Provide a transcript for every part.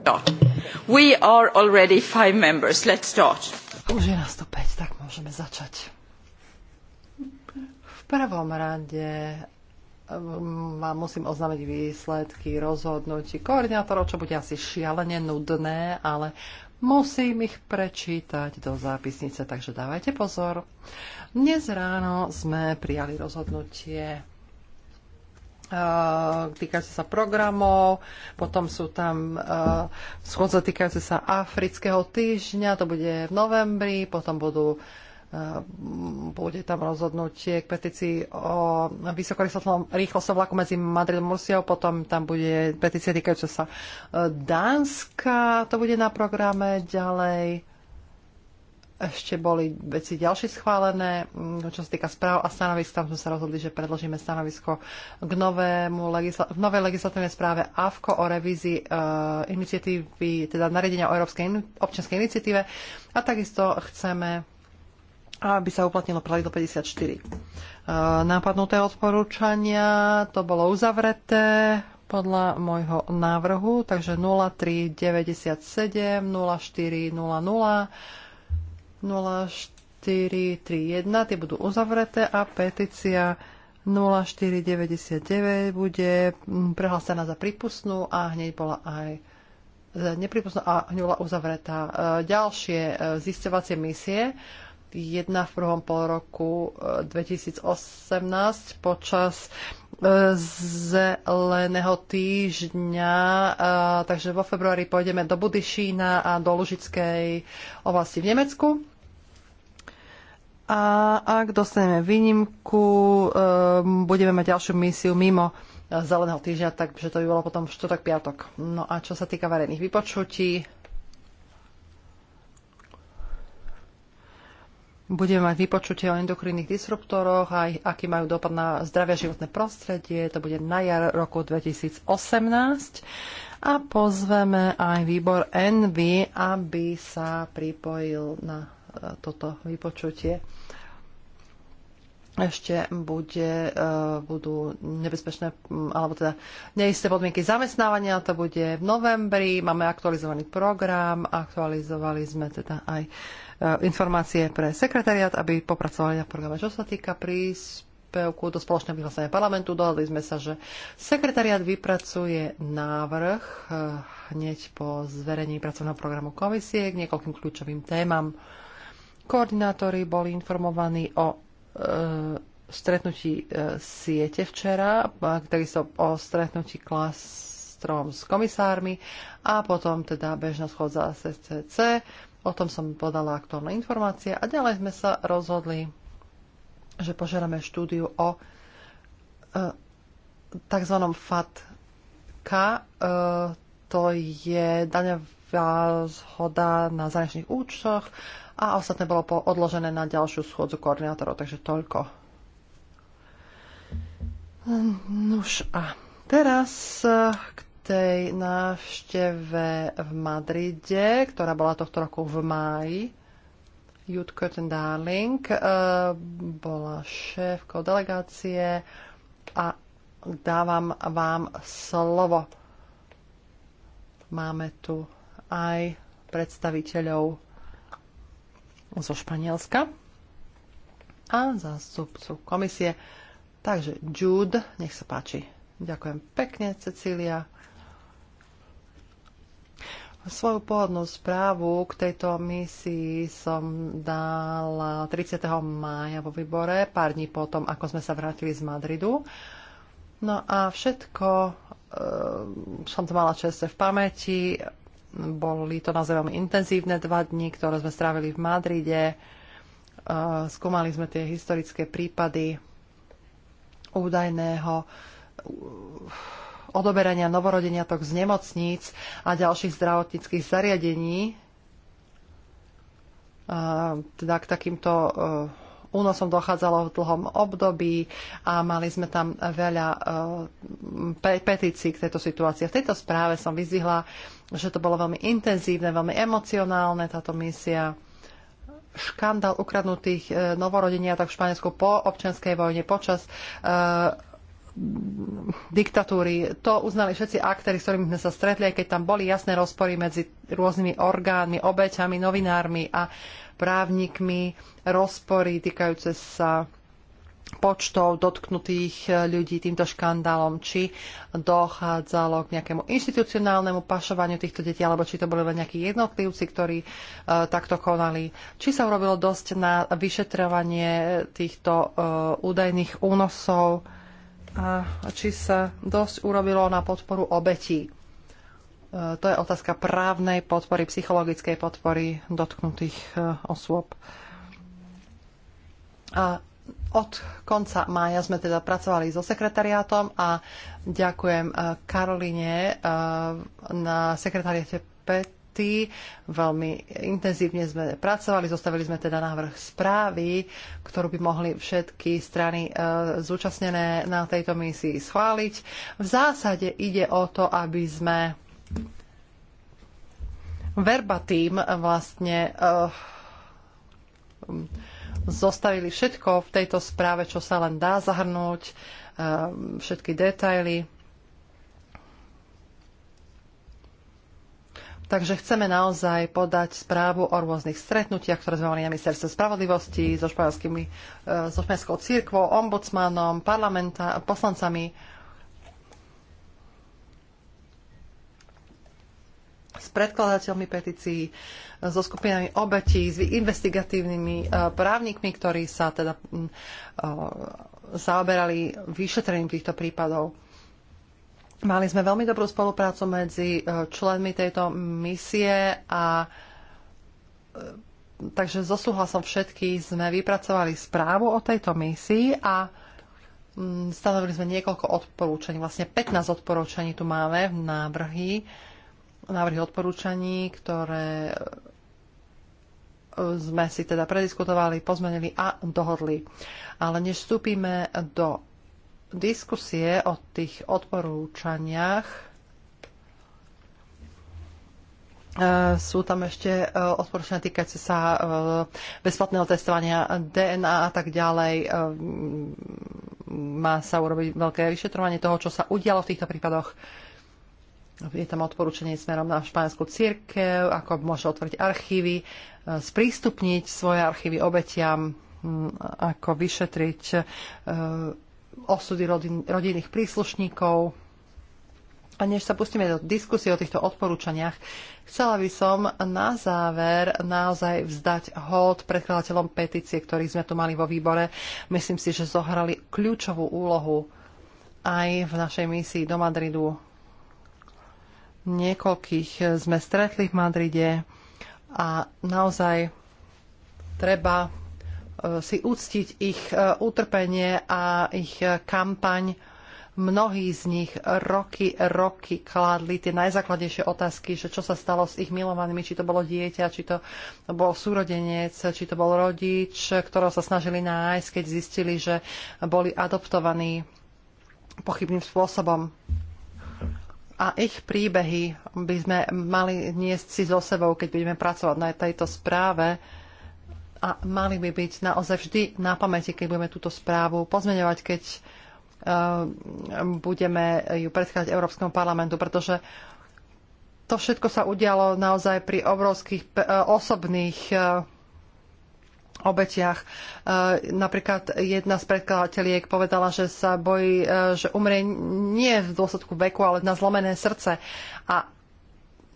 Už je nás tu 5, tak môžeme začať. V prvom rade mm, vám musím oznámiť výsledky rozhodnutí koordinátorov, čo bude asi šialene nudné, ale musím ich prečítať do zápisnice, takže dávajte pozor. Dnes ráno sme prijali rozhodnutie Eh, týkajúce sa programov, potom sú tam uh, schôdze týkajúce sa Afrického týždňa, to bude v novembri, potom budú uh, bude tam rozhodnutie k petícii o vysokorýchlostnom rýchlostnom vlaku medzi Madridom a Mursiou, potom tam bude petícia týkajúca sa Dánska, to bude na programe ďalej ešte boli veci ďalšie schválené. Mm, čo sa týka správ a stanovisk, tam sme sa rozhodli, že predložíme stanovisko k novému legisla- novej legislatívnej správe AFKO o revízii e, iniciatívy, teda nariadenia o Európskej in- občianskej iniciatíve. A takisto chceme aby sa uplatnilo pravidlo 54. E, nápadnuté odporúčania, to bolo uzavreté podľa môjho návrhu, takže 0397 0400 0431, tie budú uzavreté a petícia 0499 bude prehlásená za prípustnú a hneď bola aj nepripustná a hneď bola uzavretá. Ďalšie zistovacie misie jedna v prvom pol roku 2018 počas zeleného týždňa. Takže vo februári pôjdeme do Budyšína a do Lužickej oblasti v Nemecku. A ak dostaneme výnimku, ehm, budeme mať ďalšiu misiu mimo eh, zeleného týždňa, takže to by bolo potom štvrtok, piatok. No a čo sa týka verejných vypočutí, budeme mať vypočutie o endokrinných disruptoroch a aký majú dopad na zdravie životné prostredie. To bude na jar roku 2018. A pozveme aj výbor Envy, aby sa pripojil na eh, toto vypočutie ešte bude, e, budú nebezpečné, alebo teda neisté podmienky zamestnávania, to bude v novembri, máme aktualizovaný program, aktualizovali sme teda aj e, informácie pre sekretariat, aby popracovali na programe. Čo sa týka príspevku do spoločného vyhlásenia parlamentu, dohodli sme sa, že sekretariat vypracuje návrh e, hneď po zverejnení pracovného programu komisie k niekoľkým kľúčovým témam. Koordinátori boli informovaní o E, stretnutí e, siete včera, takisto o stretnutí klastrom s komisármi a potom teda bežná schodza SCC. O tom som podala aktuálne informácie a ďalej sme sa rozhodli, že požiadame štúdiu o e, tzv. FATK, to je daňová zhoda na zahraničných účtoch a ostatné bolo odložené na ďalšiu schôdzu koordinátorov, takže toľko. Ehm, nuž a teraz eh, k tej návšteve v Madride, ktorá bola tohto roku v máji. Jude Curtin Darling eh, bola šéfkou delegácie a dávam vám slovo. Máme tu aj predstaviteľov zo Španielska a zástupcu komisie. Takže Jude, nech sa páči. Ďakujem pekne, Cecília. Svoju pôvodnú správu k tejto misii som dala 30. mája vo výbore, pár dní potom, ako sme sa vrátili z Madridu. No a všetko e, som to mala česte v pamäti. Boli to naozaj veľmi intenzívne dva dni, ktoré sme strávili v Madride. E, skúmali sme tie historické prípady údajného e, odoberania novorodeniatok z nemocníc a ďalších zdravotníckých zariadení, e, teda k takýmto únosom dochádzalo v dlhom období a mali sme tam veľa petícií k tejto situácii. V tejto správe som vyzvihla že to bolo veľmi intenzívne, veľmi emocionálne táto misia. Škandál ukradnutých e, tak v Španielsku po občianskej vojne, počas e, diktatúry. To uznali všetci aktéry, s ktorými sme sa stretli, aj keď tam boli jasné rozpory medzi rôznymi orgánmi, obeťami, novinármi a právnikmi, rozpory týkajúce sa počtov dotknutých e, ľudí týmto škandálom, či dochádzalo k nejakému institucionálnemu pašovaniu týchto detí, alebo či to boli len nejakí jednotlivci, ktorí e, takto konali. Či sa urobilo dosť na vyšetrovanie týchto e, údajných únosov a či sa dosť urobilo na podporu obetí. E, to je otázka právnej podpory, psychologickej podpory dotknutých e, osôb. A od konca mája sme teda pracovali so sekretariátom a ďakujem eh, Karoline eh, na sekretariate Petty. Veľmi intenzívne sme pracovali, zostavili sme teda návrh správy, ktorú by mohli všetky strany eh, zúčastnené na tejto misii schváliť. V zásade ide o to, aby sme verbatým vlastne uh, zostavili všetko v tejto správe, čo sa len dá zahrnúť, eh, všetky detaily. Takže chceme naozaj podať správu o rôznych stretnutiach, ktoré sme mali na ministerstve spravodlivosti so, eh, so církvou, ombudsmanom, poslancami s predkladateľmi petícií, e, so skupinami obetí, s investigatívnymi e, právnikmi, ktorí sa teda e, zaoberali vyšetrením týchto prípadov. Mali sme veľmi dobrú spoluprácu medzi členmi tejto misie a takže so súhlasom všetkých sme vypracovali správu o tejto misii a stanovili sme niekoľko odporúčaní, vlastne 15 odporúčaní tu máme v návrhy návrhy odporúčaní, ktoré e, sme si teda prediskutovali, pozmenili a dohodli. Ale než vstúpime do diskusie o tých odporúčaniach, e, sú tam ešte e, odporúčania týkajúce sa bezplatného testovania DNA a tak ďalej. Má sa urobiť veľké vyšetrovanie toho, čo sa udialo v týchto prípadoch je tam odporúčanie smerom na španielskú církev, ako môže otvoriť archívy, e, sprístupniť svoje archívy obetiam, ako vyšetriť e, osudy rodin, rodinných príslušníkov. A než sa pustíme do diskusie o týchto odporúčaniach, chcela by som na záver naozaj vzdať hod predkladateľom petície, ktorých sme tu mali vo výbore. Myslím si, že zohrali kľúčovú úlohu aj v našej misii do Madridu Niekoľkých eh, sme stretli v Madride a naozaj treba eh, si uctiť ich eh, utrpenie a ich kampaň. Mnohí z nich roky, roky kládli tie najzákladnejšie otázky, že čo sa stalo s ich milovanými, či to bolo dieťa, či to bol súrodenec, či to bol rodič, ktorého sa snažili nájsť, keď zistili, že boli adoptovaní pochybným spôsobom a ich príbehy by sme mali niesť si so sebou, keď budeme pracovať na tejto správe a mali by byť naozaj vždy na pamäti, keď budeme túto správu pozmeňovať, keď uh, budeme ju predkladať Európskemu parlamentu, pretože to všetko sa udialo naozaj pri obrovských uh, osobných uh, obetiach. E, napríklad jedna z predkladateľiek povedala, že sa bojí, e, že umrie nie v dôsledku veku, ale na zlomené srdce. A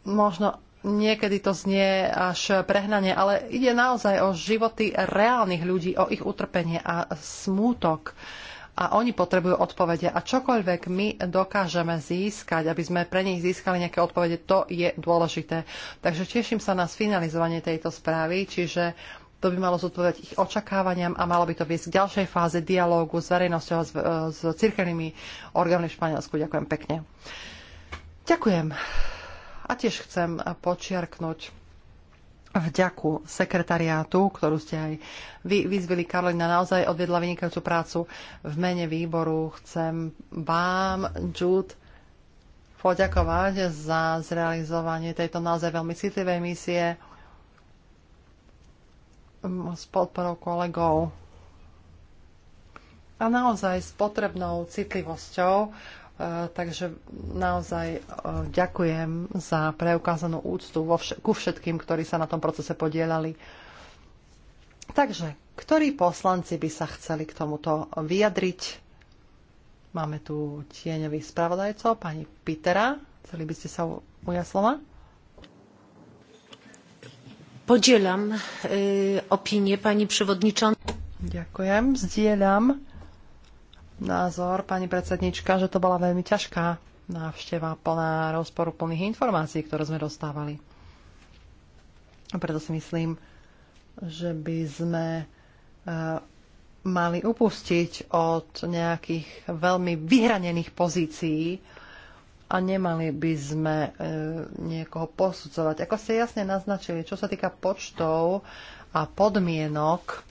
možno niekedy to znie až prehnanie, ale ide naozaj o životy reálnych ľudí, o ich utrpenie a smútok. A oni potrebujú odpovede. A čokoľvek my dokážeme získať, aby sme pre nich získali nejaké odpovede, to je dôležité. Takže teším sa na sfinalizovanie tejto správy, čiže uh, to by malo zodpovedať ich očakávaniam a malo by to viesť k ďalšej fáze dialógu s verejnosťou a s, s cirkevnými orgánmi v Španielsku. Ďakujem pekne. Ďakujem. A tiež chcem počiarknúť vďaku sekretariátu, ktorú ste aj vy vyzvili. Karolina naozaj odvedla vynikajúcu prácu. V mene výboru chcem vám, Jude, poďakovať za zrealizovanie tejto naozaj veľmi citlivej misie s podporou kolegov a naozaj s potrebnou citlivosťou. E, takže naozaj e, ďakujem za preukázanú úctu vo vš- ku všetkým, ktorí sa na tom procese podielali. Takže, ktorí poslanci by sa chceli k tomuto vyjadriť? Máme tu tieňových spravodajcov, pani Pitera. Chceli by ste sa ujať slova? Podzielam y, opinię pani przewodniczącej. Ďakujem. Zdieľam názor pani predsednička, že to bola veľmi ťažká návšteva plná rozporu plných informácií, ktoré sme dostávali. A preto si myslím, že by sme e, mali upustiť od nejakých veľmi vyhranených pozícií a nemali by sme e, niekoho posudzovať. Ako ste jasne naznačili, čo sa týka počtov a podmienok,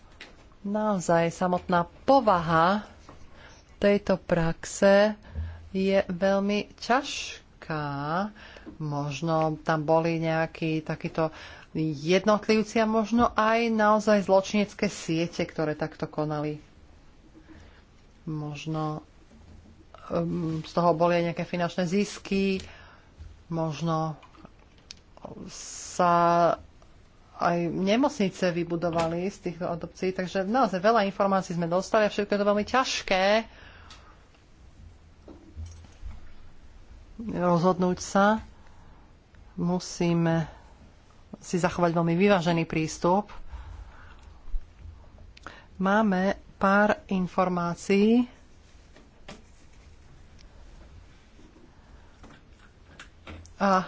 naozaj samotná povaha tejto praxe je veľmi ťažká. Možno tam boli nejakí takíto jednotlivci a možno aj naozaj zločinecké siete, ktoré takto konali možno Ehm, z toho boli aj nejaké finančné zisky, možno sa aj nemocnice vybudovali z tých adopcií, takže naozaj veľa informácií sme dostali a všetko je to veľmi ťažké rozhodnúť sa. Musíme si zachovať veľmi vyvážený prístup. Máme pár informácií, A e,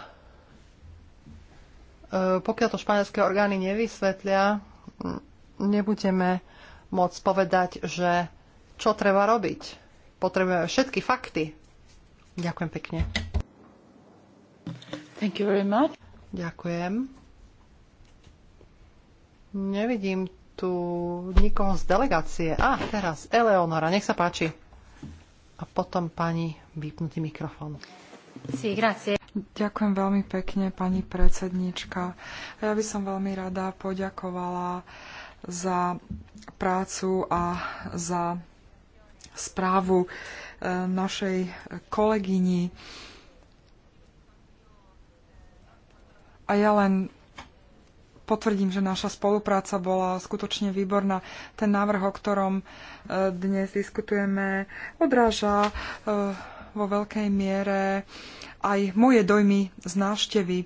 pokiaľ to španielské orgány nevysvetlia, nebudeme môcť povedať, že čo treba robiť. Potrebujeme všetky fakty. Ďakujem pekne. Thank you very much. Ďakujem. Nevidím tu nikoho z delegácie. A ah, teraz Eleonora, nech sa páči. A potom pani vypnutý mikrofón. Sí, grazie. Ďakujem veľmi pekne, pani predsednička. Ja by som veľmi rada poďakovala za prácu a za správu eh, našej kolegyni. A ja len potvrdím, že naša spolupráca bola skutočne výborná. Ten návrh, o ktorom eh, dnes diskutujeme, odráža eh, vo veľkej miere aj moje dojmy z návštevy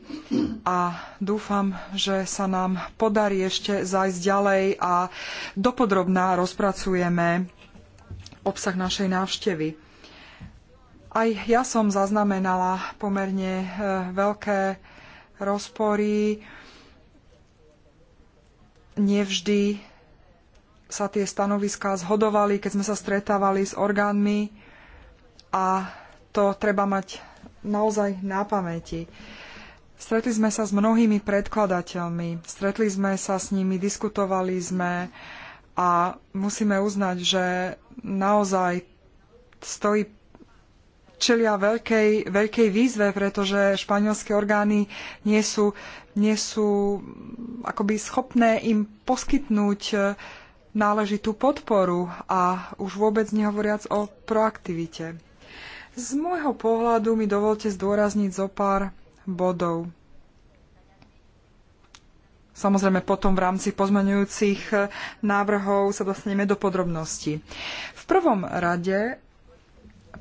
a dúfam, že sa nám podarí ešte zajsť ďalej a dopodrobná rozpracujeme obsah našej návštevy. Aj ja som zaznamenala pomerne e, veľké rozpory. Nevždy sa tie stanoviská zhodovali, keď sme sa stretávali s orgánmi a to treba mať naozaj na pamäti. Stretli sme sa s mnohými predkladateľmi, stretli sme sa s nimi, diskutovali sme a musíme uznať, že naozaj stojí čelia veľkej, veľkej výzve, pretože španielské orgány nie sú, nie sú akoby schopné im poskytnúť e, náležitú podporu a už vôbec nehovoriac o proaktivite. Z môjho pohľadu mi dovolte zdôrazniť zo pár bodov. Samozrejme, potom v rámci pozmeňujúcich návrhov sa dostaneme do podrobností. V prvom rade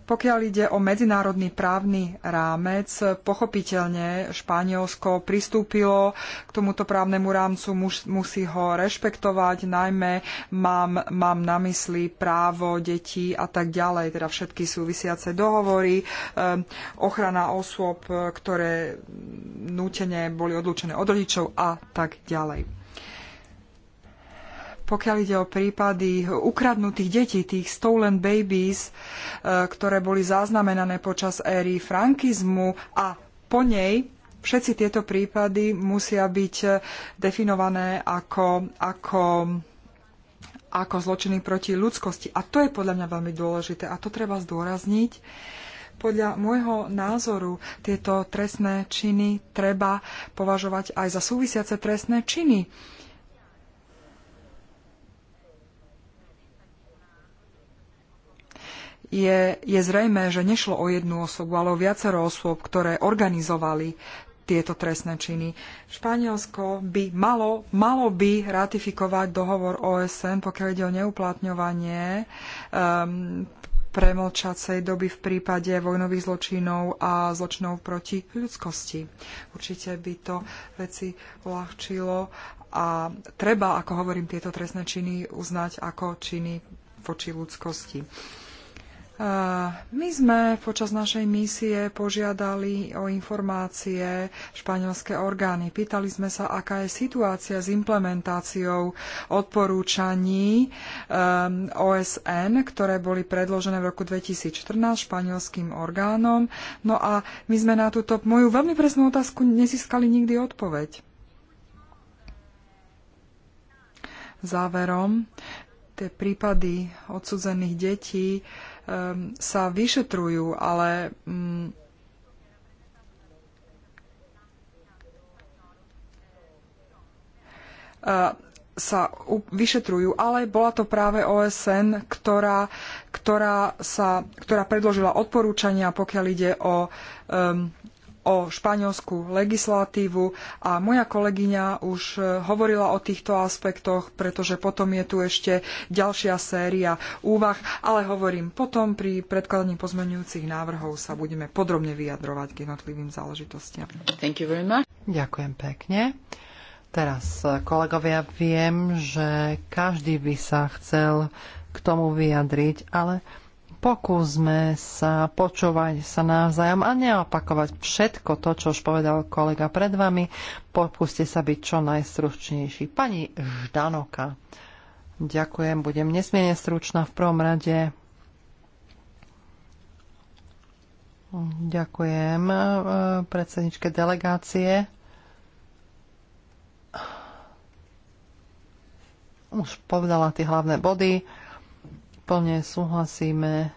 pokiaľ ide o medzinárodný právny rámec, pochopiteľne Španielsko pristúpilo k tomuto právnemu rámcu, musí ho rešpektovať, najmä mám, mám na mysli právo detí a tak ďalej, teda všetky súvisiace dohovory, ehm, ochrana osôb, ktoré nútene boli odlúčené od rodičov a tak ďalej pokiaľ ide o prípady ukradnutých detí, tých stolen babies, e, ktoré boli zaznamenané počas éry frankizmu a po nej všetci tieto prípady musia byť e, definované ako, ako, ako zločiny proti ľudskosti. A to je podľa mňa veľmi dôležité a to treba zdôrazniť. Podľa môjho názoru tieto trestné činy treba považovať aj za súvisiace trestné činy. Uh, je, je zrejme, že nešlo o jednu osobu, ale o viacero osôb, ktoré organizovali tieto trestné činy. Španielsko by malo, malo by ratifikovať dohovor OSN, pokiaľ ide o neuplatňovanie um, premlčacej doby v prípade vojnových zločinov a zločinov proti ľudskosti. Určite by to veci uľahčilo a treba, ako hovorím, tieto trestné činy uznať ako činy voči ľudskosti. My sme počas našej misie požiadali o informácie španielské orgány. Pýtali sme sa, aká je situácia s implementáciou odporúčaní ehm, OSN, ktoré boli predložené v roku 2014 španielským orgánom. No a my sme na túto moju veľmi presnú otázku nezískali nikdy odpoveď. Záverom, tie prípady odsudzených detí um, sa vyšetrujú, ale um, uh, sa vyšetrujú, ale bola to práve OSN, ktorá, ktorá, sa, ktorá predložila odporúčania, pokiaľ ide o um, o španielskú legislatívu a moja kolegyňa už e, hovorila o týchto aspektoch, pretože potom je tu ešte ďalšia séria úvah, ale hovorím, potom pri predkladaní pozmenujúcich návrhov sa budeme podrobne vyjadrovať k jednotlivým záležitostiam. Ďakujem pekne. Teraz, e, kolegovia, viem, že každý by sa chcel k tomu vyjadriť, ale pokúsme sa počúvať sa navzájom a neopakovať všetko to, čo už povedal kolega pred vami. Pokúste sa byť čo najstručnejší. Pani Ždanoka, ďakujem, budem nesmierne stručná v prvom rade. Ďakujem e, predsedničke delegácie. Už povedala tie hlavné body plne súhlasíme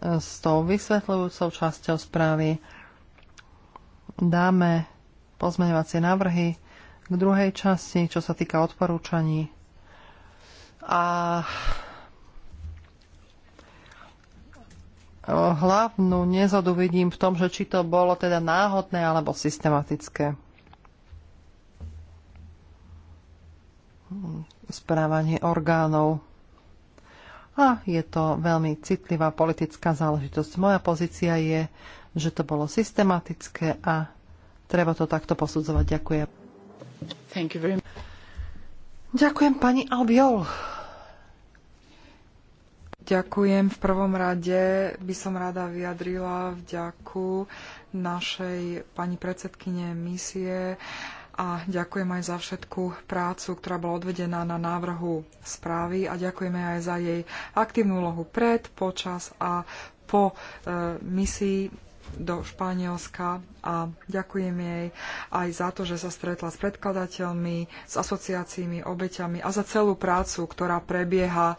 s tou vysvetľujúcou časťou správy. Dáme pozmeňovacie návrhy k druhej časti, čo sa týka odporúčaní. A hlavnú nezodu vidím v tom, že či to bolo teda náhodné alebo systematické. správanie orgánov a je to veľmi citlivá politická záležitosť. Moja pozícia je, že to bolo systematické a treba to takto posudzovať. Ďakujem. Thank you very much. Ďakujem pani Albiol. Ďakujem. V prvom rade by som rada vyjadrila vďaku našej pani predsedkyne misie a ďakujem aj za všetku prácu, ktorá bola odvedená na návrhu správy a ďakujeme aj za jej aktívnu úlohu pred, počas a po e, misii do Španielska a ďakujem jej aj za to, že sa stretla s predkladateľmi, s asociáciami, obeťami a za celú prácu, ktorá prebieha e,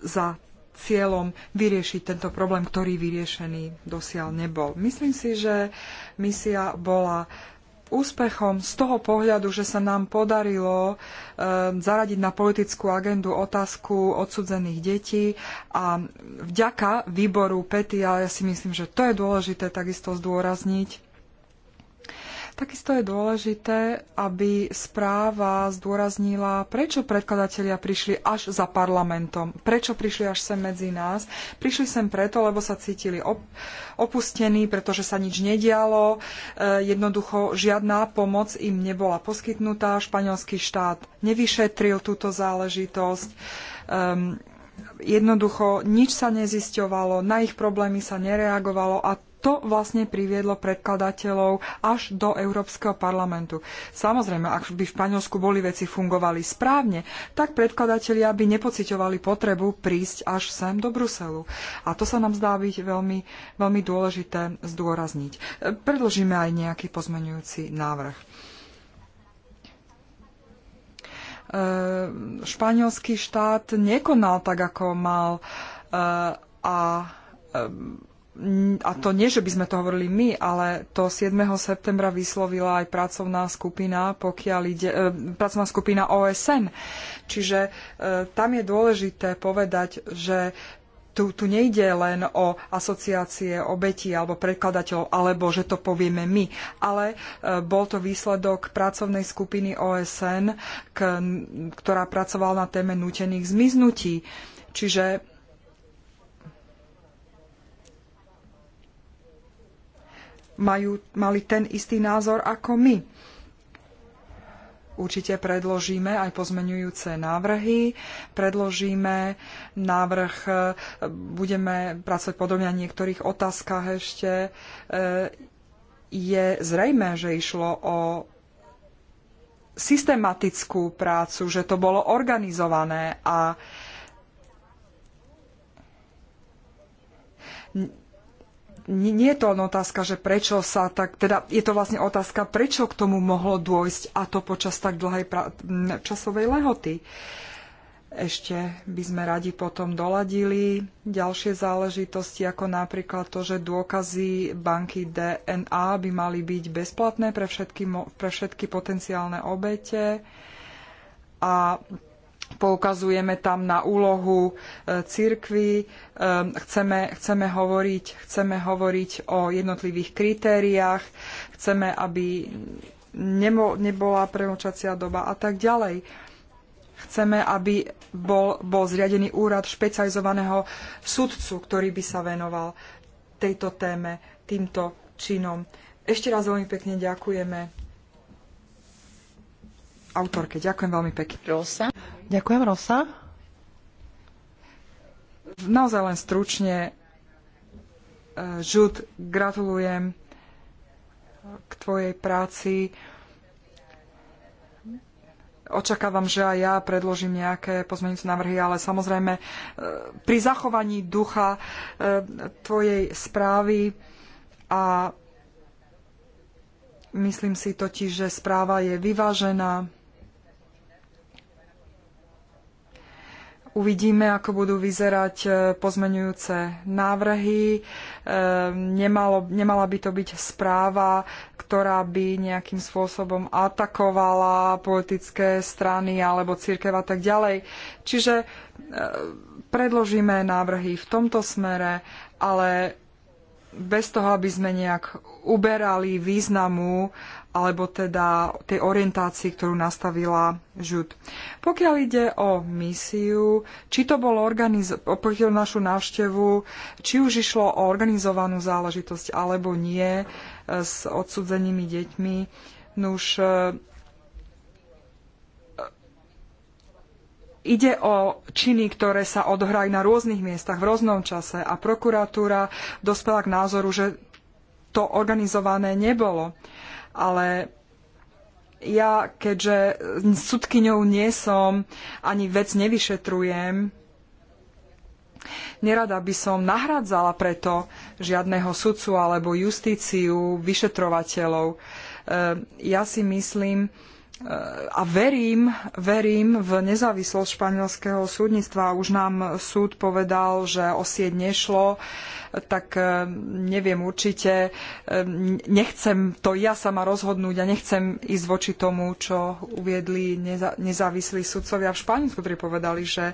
za cieľom vyriešiť tento problém, ktorý vyriešený dosiaľ nebol. Myslím si, že misia bola úspechom z toho pohľadu, že sa nám podarilo e, zaradiť na politickú agendu otázku odsudzených detí a vďaka výboru PETI, ale ja si myslím, že to je dôležité takisto zdôrazniť, Takisto je dôležité, aby správa zdôraznila, prečo predkladatelia prišli až za parlamentom, prečo prišli až sem medzi nás. Prišli sem preto, lebo sa cítili opustení, pretože sa nič nedialo, e, jednoducho žiadna pomoc im nebola poskytnutá, španielský štát nevyšetril túto záležitosť. Ehm, jednoducho nič sa nezisťovalo, na ich problémy sa nereagovalo a to vlastne priviedlo predkladateľov až do Európskeho parlamentu. Samozrejme, ak by v Španielsku boli veci fungovali správne, tak predkladatelia by nepociťovali potrebu prísť až sem do Bruselu. A to sa nám zdá byť veľmi, veľmi dôležité zdôrazniť. Predložíme aj nejaký pozmenujúci návrh. E, španielský štát nekonal tak, ako mal e, a e, Mm, a to nie, že by sme to hovorili my, ale to 7. septembra vyslovila aj pracovná skupina, pokiaľ ide, e, pracovná skupina OSN. Čiže e, tam je dôležité povedať, že tu, tu nejde len o asociácie obetí alebo predkladateľov, alebo že to povieme my, ale e, bol to výsledok pracovnej skupiny OSN, k, ktorá pracovala na téme nútených zmiznutí. Čiže majú, mali ten istý názor ako my. Určite predložíme aj pozmenujúce návrhy, predložíme návrh, e, budeme pracovať podobne na niektorých otázkach ešte. E, je zrejme, že išlo o systematickú prácu, že to bolo organizované a nie je to len otázka, že prečo sa tak, teda je to vlastne otázka, prečo k tomu mohlo dôjsť a to počas tak dlhej časovej lehoty. Ešte by sme radi potom doladili ďalšie záležitosti, ako napríklad to, že dôkazy banky DNA by mali byť bezplatné pre všetky, pre všetky potenciálne obete a poukazujeme tam na úlohu e, cirkvy, e, chceme, chceme, hovoriť, chceme hovoriť o jednotlivých kritériách, chceme, aby nebola premlčacia doba a tak ďalej. Chceme, aby bol, bol zriadený úrad špecializovaného sudcu, ktorý by sa venoval tejto téme, týmto činom. Ešte raz veľmi pekne ďakujeme autorke. Ďakujem veľmi pekne. Ďakujem, Rosa. Naozaj len stručne. E, Žud, gratulujem k tvojej práci. Očakávam, že aj ja predložím nejaké pozmeňujúce návrhy, ale samozrejme e, pri zachovaní ducha e, tvojej správy a myslím si totiž, že správa je vyvážená Uvidíme, ako budú vyzerať e, pozmenujúce návrhy. E, nemalo, nemala by to byť správa, ktorá by nejakým spôsobom atakovala politické strany alebo církev a tak ďalej. Čiže e, predložíme návrhy v tomto smere, ale bez toho, aby sme nejak uberali významu alebo teda tej orientácii, ktorú nastavila žud. Pokiaľ ide o misiu, či to bolo organiz- našu návštevu, či už išlo o organizovanú záležitosť alebo nie e, s odsudzenými deťmi, nuž e, Ide o činy, ktoré sa odhrajú na rôznych miestach v rôznom čase a prokuratúra dospela k názoru, že to organizované nebolo. Uh, ale ja, keďže sudkyňou nie som, ani vec nevyšetrujem, nerada by som nahradzala preto žiadneho sudcu alebo justíciu, vyšetrovateľov. E, ja si myslím, Eh, a verím, verím v nezávislosť španielského súdnictva. Už nám súd povedal, že o sieť nešlo, tak eh, neviem určite. Eh, nechcem to ja sama rozhodnúť a nechcem ísť voči tomu, čo uviedli nezávislí sudcovia v Španielsku, ktorí povedali, že,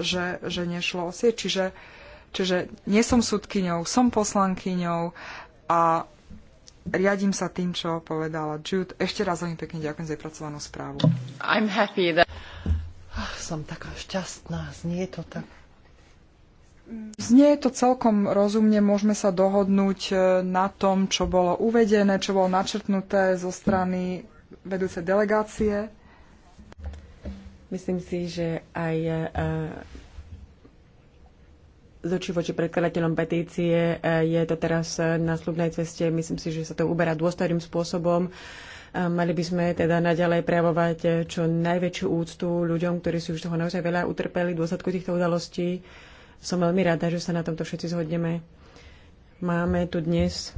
že, že nešlo o sieť. Čiže, čiže nie som sudkyňou, som poslankyňou a riadím sa tým, čo povedala Jude. Ešte raz veľmi pekne ďakujem za vypracovanú správu. I'm happy that... Ach, Som taká šťastná, znie to tak. Znie to celkom rozumne, môžeme sa dohodnúť eh, na tom, čo bolo uvedené, čo bolo načrtnuté zo strany vedúcej delegácie. Myslím si, že aj eh, z voči predkladateľom petície e, je to teraz na slubnej ceste. Myslím si, že sa to uberá dôstojným spôsobom. E, mali by sme teda naďalej prejavovať e, čo najväčšiu úctu ľuďom, ktorí si už toho naozaj veľa utrpeli v dôsledku týchto udalostí. Som veľmi rada, že sa na tomto všetci zhodneme. Máme tu dnes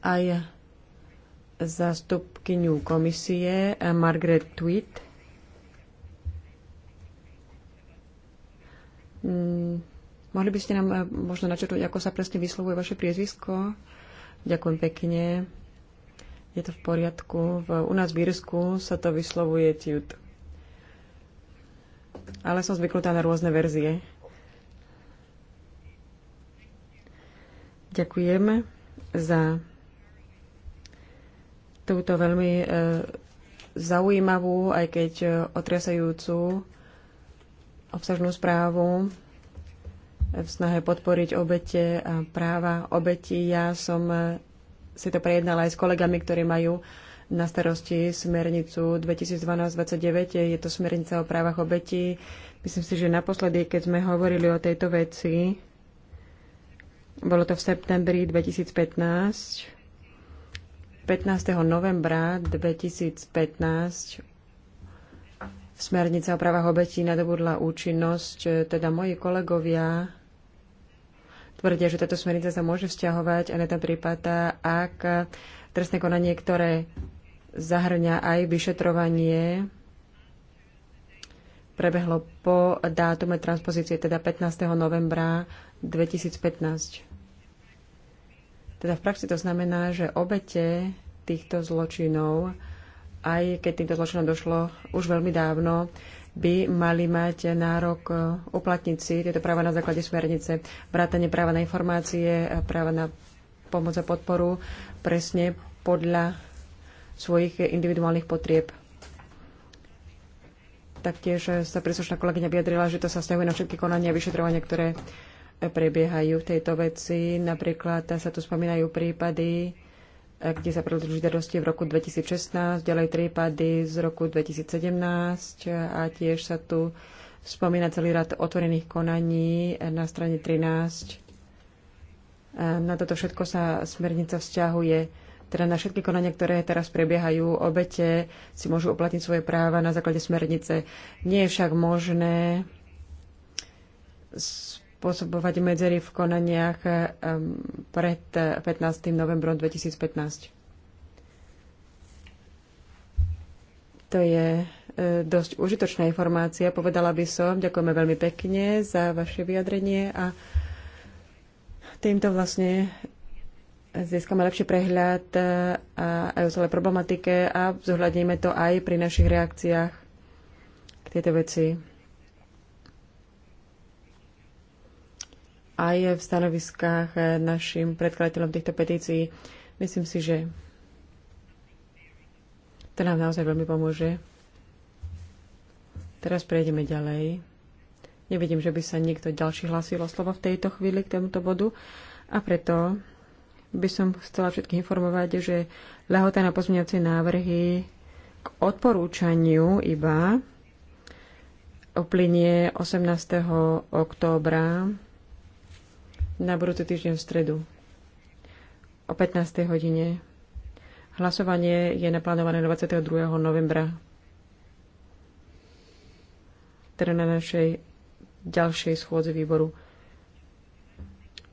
aj zástupkyňu komisie Margaret Tweed. Mm, mohli by ste nám eh, možno načrtnúť, ako sa presne vyslovuje vaše priezvisko? Ďakujem pekne. Je to v poriadku. V, u nás v Írsku sa to vyslovuje Tut. Ale som zvyknutá na rôzne verzie. Ďakujem za túto veľmi e, zaujímavú, aj keď eh, otriasajúcu obsažnú správu v snahe podporiť obete a práva obetí. Ja som eh, si to prejednala aj s kolegami, ktorí majú na starosti smernicu 2012-29. Je to smernica o právach obetí. Myslím si, že naposledy, keď sme hovorili o tejto veci, bolo to v septembri 2015. 15. novembra 2015 Smernica o právach obetí nadobudla účinnosť, e, teda moji kolegovia tvrdia, že táto smernica sa môže vzťahovať aj na ten prípad, e, ak trestné konanie, ktoré zahrňa aj vyšetrovanie, prebehlo po dátume transpozície, teda 15. novembra 2015. Teda v praxi to znamená, že obete týchto zločinov aj keď týmto zločinom došlo už veľmi dávno, by mali mať nárok e, uplatniť si tieto práva na základe smernice. Vrátanie práva na informácie, e, práva na pomoc a podporu presne podľa svojich individuálnych potrieb. Taktiež e, sa príslušná kolegyňa vyjadrila, že to sa stiahuje na všetky konania a vyšetrovania, ktoré prebiehajú v tejto veci. Napríklad sa tu spomínajú prípady E, kde sa predlžili žiadosti v roku 2016, ďalej prípady z roku 2017 a tiež sa tu spomína celý rad otvorených konaní na strane 13. E, na toto všetko sa smernica vzťahuje. Teda na všetky konania, ktoré teraz prebiehajú, obete si môžu uplatniť svoje práva na základe smernice. Nie je však možné spôsobovať medzery v konaniach eh, pred 15. Eh, novembrom 2015. To je eh, dosť užitočná informácia, povedala by som. Ďakujeme veľmi pekne za vaše vyjadrenie a týmto vlastne získame lepší prehľad aj o celej problematike a zohľadníme to aj pri našich reakciách k tejto veci. aj v stanoviskách eh, našim predkladateľom týchto petícií. Myslím si, že to nám naozaj veľmi pomôže. Teraz prejdeme ďalej. Nevidím, že by sa niekto ďalší hlasil o slovo v tejto chvíli k tomuto bodu a preto by som chcela všetkých informovať, že lehota na pozmeňovacie návrhy k odporúčaniu iba uplynie 18. októbra na budúci týždeň v stredu o 15. hodine. Hlasovanie je naplánované 22. novembra, teda na našej ďalšej schôdze výboru.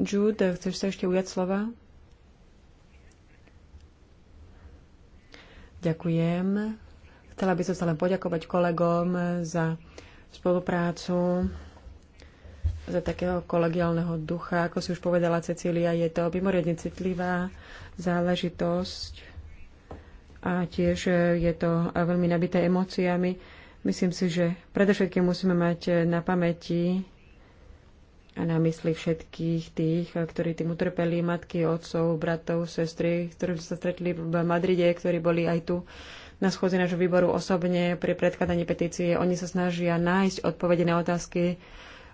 Jude, chceš sa ešte ujať slova? Ďakujem. Chcela by som sa len poďakovať kolegom za spoluprácu za takého kolegiálneho ducha. Ako si už povedala Cecília, je to mimoriadne citlivá záležitosť a tiež je to veľmi nabité emóciami. Myslím si, že predovšetkým musíme mať na pamäti a na mysli všetkých tých, ktorí tým utrpeli, matky, otcov, bratov, sestry, ktorí sa stretli v Madride, ktorí boli aj tu na schôdzi nášho výboru osobne pri predkladaní petície. Oni sa snažia nájsť odpovede na otázky,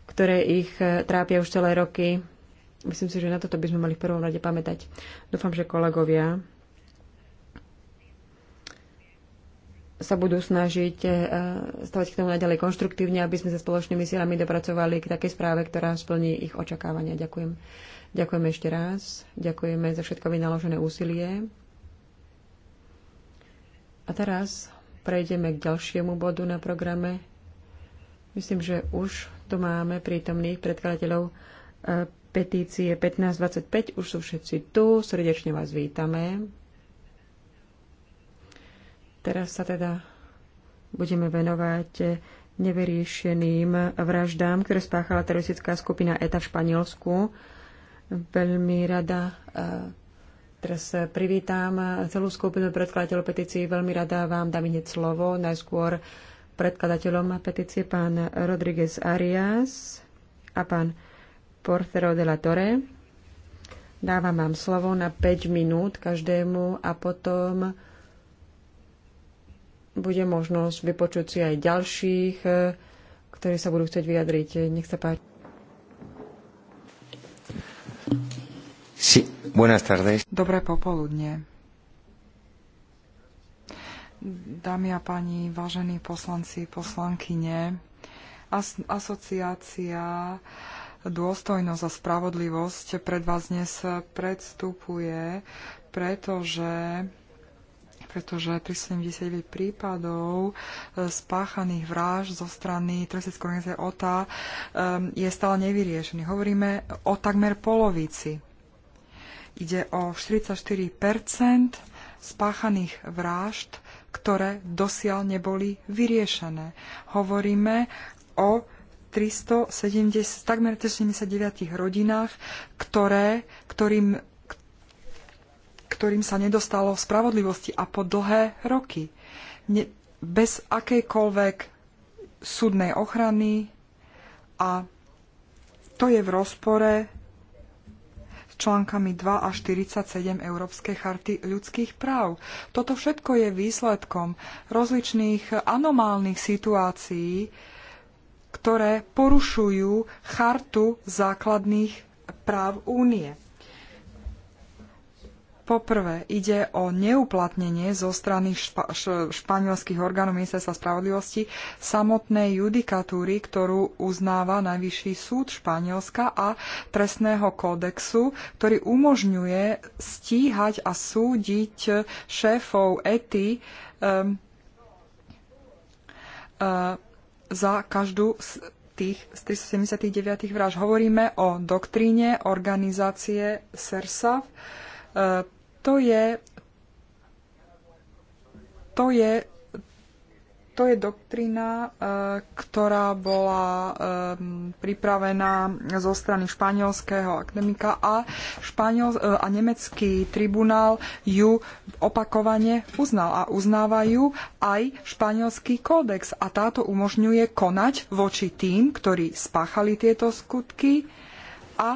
ktoré ich e, trápia už celé roky. Myslím si, že na toto by sme mali v prvom rade pamätať. Dúfam, že kolegovia sa budú snažiť e, stavať k tomu naďalej konštruktívne, aby sme sa spoločnými silami dopracovali k takej správe, ktorá splní ich očakávania. Ďakujem. Ďakujem ešte raz. Ďakujeme za všetko vynaložené úsilie. A teraz prejdeme k ďalšiemu bodu na programe. Myslím, že už tu máme prítomných predkladateľov e, petície 1525. Už sú všetci tu. Srdečne vás vítame. Teraz sa teda budeme venovať nevyriešeným vraždám, ktoré spáchala teroristická skupina ETA v Španielsku. Veľmi rada e, teraz privítam celú skupinu predkladateľov petícií. Veľmi rada vám dám hneď slovo. Najskôr predkladateľom petície pán Rodriguez Arias a pán Portero de la Torre. Dávam vám slovo na 5 minút každému a potom bude možnosť vypočuť si aj ďalších, eh, ktorí sa budú chcieť vyjadriť. Nech sa páči. Sí. Buenas tardes. Dobré popoludne. Dámy a páni, vážení poslanci, poslankyne, as- asociácia dôstojnosť a spravodlivosť pred vás dnes predstupuje, pretože pretože 79 prípadov spáchaných vražd zo strany teroristickej organizácie OTA ehm, je stále nevyriešený. Hovoríme o takmer polovici. Ide o 44 spáchaných vražd ktoré dosiaľ neboli vyriešené. Hovoríme o 370, takmer 379 rodinách, ktoré, ktorým, ktorým sa nedostalo spravodlivosti a po dlhé roky. Ne, bez akejkoľvek súdnej ochrany a to je v rozpore článkami 2 a 47 Európskej charty ľudských práv. Toto všetko je výsledkom rozličných anomálnych situácií, ktoré porušujú chartu základných práv únie. Poprvé, ide o neuplatnenie zo strany špa- španielských orgánov ministerstva spravodlivosti samotnej judikatúry, ktorú uznáva Najvyšší súd Španielska a trestného kódexu, ktorý umožňuje stíhať a súdiť šéfov ETI um, uh, za každú z tých z 379 vražd. Hovoríme o doktríne organizácie SERSAV, to je, to je, to je doktrina, e, ktorá bola e, pripravená zo strany španielského akademika a, španiel, e, a nemecký tribunál ju opakovane uznal a uznávajú aj španielský kódex a táto umožňuje konať voči tým, ktorí spáchali tieto skutky a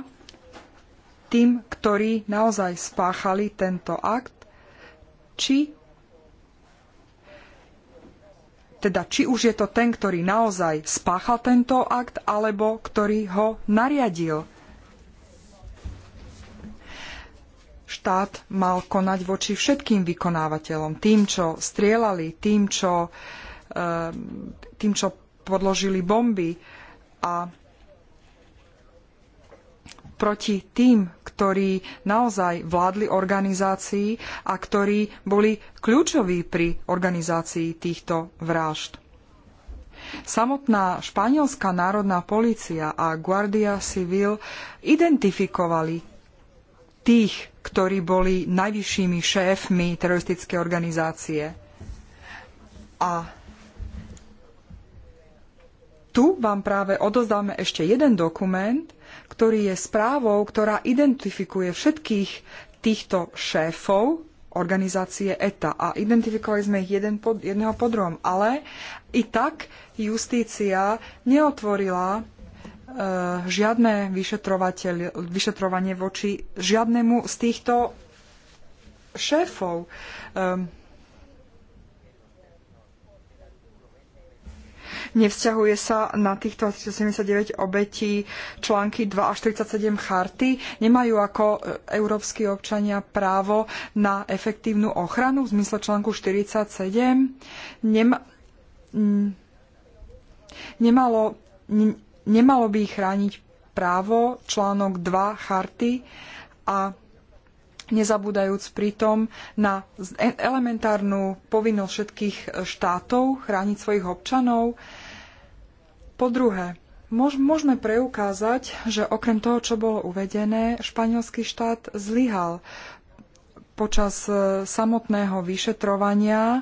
tým, ktorí naozaj spáchali tento akt, či teda či už je to ten, ktorý naozaj spáchal tento akt, alebo ktorý ho nariadil. Štát mal konať voči všetkým vykonávateľom, tým, čo strieľali, tým, čo, eh, tým, čo podložili bomby a proti tým, ktorí naozaj vládli organizácii a ktorí boli kľúčoví pri organizácii týchto vražd. Samotná španielská národná polícia a Guardia Civil identifikovali tých, ktorí boli najvyššími šéfmi teroristickej organizácie. A tu vám práve odozdáme ešte jeden dokument, ktorý je správou, ktorá identifikuje všetkých týchto šéfov organizácie ETA a identifikovali sme ich jeden pod, jedného po druhom. Ale i tak justícia neotvorila e, žiadne vyšetrovanie voči žiadnemu z týchto šéfov. E, nevzťahuje sa na týchto 79 obetí články 2 až 37 charty. Nemajú ako e, európsky občania právo na efektívnu ochranu v zmysle článku 47. Nema, nemalo, nemalo by ich chrániť právo článok 2 charty a nezabúdajúc pritom na e, elementárnu povinnosť všetkých štátov chrániť svojich občanov po druhé, môžeme preukázať, že okrem toho, čo bolo uvedené, španielský štát zlyhal počas e, samotného vyšetrovania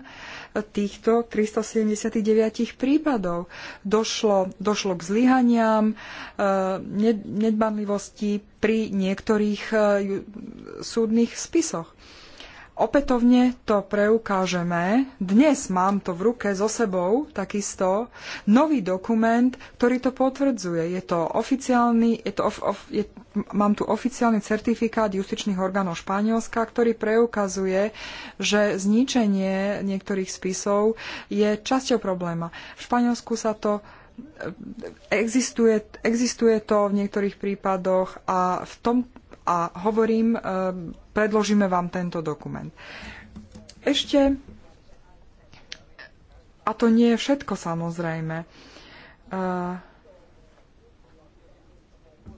týchto 379 prípadov. Došlo, došlo k zlyhaniam, e, nedbanlivosti pri niektorých e, súdnych spisoch. Opätovne to preukážeme. Dnes mám to v ruke so sebou, takisto, nový dokument, ktorý to potvrdzuje. Je to oficiálny, je to of, of, je, mám tu oficiálny certifikát justičných orgánov Španielska, ktorý preukazuje, že zničenie niektorých spisov je časťou probléma. V Španielsku sa to eh, existuje, existuje to v niektorých prípadoch a v tom a hovorím eh, predložíme vám tento dokument. Ešte, a to nie je všetko samozrejme, uh,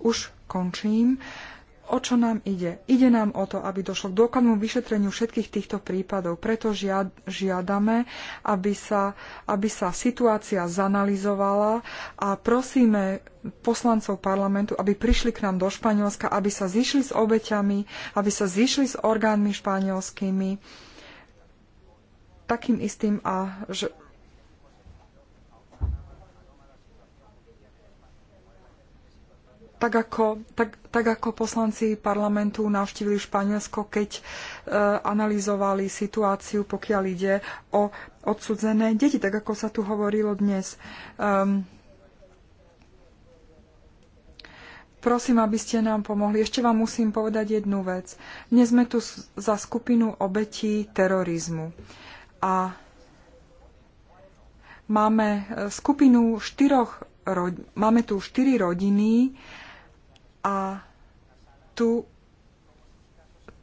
už končím. Uh, o čo nám ide? Ide nám o to, aby došlo k dôkladnému vyšetreniu všetkých týchto prípadov. Preto žiad, žiadame, aby sa, aby sa situácia zanalizovala a prosíme poslancov parlamentu, aby prišli k nám do Španielska, aby sa zišli s obeťami, aby sa zišli s orgánmi španielskými takým istým a že, tak ako, tak, tak ako poslanci parlamentu navštívili Španielsko, keď e, analyzovali situáciu, pokiaľ ide o odsudzené deti, tak ako sa tu hovorilo dnes. Um, prosím, aby ste nám pomohli. Ešte vám musím povedať jednu vec. Dnes sme tu za skupinu obetí terorizmu. A máme e, skupinu štyroch, máme tu štyri rodiny, a tu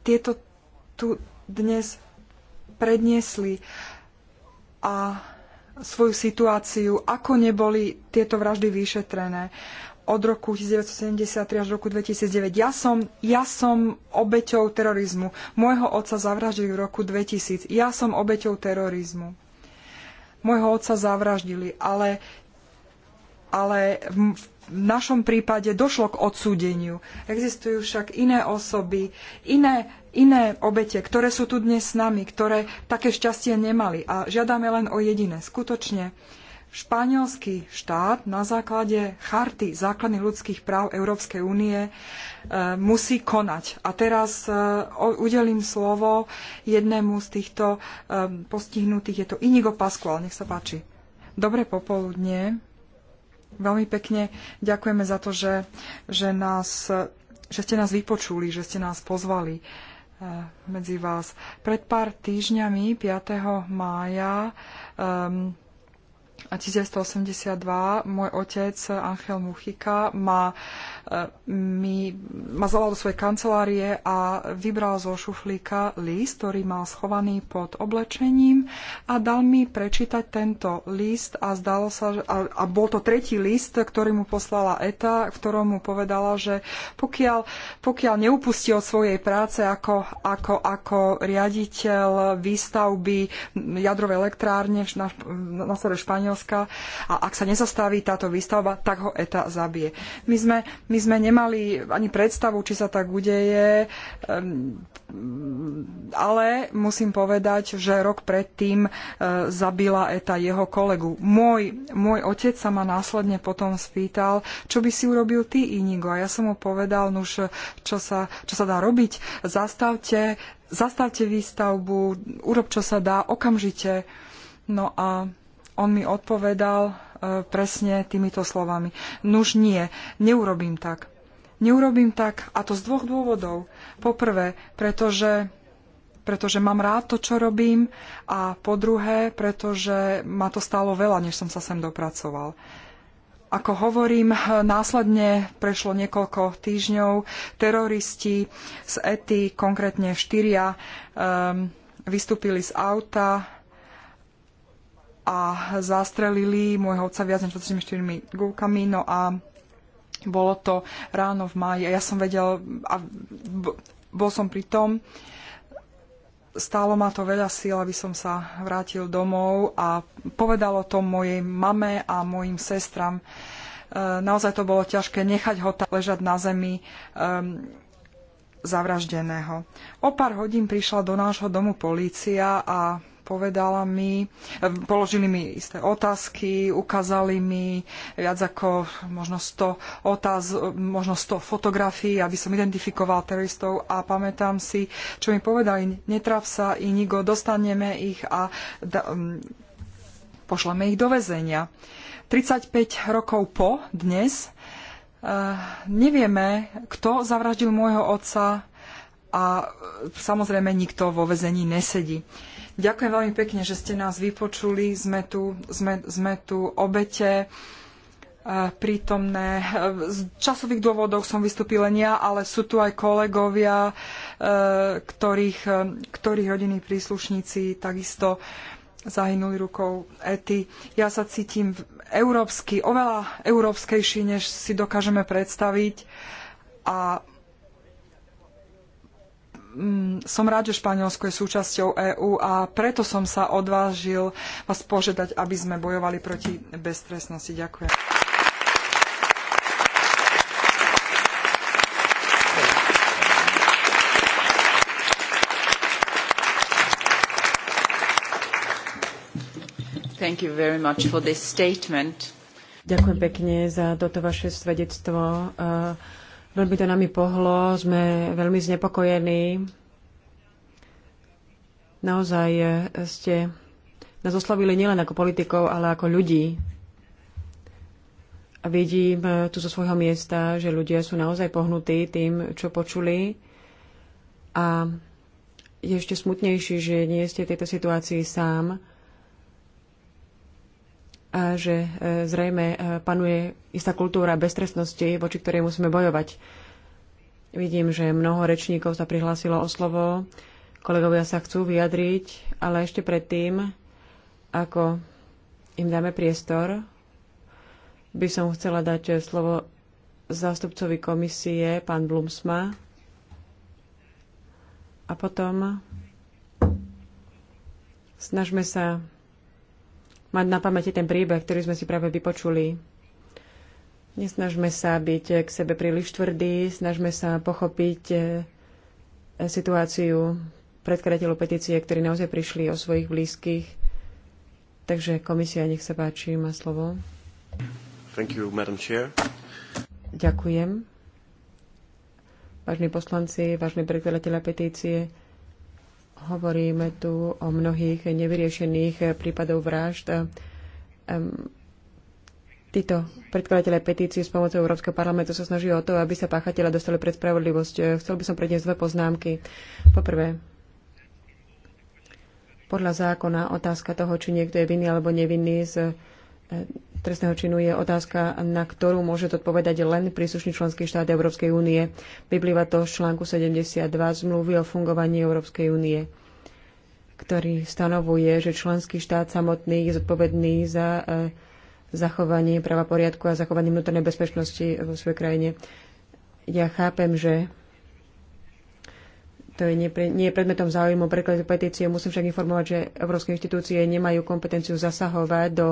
tieto tu dnes predniesli a svoju situáciu, ako neboli tieto vraždy vyšetrené od roku 1973 až roku 2009. Ja som, ja som obeťou terorizmu. Môjho otca zavraždili v roku 2000. Ja som obeťou terorizmu. Môjho otca zavraždili, ale, ale v v našom prípade došlo k odsúdeniu. Existujú však iné osoby, iné, iné obete, ktoré sú tu dnes s nami, ktoré také šťastie nemali. A žiadame len o jediné. Skutočne španielský štát na základe charty základných ľudských práv Európskej únie e, musí konať. A teraz e, udelím slovo jednému z týchto e, postihnutých. Je to Inigo Pascual. Nech sa páči. Dobré popoludne. Veľmi pekne ďakujeme za to, že, že, nás, že ste nás vypočuli, že ste nás pozvali eh, medzi vás. Pred pár týždňami, 5. mája, um, ehm, 1982 môj otec Angel Muchika ma mi, ma zavolal do svojej kancelárie a vybral zo šuflíka list, ktorý mal schovaný pod oblečením a dal mi prečítať tento list a zdalo sa, a, a bol to tretí list, ktorý mu poslala ETA, v ktorom mu povedala, že pokiaľ, pokiaľ neupustí od svojej práce ako, ako, ako riaditeľ výstavby jadrovej elektrárne na, na severe Španielska a ak sa nezastaví táto výstavba, tak ho ETA zabije. My sme, my by sme nemali ani predstavu, či sa tak udeje, ehm, ale musím povedať, že rok predtým e, zabila ETA jeho kolegu. Môj, môj otec sa ma následne potom spýtal, čo by si urobil ty, Inigo? A ja som mu povedal, nuž, no, čo sa, čo sa dá robiť. Zastavte, zastavte výstavbu, urob, čo sa dá, okamžite. No a on mi odpovedal, E, presne týmito slovami. Nuž nie, neurobím tak. Neurobím tak a to z dvoch dôvodov. Poprvé, pretože pretože mám rád to, čo robím a po druhé, pretože ma to stálo veľa, než som sa sem dopracoval. Ako hovorím, následne prešlo niekoľko týždňov. Teroristi z ETI, konkrétne štyria, um, vystúpili z auta, a zastrelili môjho otca viac než 24 gulkami, no a bolo to ráno v máji a ja som vedel a bol som pri tom. Stálo ma to veľa síl, aby som sa vrátil domov a povedalo to mojej mame a mojim sestram. E, naozaj to bolo ťažké nechať ho tak ležať na zemi um, zavraždeného. O pár hodín prišla do nášho domu polícia a povedala mi, eh, položili mi isté otázky, ukázali mi viac ako možno 100 otáz, možno 100 fotografií, aby som identifikoval teroristov a pamätám si, čo mi povedali, netraf sa, Inigo, dostaneme ich a da, um, pošleme ich do väzenia. 35 rokov po dnes uh, nevieme, kto zavraždil môjho otca a eh, samozrejme nikto vo väzení nesedí. Ďakujem veľmi pekne, že ste nás vypočuli. Sme tu, sme, sme tu obete e, prítomné. E, z časových dôvodov som vystúpila ja, ale sú tu aj kolegovia, e, ktorých, ktorých rodinní príslušníci takisto zahynuli rukou Ety. Ja sa cítim európsky, oveľa európskejší, než si dokážeme predstaviť. A Mm, som rád, že Španielsko je súčasťou EÚ a preto som sa odvážil vás požiadať, aby sme bojovali proti beztrestnosti. Ďakujem. Ďakujem pekne za toto vaše svedectvo. Uh, Veľmi to nami pohlo, sme veľmi znepokojení. Naozaj eh, ste nás oslovili nielen ako politikov, ale ako ľudí. A vidím eh, tu zo svojho miesta, že ľudia sú naozaj pohnutí tým, čo počuli. A je ešte smutnejší, že nie ste v tejto situácii sám a že e, zrejme e, panuje istá kultúra beztrestnosti, voči ktorej musíme bojovať. Vidím, že mnoho rečníkov sa prihlásilo o slovo, kolegovia sa chcú vyjadriť, ale ešte predtým, ako im dáme priestor, by som chcela dať e, slovo zástupcovi komisie, pán Blumsma. A potom snažme sa mať na pamäti ten príbeh, ktorý sme si práve vypočuli. Nesnažme sa byť k sebe príliš tvrdí, snažme sa pochopiť e, situáciu predkladateľov petície, ktorí naozaj prišli o svojich blízkych. Takže komisia, nech sa páči, má slovo. Thank you, Madam Chair. Ďakujem. Vážni poslanci, vážni predkladateľa petície, Hovoríme tu o mnohých nevyriešených prípadov vražd. Títo predkladateľe petície s pomocou Európskeho parlamentu sa snažili o to, aby sa páchatelia dostali pred spravodlivosť. Chcel by som predniesť dve poznámky. Poprvé, podľa zákona otázka toho, či niekto je vinný alebo nevinný z trestného činu je otázka, na ktorú môže odpovedať len príslušný členský štát Európskej únie. Vyplýva to z článku 72 zmluvy o fungovaní Európskej únie, ktorý stanovuje, že členský štát samotný je zodpovedný za eh, zachovanie práva poriadku a zachovanie vnútornej bezpečnosti vo svojej krajine. Ja chápem, že to je nie, nie je predmetom záujmu prekladu petície. Musím však informovať, že európske inštitúcie nemajú kompetenciu zasahovať do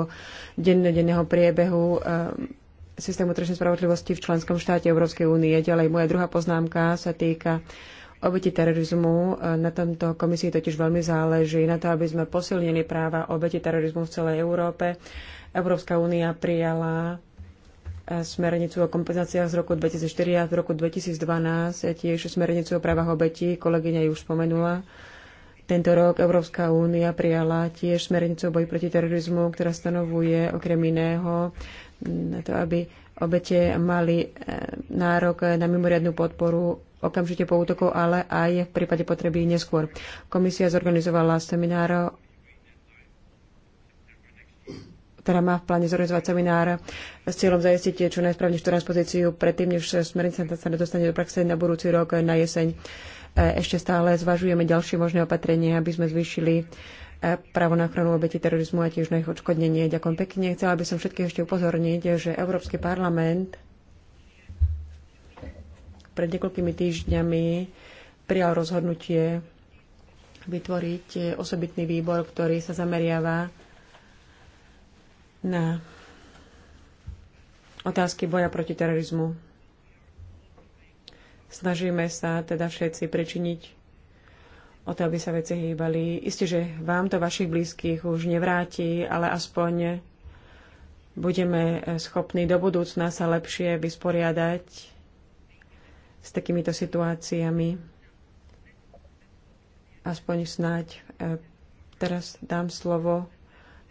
dennodenného priebehu eh, systému trestnej spravodlivosti v členskom štáte Európskej únie. Ďalej moja druhá poznámka sa týka obeti terorizmu. Eh, na tomto komisii totiž veľmi záleží na to, aby sme posilnili práva obeti terorizmu v celej Európe. Európska únia prijala smernicu o kompenzáciách z roku 2004 a v roku 2012 tiež smernicu o právach obetí, kolegyňa ju už spomenula. Tento rok Európska únia prijala tiež smernicu o boji proti terorizmu, ktorá stanovuje okrem iného na to, aby obete mali e, nárok na mimoriadnú podporu okamžite po útoku, ale aj v prípade potreby neskôr. Komisia zorganizovala seminár ktorá má v pláne zorganizovať seminár s cieľom zajistiť čo najsprávnejšiu transpozíciu predtým, než smernica sa dostane do praxe na budúci rok na jeseň. E, ešte stále zvažujeme ďalšie možné opatrenia, aby sme zvýšili e, právo na ochranu obeti terorizmu a tiež na ich odškodnenie. Ďakujem pekne. Chcela by som všetkých ešte upozorniť, že Európsky parlament pred niekoľkými týždňami prijal rozhodnutie vytvoriť osobitný výbor, ktorý sa zameriava na otázky boja proti terorizmu. Snažíme sa teda všetci prečiniť o to, aby sa veci hýbali. Isté, že vám to vašich blízkych už nevráti, ale aspoň budeme eh, schopní do budúcna sa lepšie vysporiadať s takýmito situáciami. Aspoň snáď. Eh, teraz dám slovo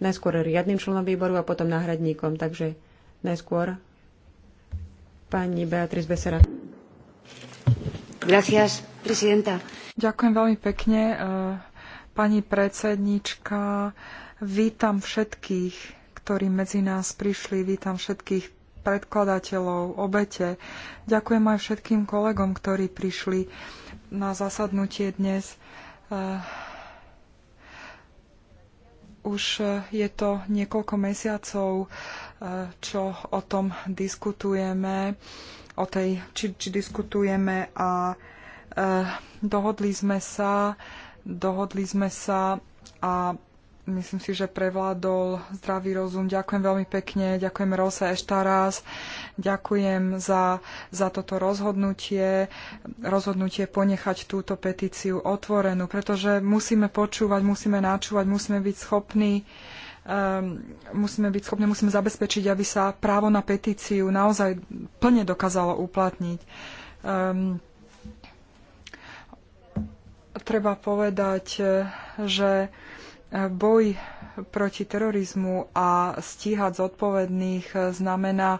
najskôr riadnym členom výboru a potom náhradníkom. Takže najskôr pani Beatriz Besera. Gracias, presidenta. Ďakujem veľmi pekne. E, pani predsednička, vítam všetkých, ktorí medzi nás prišli, vítam všetkých predkladateľov, obete. Ďakujem aj všetkým kolegom, ktorí prišli na zasadnutie dnes. E, už e, je to niekoľko mesiacov, e, čo o tom diskutujeme, o tej, či, či diskutujeme a e, dohodli sme sa, dohodli sme sa a myslím si, že prevládol zdravý rozum. Ďakujem veľmi pekne, ďakujem Rose ešte raz, ďakujem za, za toto rozhodnutie, rozhodnutie ponechať túto petíciu otvorenú, pretože musíme počúvať, musíme náčúvať, musíme byť schopní um, musíme byť schopní, musíme zabezpečiť, aby sa právo na petíciu naozaj plne dokázalo uplatniť. Um, treba povedať, že boj proti terorizmu a stíhať zodpovedných znamená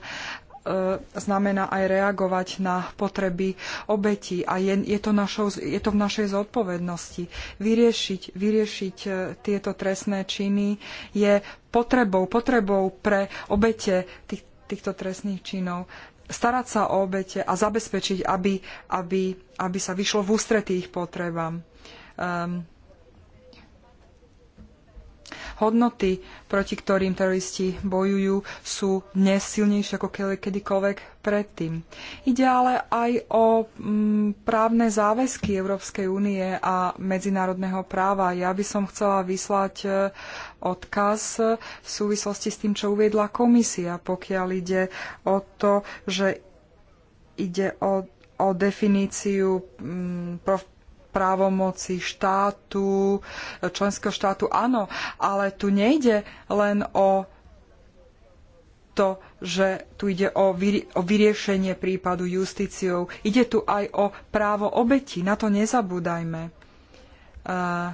e, znamená aj reagovať na potreby obetí a je, je, to, našou, je to v našej zodpovednosti. Vyriešiť, vyriešiť e, tieto trestné činy je potrebou, potrebou pre obete tých, týchto trestných činov starať sa o obete a zabezpečiť, aby, aby, aby sa vyšlo v ústretí ich potrebám. Um, Hodnoty, proti ktorým teroristi bojujú, sú dnes silnejšie ako kedykoľvek predtým. Ide ale aj o mm, právne záväzky Európskej únie a medzinárodného práva. Ja by som chcela vyslať e, odkaz v súvislosti s tým, čo uviedla komisia, pokiaľ ide o to, že ide o, o definíciu mm, prof, právomoci štátu, členského štátu, áno, ale tu nejde len o to, že tu ide o, vyri- o vyriešenie prípadu justíciou. Ide tu aj o právo obetí, na to nezabúdajme. Uh,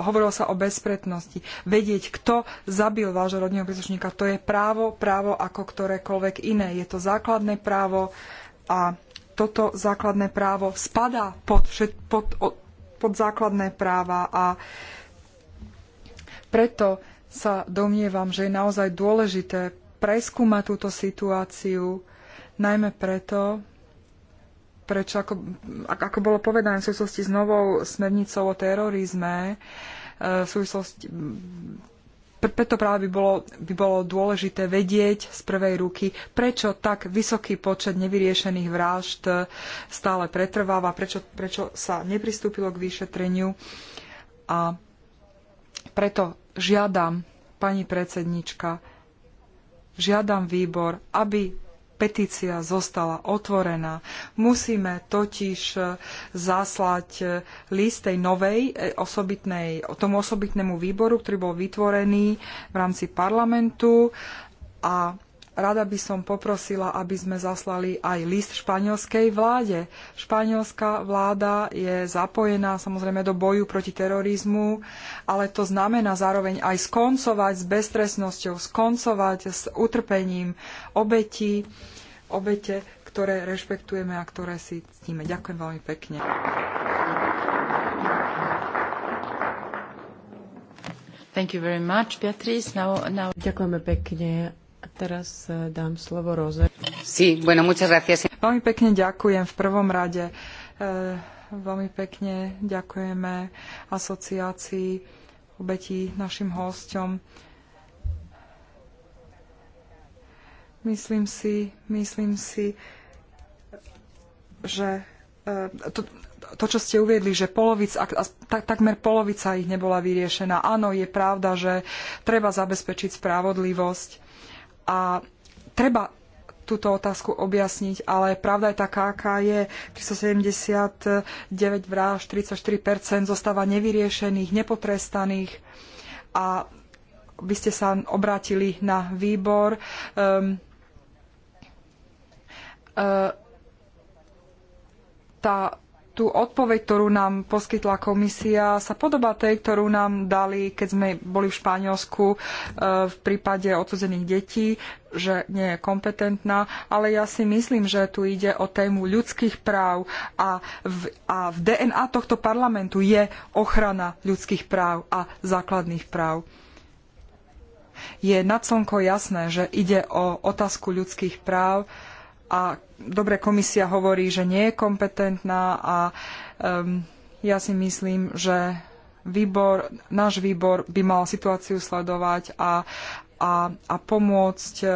hovorilo sa o bezpretnosti. Vedieť, kto zabil vášho rodinného príslušníka, to je právo, právo ako ktorékoľvek iné. Je to základné právo a toto základné právo spadá pod, všet, pod, pod základné práva a preto sa domnievam, že je naozaj dôležité preskúmať túto situáciu, najmä preto, prečo, ako, ako bolo povedané v súvislosti s novou smernicou o terorizme, e, v súvislosti preto práve by bolo, by bolo dôležité vedieť z prvej ruky, prečo tak vysoký počet nevyriešených vražd e, stále pretrváva, prečo, prečo sa nepristúpilo k vyšetreniu. A preto žiadam, pani predsednička, žiadam výbor, aby petícia zostala otvorená. Musíme totiž e, zaslať e, list tej novej e, osobitnej, tomu osobitnému výboru, ktorý bol vytvorený v rámci parlamentu a rada by som poprosila, aby sme zaslali aj list španielskej vláde. Španielská vláda je zapojená samozrejme do boju proti terorizmu, ale to znamená zároveň aj skoncovať s bestresnosťou, skoncovať s utrpením obeti, obete, ktoré rešpektujeme a ktoré si ctíme. Ďakujem veľmi pekne. Much, now, now... Ďakujeme pekne. Teraz e, dám slovo Roze. Sí, bueno, muchas gracias. Veľmi pekne ďakujem v prvom rade. E, veľmi pekne ďakujeme asociácii obetí našim hosťom. Myslím si, myslím si, že e, to, to, čo ste uviedli, že polovica, tak, takmer polovica ich nebola vyriešená. Áno, je pravda, že treba zabezpečiť spravodlivosť a treba túto otázku objasniť, ale pravda je taká, aká je. 379 vražd, 34% zostáva nevyriešených, nepotrestaných a vy ste sa obrátili na výbor. Um, uh, tá tú odpoveď, ktorú nám poskytla komisia, sa podobá tej, ktorú nám dali, keď sme boli v Španielsku e, v prípade odsudzených detí, že nie je kompetentná, ale ja si myslím, že tu ide o tému ľudských práv a v, a v DNA tohto parlamentu je ochrana ľudských práv a základných práv je nad slnko jasné, že ide o otázku ľudských práv a dobre komisia hovorí, že nie je kompetentná a um, ja si myslím, že výbor, náš výbor by mal situáciu sledovať a, a, a pomôcť eh,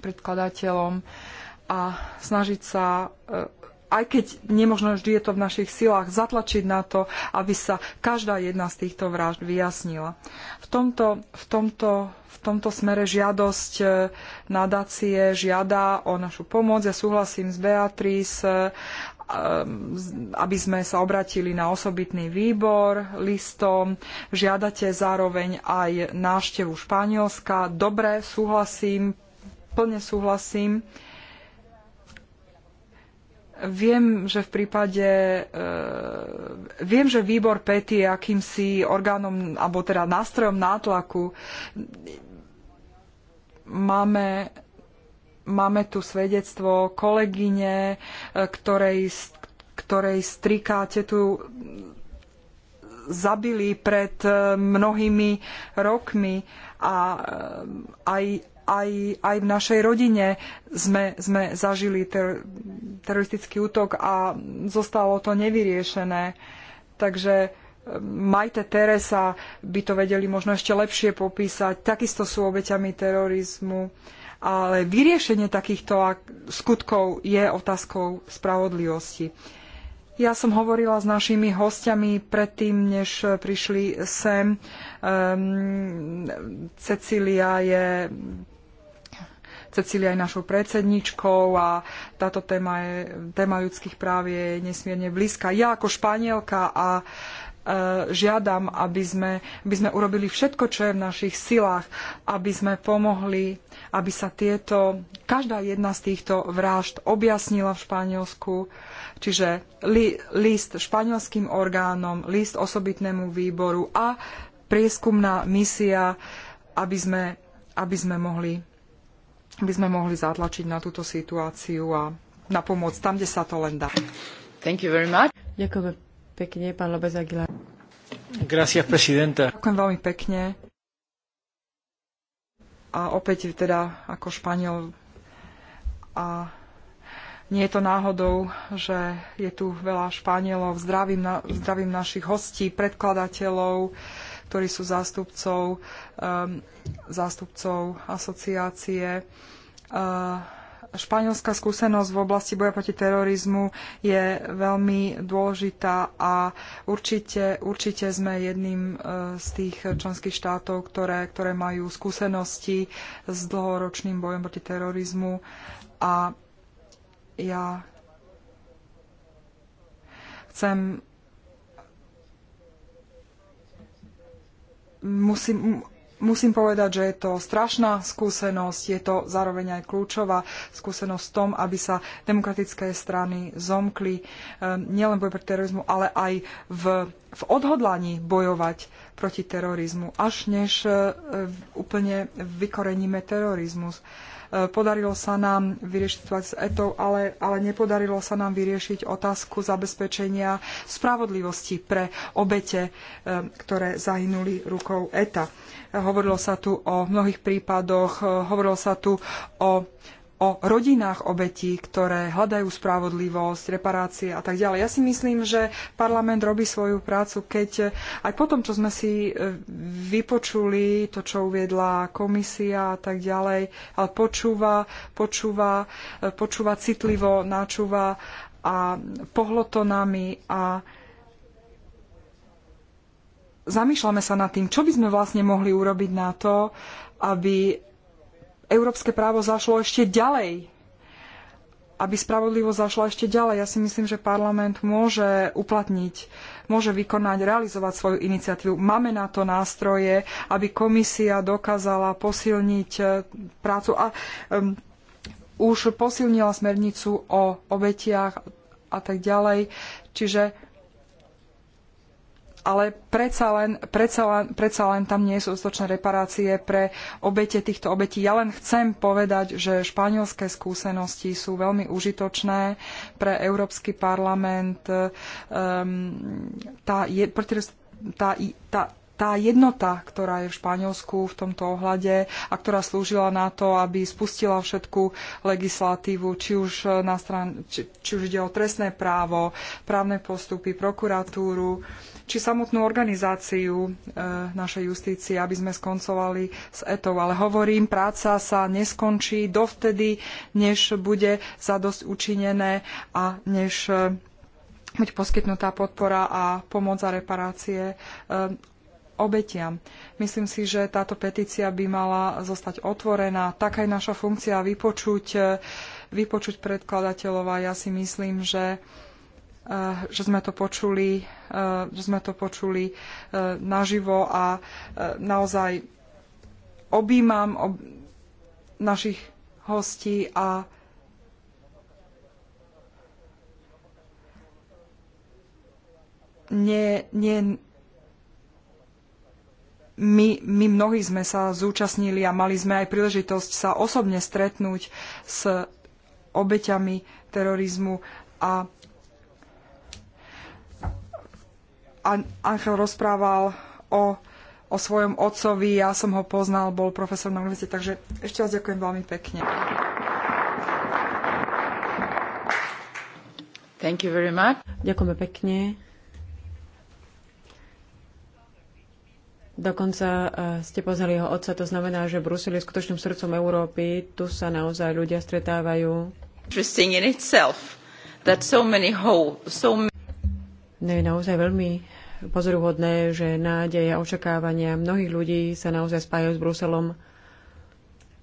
predkladateľom a snažiť sa uh, aj keď nemožno vždy je to v našich silách, zatlačiť na to, aby sa každá jedna z týchto vražd vyjasnila. V tomto, v tomto, v tomto smere žiadosť e, nadácie žiada o našu pomoc. Ja súhlasím s Beatrice, e, aby sme sa obratili na osobitný výbor listom. Žiadate zároveň aj návštevu Španielska. Dobre, súhlasím, plne súhlasím. Uh, Viem, že v prípade, e, viem, že výbor PETI je akýmsi orgánom, alebo teda nástrojom nátlaku. Máme, máme tu svedectvo kolegyne, e, ktorej, ktorej strikáte tu zabili pred e, mnohými rokmi a e, aj, aj, aj v našej rodine sme, sme zažili ter, teroristický útok a zostalo to nevyriešené. Takže e, Majte Teresa by to vedeli možno ešte lepšie popísať. Takisto sú obeťami terorizmu. Ale vyriešenie takýchto skutkov je otázkou spravodlivosti. Ja som hovorila s našimi hostiami predtým, než prišli sem. Um, Cecília je Cecília je našou predsedničkou a táto téma, je, téma ľudských práv je nesmierne blízka. Ja ako Španielka a e, žiadam, aby sme, aby sme urobili všetko, čo je v našich silách, aby sme pomohli, aby sa tieto, každá jedna z týchto vražd objasnila v Španielsku. Čiže li, list španielským orgánom, list osobitnému výboru a prieskumná misia, aby sme, aby sme mohli by sme mohli zatlačiť na túto situáciu a na pomoc tam, kde sa to len dá. Thank you very much. Ďakujem pekne, pán López Aguilar. Gracias, presidenta. Ďakujem veľmi pekne. A opäť teda ako Španiel a nie je to náhodou, že je tu veľa Španielov. Zdravím, na, zdravím našich hostí, predkladateľov. Uh, ktorí sú zástupcov, um, zástupcov asociácie uh, španielská skúsenosť v oblasti boja proti terorizmu je veľmi dôležitá a určite, určite sme jedným uh, z tých členských štátov, ktoré, ktoré majú skúsenosti s dlhoročným bojom proti terorizmu a ja chcem musím, musím povedať, že je to strašná skúsenosť, je to zároveň aj kľúčová skúsenosť v tom, aby sa demokratické strany zomkli eh, nielen boj proti terorizmu, ale aj v, v odhodlaní bojovať proti terorizmu, až než eh, úplne vykoreníme terorizmus. Podarilo sa nám vyriešiť situáciu s ETO, ale, ale nepodarilo sa nám vyriešiť otázku zabezpečenia spravodlivosti pre obete, e, ktoré zahynuli rukou ETA. Hovorilo sa tu o mnohých prípadoch, e, hovorilo sa tu o o rodinách obetí, ktoré hľadajú spravodlivosť, reparácie a tak ďalej. Ja si myslím, že parlament robí svoju prácu, keď aj po tom, čo sme si e, vypočuli, to, čo uviedla komisia a tak ďalej, ale počúva, počúva, e, počúva citlivo, náčúva a pohlo to nami a zamýšľame sa nad tým, čo by sme vlastne mohli urobiť na to, aby európske právo zašlo ešte ďalej aby spravodlivosť zašla ešte ďalej. Ja si myslím, že parlament môže uplatniť, môže vykonať, realizovať svoju iniciatívu. Máme na to nástroje, aby komisia dokázala posilniť eh, prácu a um, už posilnila smernicu o obetiach a tak ďalej. Čiže ale predsa len, predsa, len, predsa len tam nie sú dostatočné reparácie pre obete týchto obetí. Ja len chcem povedať, že španielské skúsenosti sú veľmi užitočné pre Európsky parlament. Um, tá, je, tá, tá tá jednota, ktorá je v Španielsku v tomto ohľade a ktorá slúžila na to, aby spustila všetku legislatívu, či už, na stran, či, či už ide o trestné právo, právne postupy, prokuratúru, či samotnú organizáciu e, našej justície, aby sme skoncovali s etou. Ale hovorím, práca sa neskončí dovtedy, než bude zadosť učinené a než bude poskytnutá podpora a pomoc a reparácie e, obetiam. Myslím si, že táto petícia by mala zostať otvorená. Taká je naša funkcia vypočuť, eh, vypočuť predkladateľov a ja si myslím, že eh, že sme to počuli, eh, že sme to počuli naživo a naozaj objímam ob našich hostí a nie, nie, my, my mnohí sme sa zúčastnili a mali sme aj príležitosť sa osobne stretnúť s obeťami terorizmu a Angel rozprával o, o svojom otcovi, ja som ho poznal, bol profesor na univerzite, takže ešte raz ďakujem veľmi pekne. Ďakujeme pekne. Dokonca e, ste poznali jeho otca, to znamená, že Brusel je skutočným srdcom Európy. Tu sa naozaj ľudia stretávajú. No je naozaj veľmi pozoruhodné, že nádej a očakávania mnohých ľudí sa naozaj spájajú s Bruselom.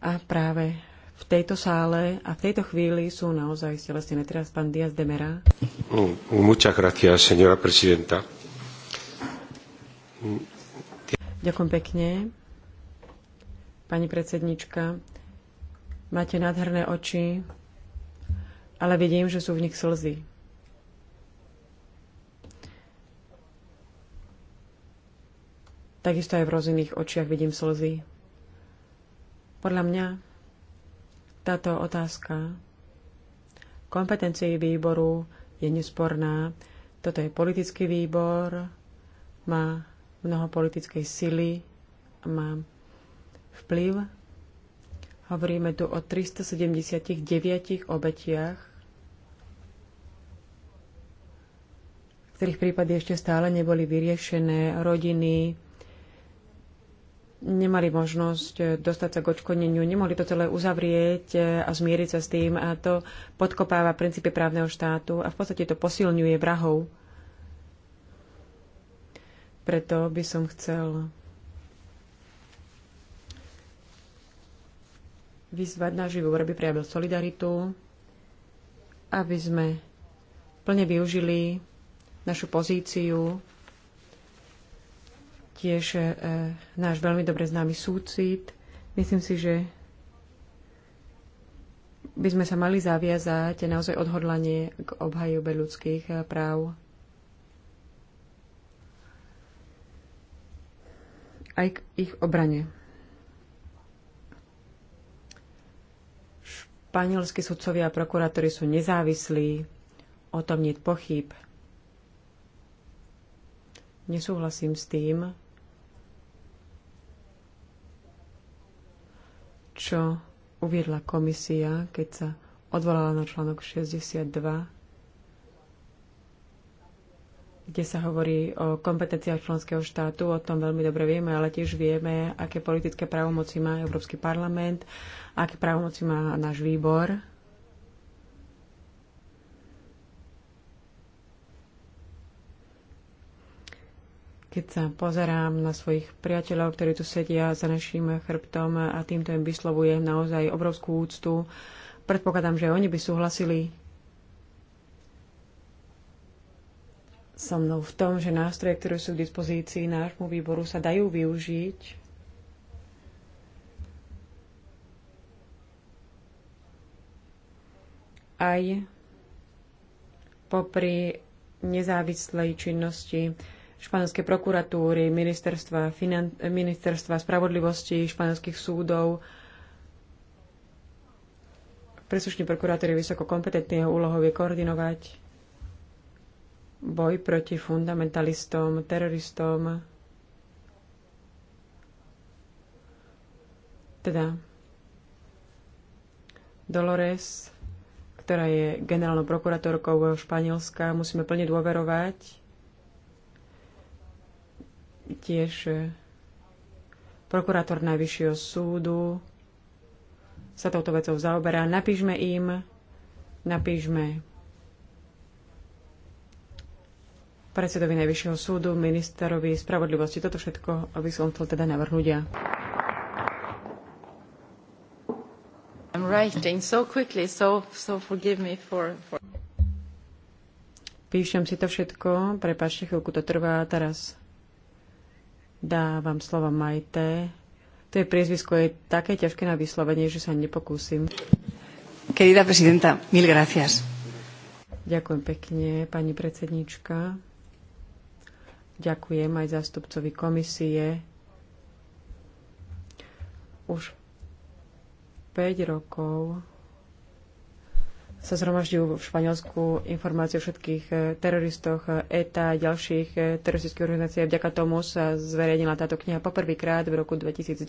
A práve v tejto sále a v tejto chvíli sú naozaj stelesnené. Teraz pán Diaz de Mera. Mm, muchas gracias, señora presidenta. Ďakujem pekne. Pani predsednička, máte nádherné oči, ale vidím, že sú v nich slzy. Takisto aj v roziných očiach vidím slzy. Podľa mňa táto otázka kompetencií výboru je nesporná. Toto je politický výbor, má mnoho politickej sily má vplyv. Hovoríme tu o 379 obetiach, V ktorých prípady ešte stále neboli vyriešené, rodiny nemali možnosť dostať sa k očkodneniu, nemohli to celé uzavrieť a zmieriť sa s tým a to podkopáva princípy právneho štátu a v podstate to posilňuje vrahov preto by som chcel vyzvať náš živú aby prijavil solidaritu, aby sme plne využili našu pozíciu, tiež e, náš veľmi dobre známy súcit. Myslím si, že by sme sa mali zaviazať naozaj odhodlanie k obhajobe ľudských e, práv aj k ich obrane. Španielskí sudcovia a prokurátori sú nezávislí, o tom nie je pochyb. Nesúhlasím s tým, čo uviedla komisia, keď sa odvolala na článok 62 kde sa hovorí o kompetenciách členského štátu. O tom veľmi dobre vieme, ale tiež vieme, aké politické právomoci má Európsky parlament, aké právomoci má náš výbor. Keď sa pozerám na svojich priateľov, ktorí tu sedia za našim chrbtom a týmto im vyslovujem naozaj obrovskú úctu, predpokladám, že oni by súhlasili so mnou v tom, že nástroje, ktoré sú k dispozícii nášmu výboru, sa dajú využiť aj popri nezávislej činnosti španielskej prokuratúry, ministerstva, finan- ministerstva spravodlivosti, španielských súdov. Príslušní prokurátori vysoko kompetentní jeho úlohou je koordinovať boj proti fundamentalistom, teroristom, teda Dolores, ktorá je generálnou prokurátorkou Španielska, musíme plne dôverovať. Tiež e, prokurátor Najvyššieho súdu sa touto vecou zaoberá. Napíšme im, napíšme predsedovi Najvyššieho súdu, ministerovi spravodlivosti. Toto všetko by som chcel teda navrhnúť ja. Píšem si to všetko, prepáčte, chvíľku to trvá, teraz dávam slovo Majte. To je priezvisko, je také ťažké na vyslovenie, že sa nepokúsim. Querida mil gracias. Ďakujem pekne, pani predsedníčka. Ďakujem aj zástupcovi komisie. Už 5 rokov sa zhromažďujú v Španielsku informácie o všetkých eh, teroristoch ETA eh, e a ďalších eh, teroristických organizácií. Vďaka tomu sa zverejnila táto kniha poprvýkrát v roku 2010.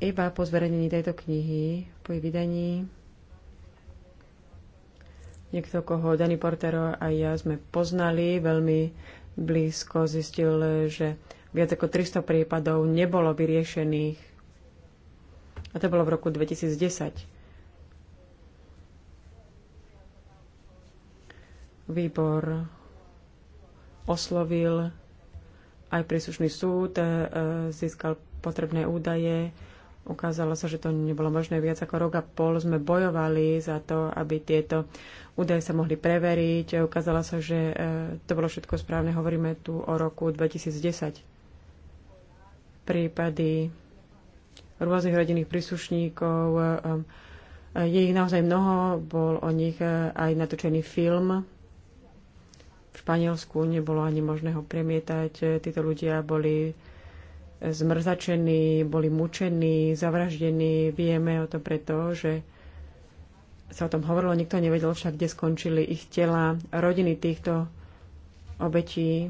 Iba po zverejnení tejto knihy, po jej vydaní, Niekto, koho Danny Portero a ja sme poznali veľmi blízko, zistil, že viac ako 300 prípadov nebolo vyriešených. A to bolo v roku 2010. Výbor oslovil aj príslušný súd, e, získal potrebné údaje, Ukázalo sa, že to nebolo možné. Viac ako rok a pol sme bojovali za to, aby tieto údaje sa mohli preveriť. Ukázalo sa, že e, to bolo všetko správne. Hovoríme tu o roku 2010. Prípady rôznych rodinných príslušníkov, e, e, je ich naozaj mnoho, bol o nich aj natočený film. V Španielsku nebolo ani možné ho premietať. Títo ľudia boli zmrzačení, boli mučení, zavraždení. Vieme o to preto, že sa o tom hovorilo, nikto nevedel však, kde skončili ich tela. Rodiny týchto obetí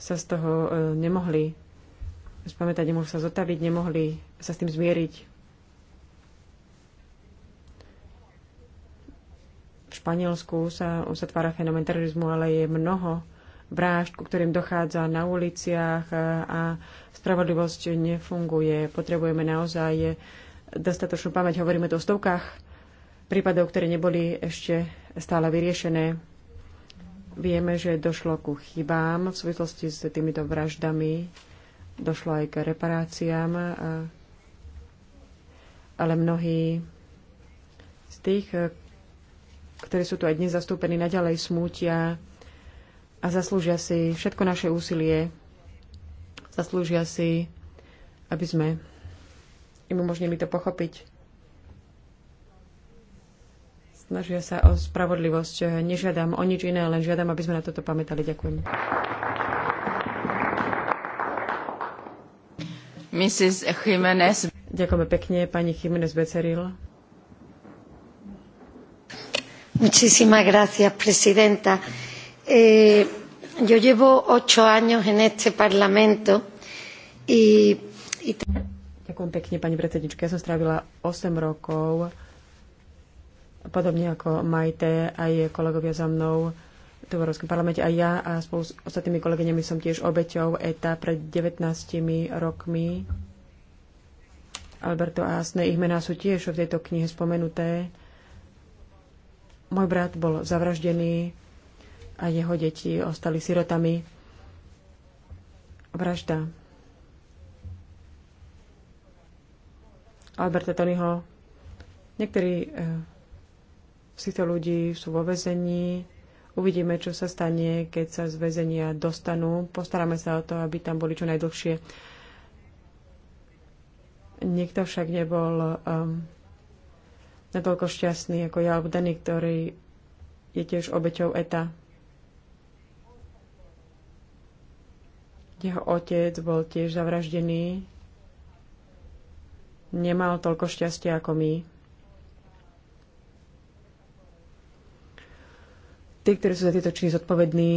sa z toho e, nemohli spamätať, nemohli sa zotaviť, nemohli sa s tým zmieriť. V Španielsku sa uzatvára fenomen terorizmu, ale je mnoho vražd, ku ktorým dochádza na uliciach e, a spravodlivosť nefunguje. Potrebujeme naozaj dostatočnú pamäť. Hovoríme tu o stovkách prípadov, ktoré neboli ešte stále vyriešené. Vieme, že došlo ku chybám v súvislosti s týmito vraždami. Došlo aj k reparáciám, e, ale mnohí z tých, e, ktorí sú tu aj dnes zastúpení, naďalej smútia a zaslúžia si všetko naše úsilie. Zaslúžia si, aby sme im umožnili to pochopiť. Snažia sa o spravodlivosť. Nežiadam o nič iné, len žiadam, aby sme na toto pamätali. Ďakujem. Mrs. Jimenez. Ďakujeme pekne, pani Jiménez Beceril. Muchísimas gracias, presidenta. Eh, yo llevo ocho años en este Parlamento y... y... Ďakujem pekne, pani predsednička. Ja som strávila 8 rokov, podobne ako Majte, aj kolegovia za mnou tu v Európskom parlamente. A ja a spolu s ostatnými kolegyňami som tiež obeťou ETA pred 19 rokmi. Alberto a Asne, ich mená sú tiež v tejto knihe spomenuté. Môj brat bol zavraždený a jeho deti ostali sirotami. Vražda Alberta Tonyho. Niektorí eh, z týchto ľudí sú vo vezení. Uvidíme, čo sa stane, keď sa z väzenia dostanú. Postaráme sa o to, aby tam boli čo najdlhšie. Nikto však nebol um, natoľko šťastný ako ja obdaný, ktorý je tiež obeťou ETA. Jeho otec bol tiež zavraždený. Nemal toľko šťastia ako my. Tí, ktorí sú za tieto činy zodpovední,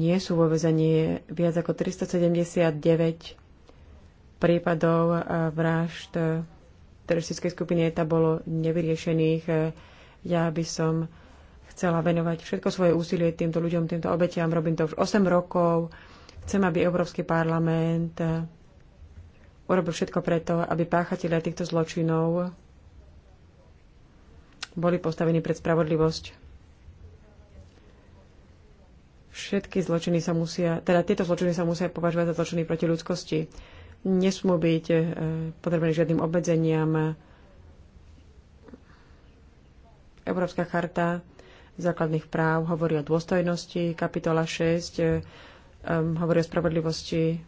nie sú vo vezení viac ako 379 prípadov eh, vražd teroristickej skupiny ETA bolo nevyriešených. Ja by som chcela venovať všetko svoje úsilie týmto ľuďom, týmto obetiam. Robím to už 8 rokov. Chcem, aby Európsky parlament eh, urobil všetko preto, aby páchatelia týchto zločinov boli postavení pred spravodlivosť. Všetky zločiny sa musia, teda tieto zločiny sa musia považovať za zločiny proti ľudskosti. Nesmú byť eh, podrobené žiadnym obmedzeniam. Európska charta základných práv hovorí o dôstojnosti, kapitola 6 um, hovorí o spravodlivosti.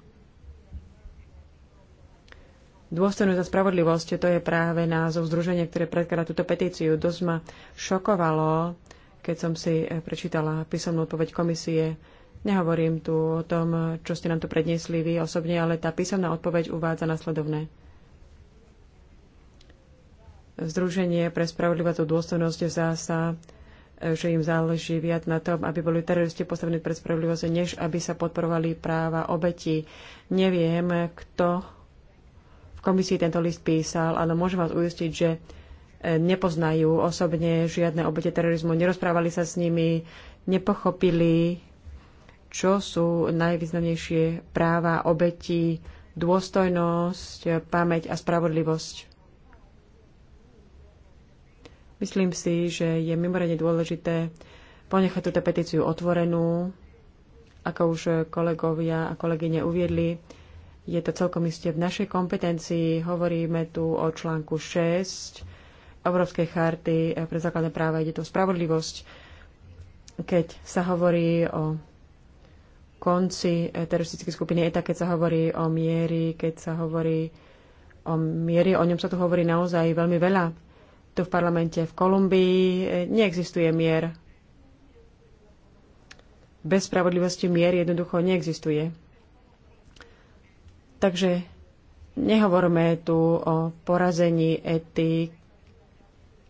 Dôstojnosť za spravodlivosť, to je práve názov združenia, ktoré predkladá túto petíciu. Dosť ma šokovalo, keď som si eh, prečítala písomnú odpoveď komisie. Nehovorím tu o tom, čo ste nám tu predniesli vy osobne, ale tá písomná odpoveď uvádza nasledovné. Združenie pre a dôstojnosť zasa že im záleží viac na tom, aby boli teroristi postavení pred spravodlivosť, než aby sa podporovali práva obetí. Neviem, kto v komisii tento list písal, ale môžem vás uistiť, že e, nepoznajú osobne žiadne obete terorizmu, nerozprávali sa s nimi, nepochopili, čo sú najvýznamnejšie práva obetí, dôstojnosť, pamäť a spravodlivosť. Myslím si, že je mimoriadne dôležité ponechať túto petíciu otvorenú. Ako už kolegovia a kolegyne uviedli, je to celkom isté v našej kompetencii. Hovoríme tu o článku 6 Európskej charty pre základné práva. Ide to spravodlivosť. Keď sa hovorí o konci teroristickej skupiny ETA, keď sa hovorí o miery, keď sa hovorí o miery, o ňom sa tu hovorí naozaj veľmi veľa tu v parlamente v Kolumbii e, neexistuje mier. Bez spravodlivosti mier jednoducho neexistuje. Takže nehovorme tu o porazení etik.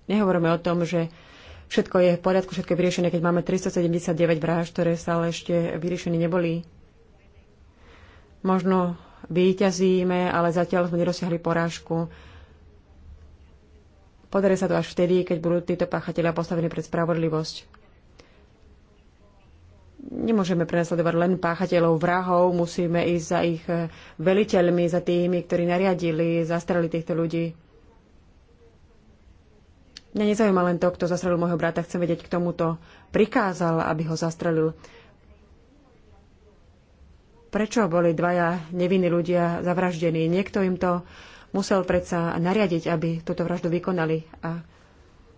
nehovorme o tom, že všetko je v poriadku, všetko je vyriešené, keď máme 379 vražd, ktoré stále ešte vyriešené neboli. Možno výťazíme, ale zatiaľ sme nedosiahli porážku. Podarí sa to až vtedy, keď budú títo páchatelia postavení pred spravodlivosť. Nemôžeme prenasledovať len páchateľov vrahov, musíme ísť za ich eh, veliteľmi, za tými, ktorí nariadili, zastreli týchto ľudí. Mňa nezaujíma len to, kto zastrelil môjho brata. Chcem vedieť, k tomuto prikázal, aby ho zastrelil prečo boli dvaja nevinní ľudia zavraždení. Niekto im to musel predsa nariadiť, aby túto vraždu vykonali. A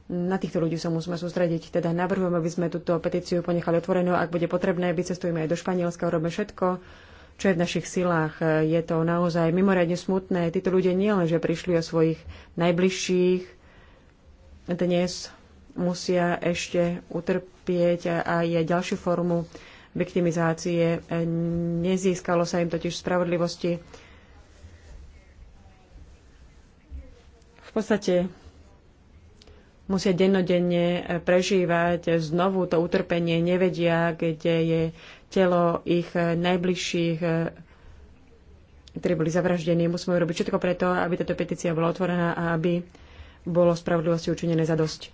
na týchto ľudí sa musíme sústrediť. Teda navrhujem, aby sme túto petíciu ponechali otvorenú. Ak bude potrebné, vycestujeme aj do Španielska, urobíme všetko, čo je v našich silách. Je to naozaj mimoriadne smutné. Títo ľudia nielenže prišli o svojich najbližších, dnes musia ešte utrpieť aj ďalšiu formu viktimizácie. Nezískalo sa im totiž spravodlivosti podstate musia dennodenne eh, prežívať znovu to utrpenie, nevedia, kde je telo ich eh, najbližších, eh, ktorí boli zavraždení. Musíme urobiť všetko preto, aby táto petícia bola otvorená a aby bolo spravodlivosti učinené za dosť.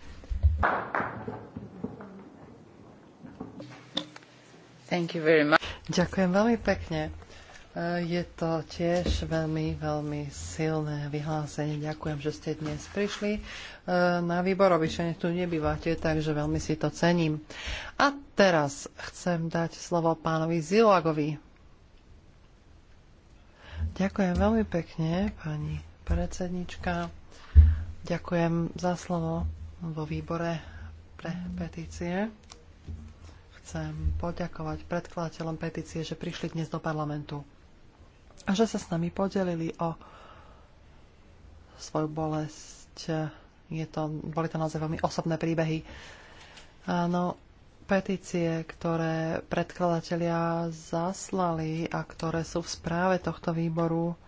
Thank you very much. Ďakujem veľmi pekne. Je to tiež veľmi, veľmi silné vyhlásenie. Ďakujem, že ste dnes prišli e, na výbor. Obyčajne tu nebývate, takže veľmi si to cením. A teraz chcem dať slovo pánovi Zilagovi. Ďakujem veľmi pekne, pani predsednička. Ďakujem za slovo vo výbore pre petície chcem poďakovať predkladateľom petície, že prišli dnes do parlamentu a že sa s nami podelili o svoju bolesť. Je to, boli to naozaj veľmi osobné príbehy. Áno, petície, ktoré predkladatelia zaslali a ktoré sú v správe tohto výboru,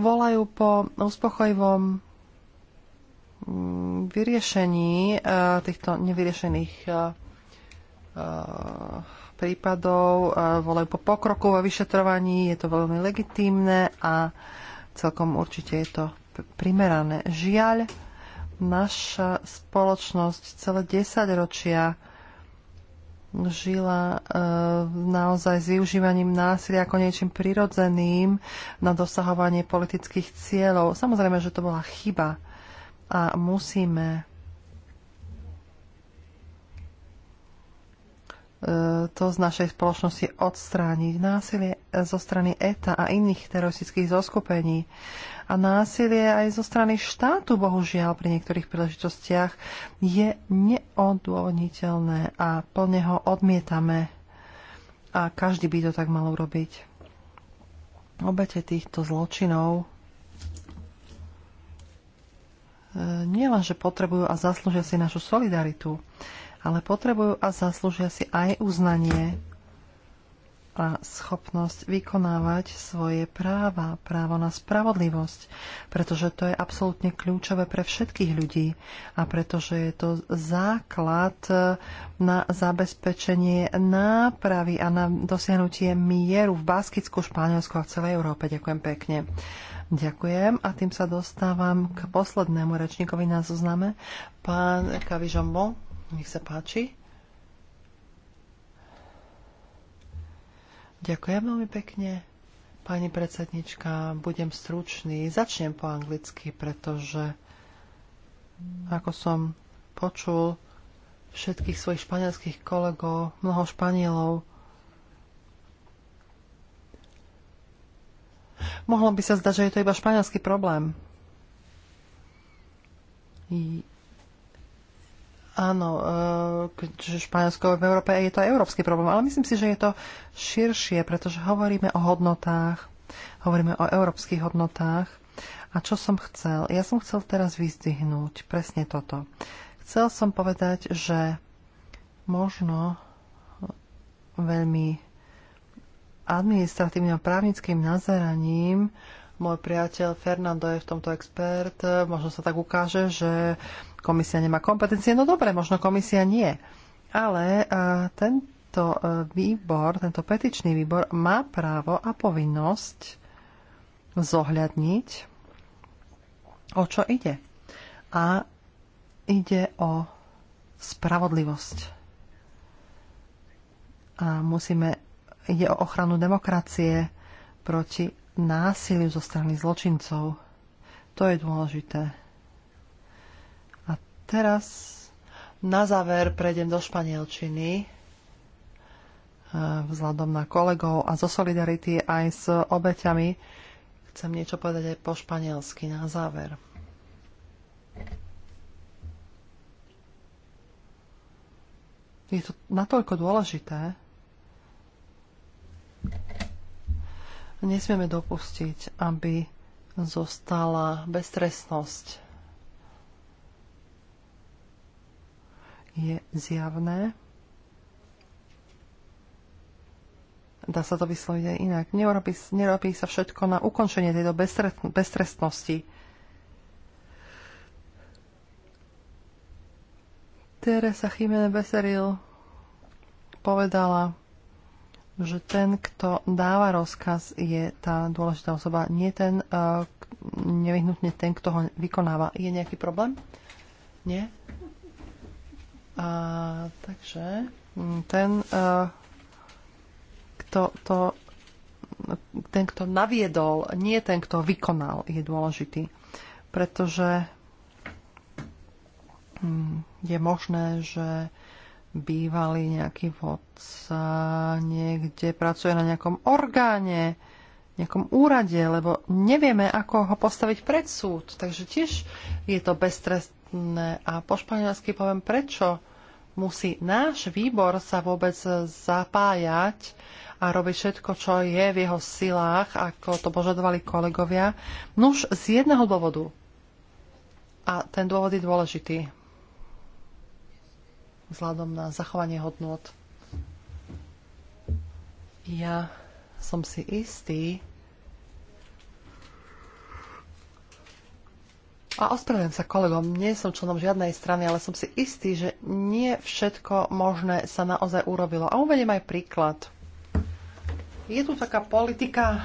volajú po uspokojivom mm, vyriešení eh, týchto nevyriešených eh, eh, prípadov e, volajú po pokroku vo vyšetrovaní, je to veľmi legitímne a celkom určite je to primerané. Žiaľ, naša spoločnosť celé 10 ročia žila e, naozaj s využívaním násilia ako niečím prirodzeným na dosahovanie politických cieľov. Samozrejme, že to bola chyba a musíme to z našej spoločnosti odstrániť. Násilie zo strany ETA a iných teroristických zoskupení a násilie aj zo strany štátu, bohužiaľ, pri niektorých príležitostiach je neodôvodniteľné a plne ho odmietame. A každý by to tak mal urobiť. Obete týchto zločinov e, nielenže potrebujú a zaslúžia si našu solidaritu, ale potrebujú a zaslúžia si aj uznanie a schopnosť vykonávať svoje práva, právo na spravodlivosť, pretože to je absolútne kľúčové pre všetkých ľudí a pretože je to základ na zabezpečenie nápravy a na dosiahnutie mieru v Baskicku, Španielsku a v celej Európe. Ďakujem pekne. Ďakujem a tým sa dostávam k poslednému rečníkovi na zozname, pán Kavižombo. Nech sa páči. Ďakujem veľmi pekne. Pani predsednička, budem stručný. Začnem po anglicky, pretože ako som počul všetkých svojich španielských kolegov, mnoho Španielov, mohlo by sa zdať, že je to iba španielský problém. Áno, eh, Španielsko v Európe je to európsky problém, ale myslím si, že je to širšie, pretože hovoríme o hodnotách, hovoríme o európskych hodnotách. A čo som chcel? Ja som chcel teraz vyzdvihnúť presne toto. Chcel som povedať, že možno veľmi administratívnym a právnickým nazeraním môj priateľ Fernando je v tomto expert. Možno sa tak ukáže, že komisia nemá kompetencie. No dobre, možno komisia nie. Ale e, tento e, výbor, tento petičný výbor má právo a povinnosť zohľadniť, o čo ide. A ide o spravodlivosť. A musíme, ide o ochranu demokracie proti násiliu zo strany zločincov. To je dôležité. Teraz na záver prejdem do španielčiny eh, vzhľadom na kolegov a zo Solidarity aj s obeťami. Chcem niečo povedať aj po španielsky na záver. Je to natoľko dôležité. Nesmieme dopustiť, aby zostala beztrestnosť je zjavné. Dá sa to vysloviť aj inak. Nerobí, nerobí sa všetko na ukončenie tejto beztrestnosti. Teresa Chimene Beseril povedala, že ten, kto dáva rozkaz, je tá dôležitá osoba, nie ten, eh, nevyhnutne ten, kto ho vykonáva. Je nejaký problém? Nie? A, takže mm, ten, a, e, kto to ten, kto naviedol, nie ten, kto vykonal, je dôležitý. Pretože mm, je možné, že bývalý nejaký vodca niekde pracuje na nejakom orgáne, nejakom úrade, lebo nevieme, ako ho postaviť pred súd. Takže tiež je to beztrestné. A po španielsky poviem prečo musí náš výbor sa vôbec zapájať a robiť všetko, čo je v jeho silách, ako to požadovali kolegovia. Nuž z jedného dôvodu. A ten dôvod je dôležitý. Vzhľadom na zachovanie hodnot. Ja som si istý, A ospravedlňujem sa kolegom, nie som členom žiadnej strany, ale som si istý, že nie všetko možné sa naozaj urobilo. A uvediem aj príklad. Je tu taká politika eh,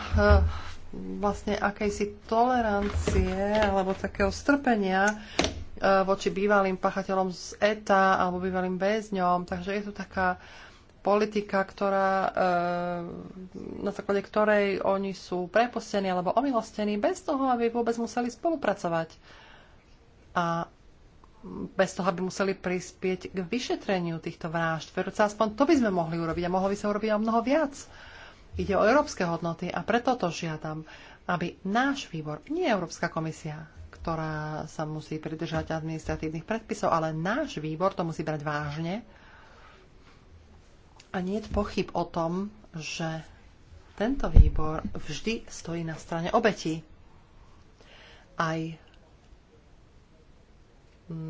vlastne akejsi tolerancie alebo takého strpenia eh, voči bývalým pachateľom z ETA alebo bývalým väzňom. Takže je tu taká politika, ktorá, e, na základe ktorej oni sú prepustení alebo omilostení bez toho, aby vôbec museli spolupracovať. A bez toho, aby museli prispieť k vyšetreniu týchto vražd. Veruca, aspoň to by sme mohli urobiť a mohlo by sa urobiť o mnoho viac. Ide o európske hodnoty a preto to žiadam, aby náš výbor, nie Európska komisia, ktorá sa musí pridržať administratívnych predpisov, ale náš výbor to musí brať vážne, a nie je pochyb o tom, že tento výbor vždy stojí na strane obetí. Aj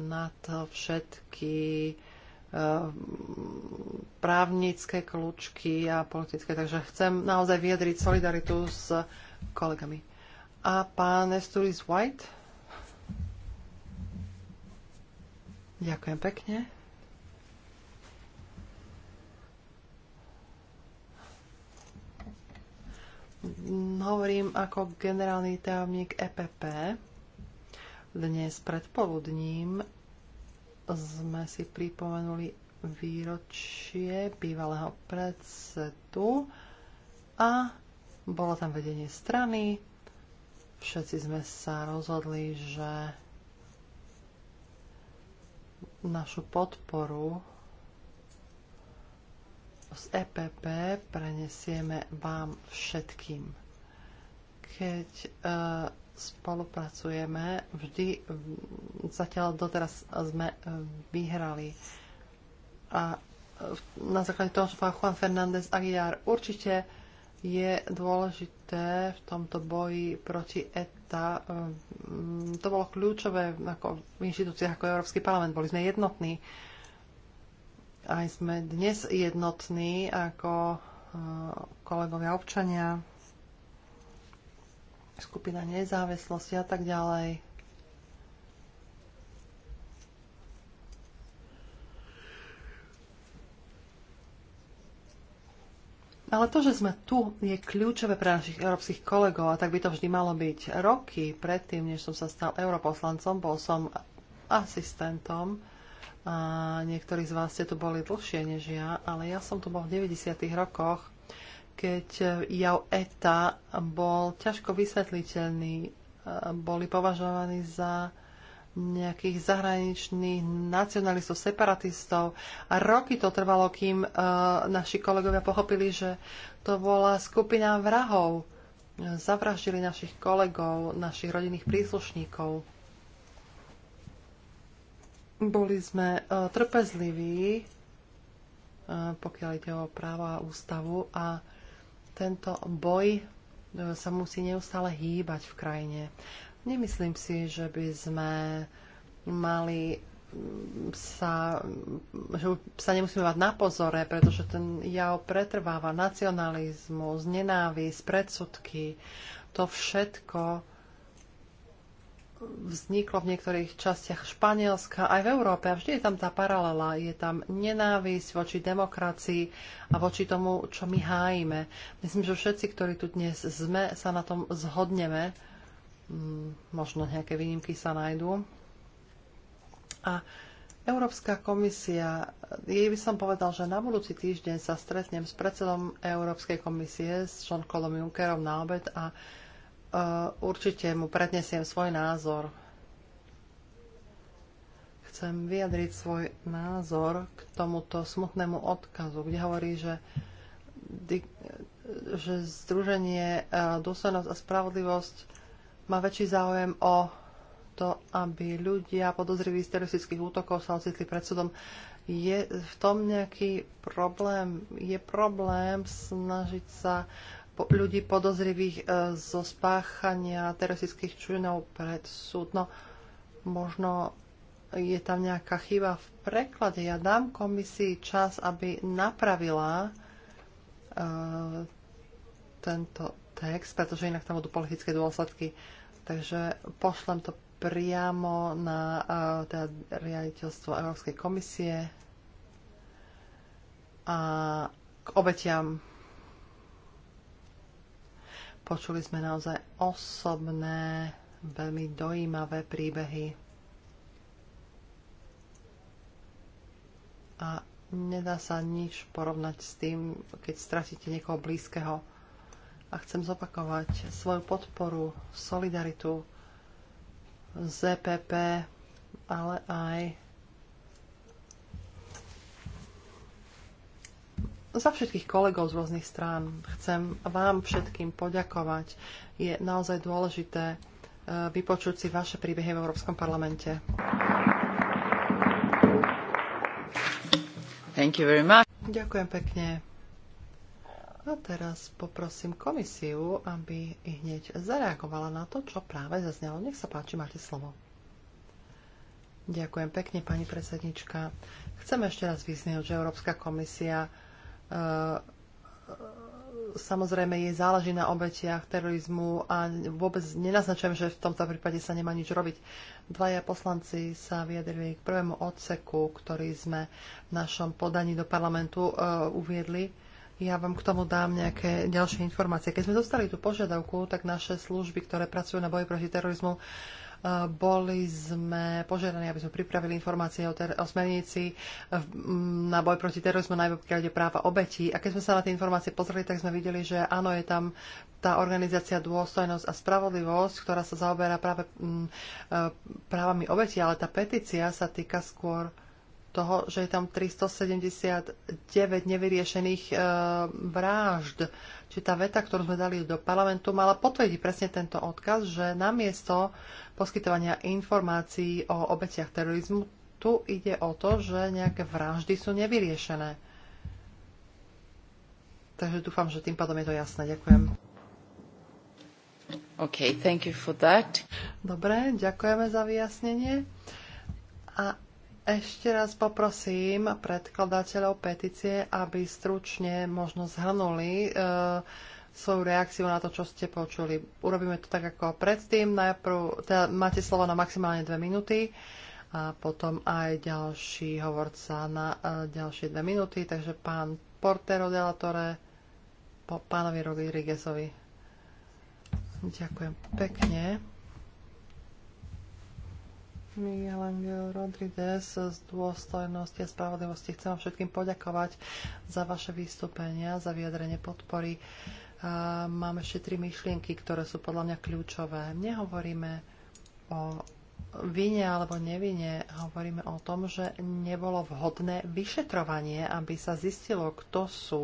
na to všetky eh, právnické kľúčky a politické. Takže chcem naozaj vyjadriť solidaritu s kolegami. A pán Esturis White? Ďakujem pekne. Hovorím ako generálny tajomník EPP. Dnes predpoludním sme si pripomenuli výročie bývalého predsedu a bolo tam vedenie strany. Všetci sme sa rozhodli, že našu podporu z EPP prenesieme vám všetkým. Keď e, spolupracujeme, vždy zatiaľ doteraz sme e, vyhrali. A e, na základe toho, čo pán Juan Fernández Aguiar určite je dôležité v tomto boji proti ETA. To bolo kľúčové ako v inštitúciách ako Európsky parlament. Boli sme jednotní aj sme dnes jednotní ako e, kolegovia občania, skupina nezávislosti a tak ďalej. Ale to, že sme tu, je kľúčové pre našich európskych kolegov a tak by to vždy malo byť. Roky predtým, než som sa stal europoslancom, bol som asistentom a niektorí z vás ste tu boli dlhšie než ja, ale ja som tu bol v 90. rokoch, keď jav ETA bol ťažko vysvetliteľný, e, boli považovaní za nejakých zahraničných nacionalistov, separatistov. A roky to trvalo, kým e, naši kolegovia pochopili, že to bola skupina vrahov. Zavraždili našich kolegov, našich rodinných príslušníkov. Boli sme e, trpezliví, e, pokiaľ ide o právo a ústavu a tento boj e, sa musí neustále hýbať v krajine. Nemyslím si, že by sme mali sa, že sa nemusíme mať na pozore, pretože ten jav pretrváva nacionalizmus, nenávisť, predsudky, to všetko vzniklo v niektorých častiach Španielska, aj v Európe. A vždy je tam tá paralela. Je tam nenávisť voči demokracii a voči tomu, čo my hájime. Myslím, že všetci, ktorí tu dnes sme, sa na tom zhodneme. Mm, možno nejaké výnimky sa nájdú. A Európska komisia, jej by som povedal, že na budúci týždeň sa stretnem s predsedom Európskej komisie, s Jean-Claude Junckerom na obed a Eh, určite mu prednesiem svoj názor. Chcem vyjadriť svoj názor k tomuto smutnému odkazu, kde hovorí, že, že Združenie eh, Dôstojnosť a Spravodlivosť má väčší záujem o to, aby ľudia podozriví z teroristických útokov sa ocitli pred súdom. Je v tom nejaký problém? Je problém snažiť sa uh, ľudí podozrivých e, zo spáchania teroristických činov pred súd. No, možno je tam nejaká chyba v preklade. Ja dám komisii čas, aby napravila e, tento text, pretože inak tam budú politické dôsledky. Takže pošlem to priamo na uh, teda riaditeľstvo Európskej komisie a k obetiam Počuli sme naozaj osobné, veľmi dojímavé príbehy. A nedá sa nič porovnať s tým, keď stratíte niekoho blízkeho. A chcem zopakovať svoju podporu, solidaritu ZPP, e ale aj za všetkých kolegov z rôznych strán. Chcem vám všetkým poďakovať. Je naozaj dôležité e, vypočuť si vaše príbehy v Európskom parlamente. Thank you very much. Ďakujem pekne. A teraz poprosím komisiu, aby hneď zareagovala na to, čo práve zaznelo. Nech sa páči, máte slovo. Ďakujem pekne, pani predsednička. Chcem ešte raz vyznať, že Európska komisia E, e, samozrejme, je záleží na obetiach terorizmu a vôbec nenaznačujem, že v tomto prípade sa nemá nič robiť. Dvaja poslanci sa vyjadrili k prvému odseku, ktorý sme v našom podaní do parlamentu uh, uviedli. Ja vám k tomu dám nejaké ďalšie informácie. Keď sme dostali tú požiadavku, tak naše služby, ktoré pracujú na boji proti terorizmu, uh, boli sme požiadaní, aby sme pripravili informácie o, ter- o smernici na boj proti terorizmu, najmä pokiaľ ide práva obetí. A keď sme sa na tie informácie pozreli, tak sme videli, že áno, je tam tá organizácia dôstojnosť a spravodlivosť, ktorá sa zaoberá práve e, právami obetí, ale tá petícia sa týka skôr toho, že je tam 379 nevyriešených e, vražd. Či tá veta, ktorú sme dali do parlamentu, mala potvrdiť presne tento odkaz, že namiesto poskytovania informácií o obetiach terorizmu, tu ide o to, že nejaké vraždy sú nevyriešené. Takže dúfam, že tým pádom je to jasné. Ďakujem. Okay, thank you for that. Dobre, ďakujeme za vyjasnenie. A ešte raz poprosím predkladateľov petície, aby stručne možno zhrnuli e, svoju reakciu na to, čo ste počuli. Urobíme to tak ako predtým. Najprv teda máte slovo na maximálne dve minúty a potom aj ďalší hovorca na e, ďalšie dve minúty. Takže pán Portero Delatore, po pánovi Rodríguezovi. Ďakujem pekne. Miguel Angel Rodriguez z dôstojnosti a spravodlivosti. Chcem vám všetkým poďakovať za vaše vystúpenia, za vyjadrenie podpory. A mám ešte tri myšlienky, ktoré sú podľa mňa kľúčové. Nehovoríme o vine alebo nevine, hovoríme o tom, že nebolo vhodné vyšetrovanie, aby sa zistilo, kto sú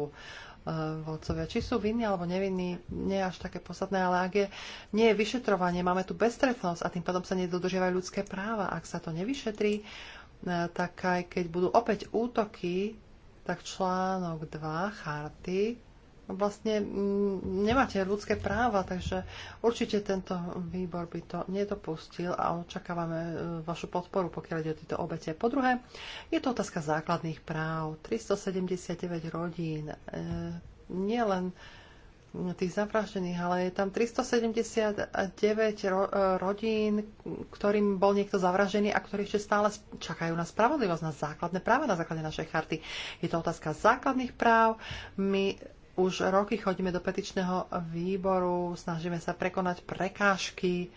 Eh, vodcovia. Či sú vinní alebo nevinní, nie je až také posadné, ale ak je, nie je vyšetrovanie, máme tu bestrefnosť a tým pádom sa nedodržiavajú ľudské práva. Ak sa to nevyšetrí, eh, tak aj keď budú opäť útoky, tak článok 2 charty No vlastne mm, nemáte ľudské práva, takže určite tento výbor by to nedopustil a očakávame e, vašu podporu, pokiaľ ide o tieto obete. Po druhé, je to otázka základných práv. 379 rodín, e, nielen tých zavraždených, ale je tam 379 ro- e, rodín, ktorým bol niekto zavraždený a ktorí ešte stále čakajú na spravodlivosť, na základné práva, na základe našej charty. Je to otázka základných práv. My už roky chodíme do petičného výboru, snažíme sa prekonať prekážky,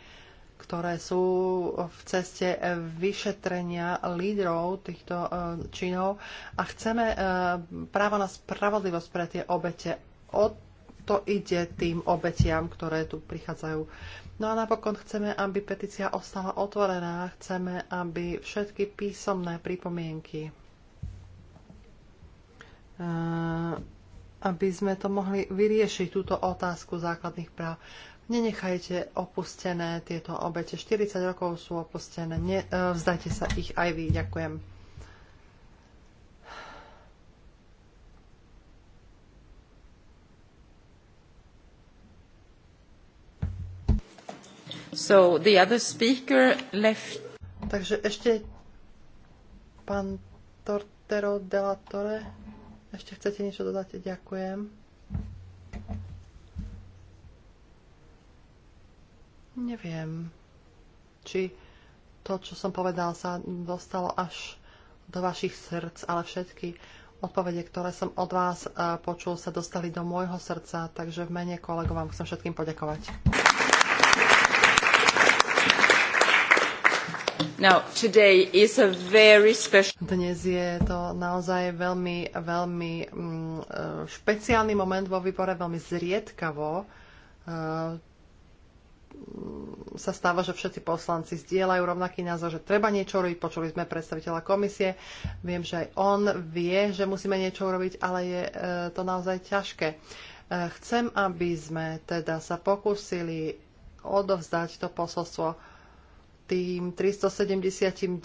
ktoré sú v ceste vyšetrenia lídrov týchto e, činov a chceme e, právo na spravodlivosť pre tie obete. O to ide tým obetiam, ktoré tu prichádzajú. No a napokon chceme, aby petícia ostala otvorená, chceme, aby všetky písomné pripomienky e, aby sme to mohli vyriešiť túto otázku základných práv. Nenechajte opustené tieto obete. 40 rokov sú opustené. Ne, e, vzdajte sa ich aj vy. Ďakujem. So the other speaker left. Takže ešte pán Tortero de la Torre. Ešte chcete niečo dodať? Ďakujem. Neviem, či to, čo som povedal, sa dostalo až do vašich srdc, ale všetky odpovede, ktoré som od vás eh, počul, sa dostali do môjho srdca, takže v mene kolegov vám chcem všetkým poďakovať. Now, today is a very special... Dnes je to naozaj veľmi, veľmi mm, e, špeciálny moment vo výbore, veľmi zriedkavo e, mm, sa stáva, že všetci poslanci zdieľajú rovnaký názor, že treba niečo robiť. Počuli sme predstaviteľa komisie. Viem, že aj on vie, že musíme niečo urobiť, ale je e, to naozaj ťažké. Chcem, aby sme teda sa pokúsili odovzdať to posolstvo tým 379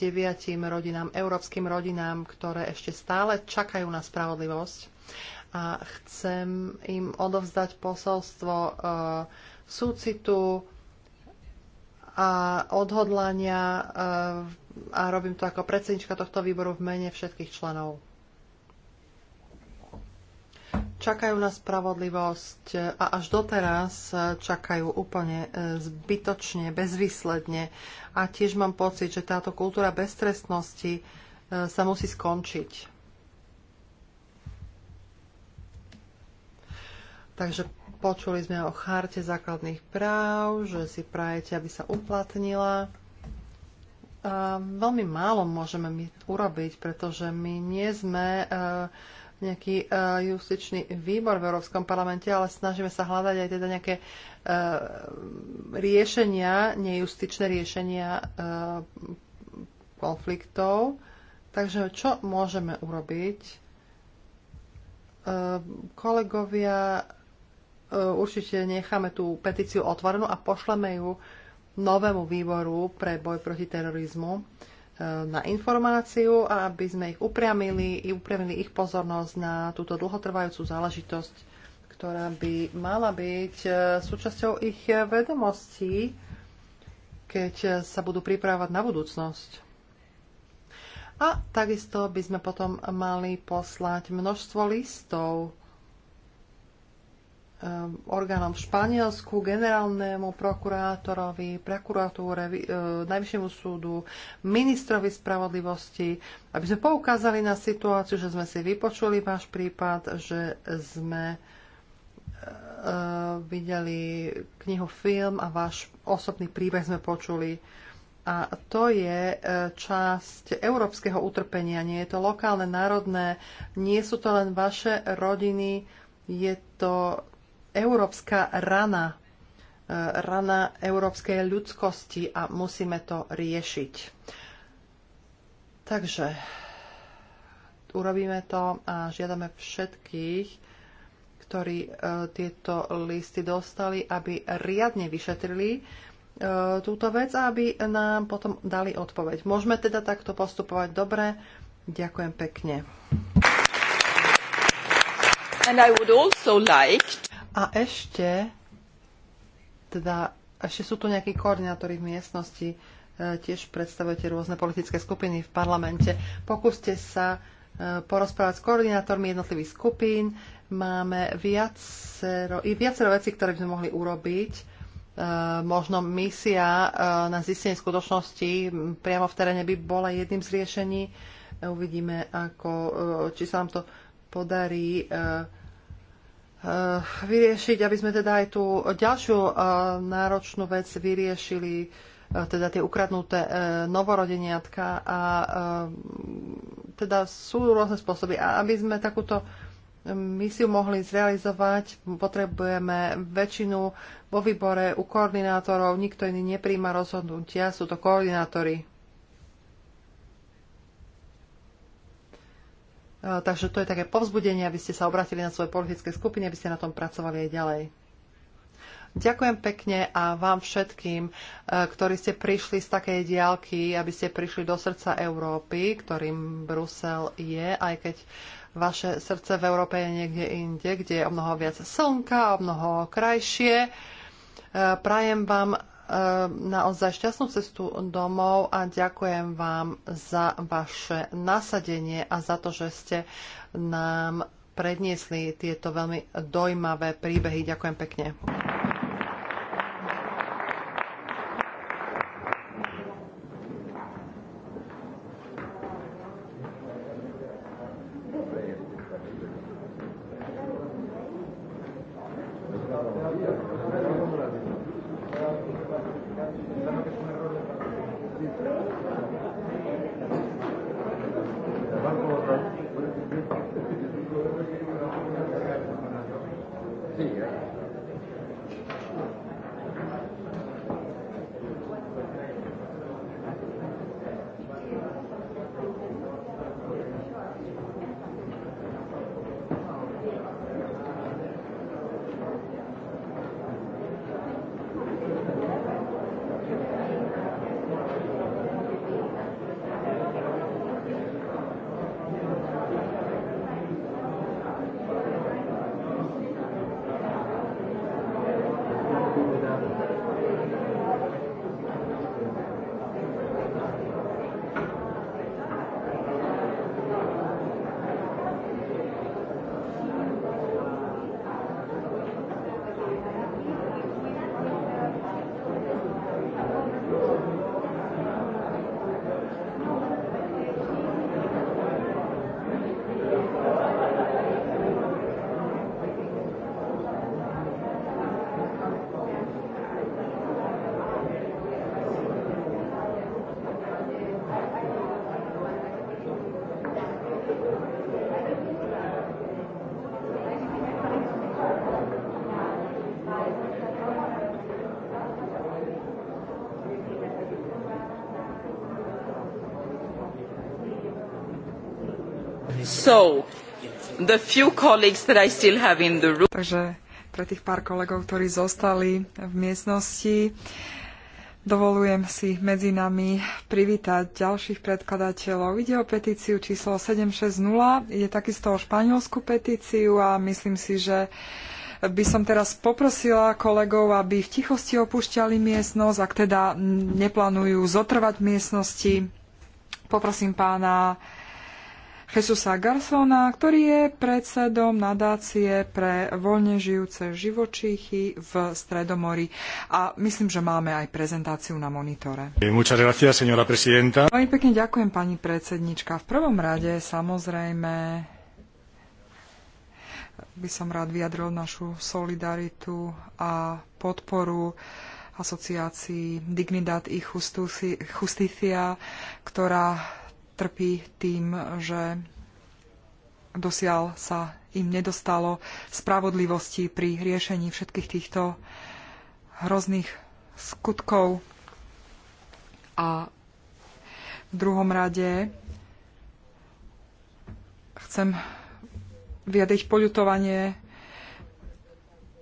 rodinám, európskym rodinám, ktoré ešte stále čakajú na spravodlivosť. A chcem im odovzdať posolstvo e, súcitu a odhodlania e, a robím to ako predsednička tohto výboru v mene všetkých členov čakajú na spravodlivosť a až doteraz čakajú úplne e, zbytočne, bezvýsledne. A tiež mám pocit, že táto kultúra beztrestnosti e, sa musí skončiť. Takže počuli sme o charte základných práv, že si prajete, aby sa uplatnila. A veľmi málo môžeme my urobiť, pretože my nie sme uh, nejaký uh, justičný výbor v Európskom parlamente, ale snažíme sa hľadať aj teda nejaké uh, riešenia, nejustičné riešenia uh, konfliktov. Takže čo môžeme urobiť? Uh, kolegovia, uh, určite necháme tú petíciu otvorenú a pošleme ju novému výboru pre boj proti terorizmu na informáciu a aby sme ich upriamili, i upriamili ich pozornosť na túto dlhotrvajúcu záležitosť, ktorá by mala byť e, súčasťou ich vedomostí, keď e, sa budú pripravovať na budúcnosť. A takisto by sme potom mali poslať množstvo listov Um, orgánom v Španielsku, generálnemu prokurátorovi, prokuratúre, uh, najvyššiemu súdu, ministrovi spravodlivosti, aby sme poukázali na situáciu, že sme si vypočuli váš prípad, že sme uh, videli knihu, film a váš osobný príbeh sme počuli. A to je uh, časť európskeho utrpenia, nie je to lokálne, národné, nie sú to len vaše rodiny, je to európska rana, eh, rana európskej ľudskosti a musíme to riešiť. Takže urobíme to a žiadame všetkých, ktorí eh, tieto listy dostali, aby riadne vyšetrili eh, túto vec a aby nám potom dali odpoveď. Môžeme teda takto postupovať dobre. Ďakujem pekne. And I would also like a ešte, teda, ešte sú tu nejakí koordinátori v miestnosti, e, tiež predstavujete rôzne politické skupiny v parlamente. Pokúste sa e, porozprávať s koordinátormi jednotlivých skupín. Máme viacero, i viacero vecí, ktoré by sme mohli urobiť e, možno misia na zistenie skutočnosti priamo v teréne by bola jedným z riešení. Uvidíme, ako, či sa nám to podarí Eh, vyriešiť, aby sme teda aj tú ďalšiu eh, náročnú vec vyriešili, eh, teda tie ukradnuté novorodeniatka a teda sú rôzne spôsoby. A aby sme takúto misiu mohli zrealizovať, potrebujeme väčšinu vo výbore u koordinátorov, nikto iný nepríjma rozhodnutia, sú to koordinátori. Takže to je také povzbudenie, aby ste sa obratili na svoje politické skupiny, aby ste na tom pracovali aj ďalej. Ďakujem pekne a vám všetkým, e, ktorí ste prišli z takej diálky, aby ste prišli do srdca Európy, ktorým Brusel je, aj keď vaše srdce v Európe je niekde inde, kde je o mnoho viac slnka, o mnoho krajšie. E, prajem vám Ehm, naozaj šťastnú cestu domov a ďakujem vám za vaše nasadenie a za to, že ste nám predniesli tieto veľmi dojímavé príbehy. Ďakujem pekne. Takže pre tých pár kolegov, ktorí zostali v miestnosti, dovolujem si medzi nami privítať ďalších predkladateľov. Ide o petíciu číslo 760, je takisto o španielsku petíciu a myslím si, že by som teraz poprosila kolegov, aby v tichosti opúšťali miestnosť, ak teda neplánujú zotrvať miestnosti. Poprosím pána Jesusa Garsona, ktorý je predsedom nadácie pre voľne žijúce živočíchy v Stredomori. A myslím, že máme aj prezentáciu na monitore. Eh, Veľmi pekne ďakujem, pani predsednička. V prvom rade samozrejme by som rád vyjadril našu solidaritu a podporu asociácii Dignidad i Justicia, ktorá trpí tým, že dosiaľ sa im nedostalo spravodlivosti pri riešení všetkých týchto hrozných skutkov. A v druhom rade chcem vyjadriť poľutovanie,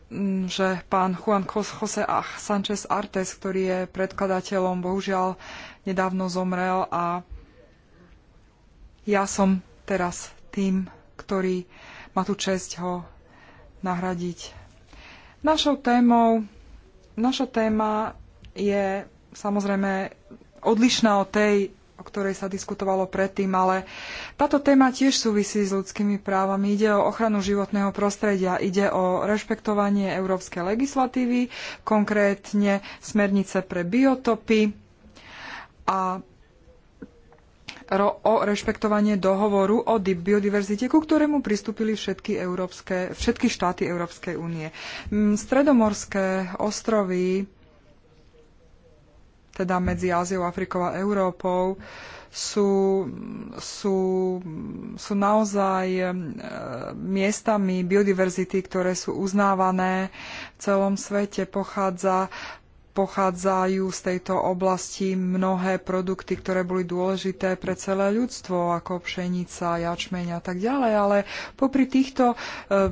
mm, že pán Juan Jose a Sanchez Artes, ktorý je predkladateľom, bohužiaľ nedávno zomrel a ja som teraz tým, ktorý má tu čest ho nahradiť. Našou témou, naša téma je samozrejme odlišná od tej, o ktorej sa diskutovalo predtým, ale táto téma tiež súvisí s ľudskými právami. Ide o ochranu životného prostredia, ide o rešpektovanie európskej legislatívy, konkrétne smernice pre biotopy a o rešpektovanie dohovoru o biodiverzite, ku ktorému pristúpili všetky, európske, všetky štáty Európskej únie. Mm, Stredomorské ostrovy, teda medzi Áziou, Afrikou a Európou, sú, sú, sú naozaj e, miestami biodiverzity, ktoré sú uznávané v celom svete. Pochádza, pochádzajú z tejto oblasti mnohé produkty, ktoré boli dôležité pre celé ľudstvo, ako pšenica, jačmeň a tak ďalej, ale popri týchto eh,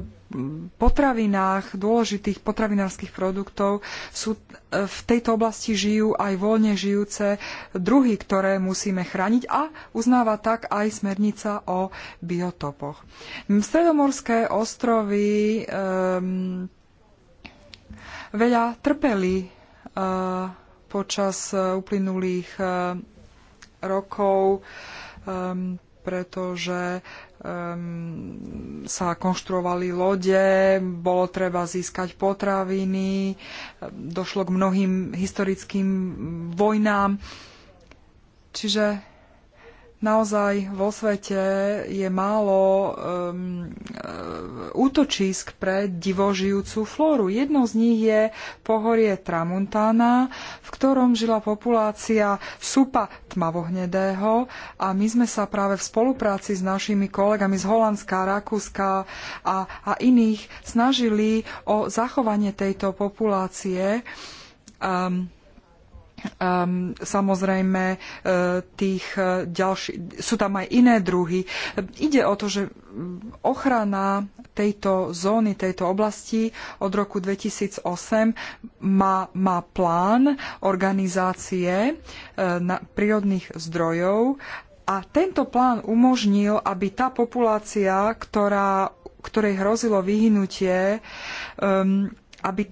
potravinách, dôležitých potravinárskych produktov sú eh, v tejto oblasti žijú aj voľne žijúce druhy, ktoré musíme chrániť a uznáva tak aj smernica o biotopoch. Stredomorské ostrovy um, veľa trpeli Eh, počas eh, uplynulých eh, rokov, ehm, pretože ehm, sa konštruovali lode, bolo treba získať potraviny, došlo k mnohým historickým mm, vojnám. Čiže naozaj vo svete je málo um, eh, útočísk pre divožijúcu flóru. Jedno z nich je pohorie Tramuntana, v ktorom žila populácia supa tmavohnedého a my sme sa práve v spolupráci s našimi kolegami z Holandska, Rakúska a, a iných snažili o zachovanie tejto populácie. Um, um, samozrejme e, tých e, ďalších, sú tam aj iné druhy. Ide o to, že ochrana tejto zóny, tejto oblasti od roku 2008 má, má plán organizácie e, na, prírodných zdrojov a tento plán umožnil, aby tá populácia, ktorá, ktorej hrozilo vyhnutie, um, aby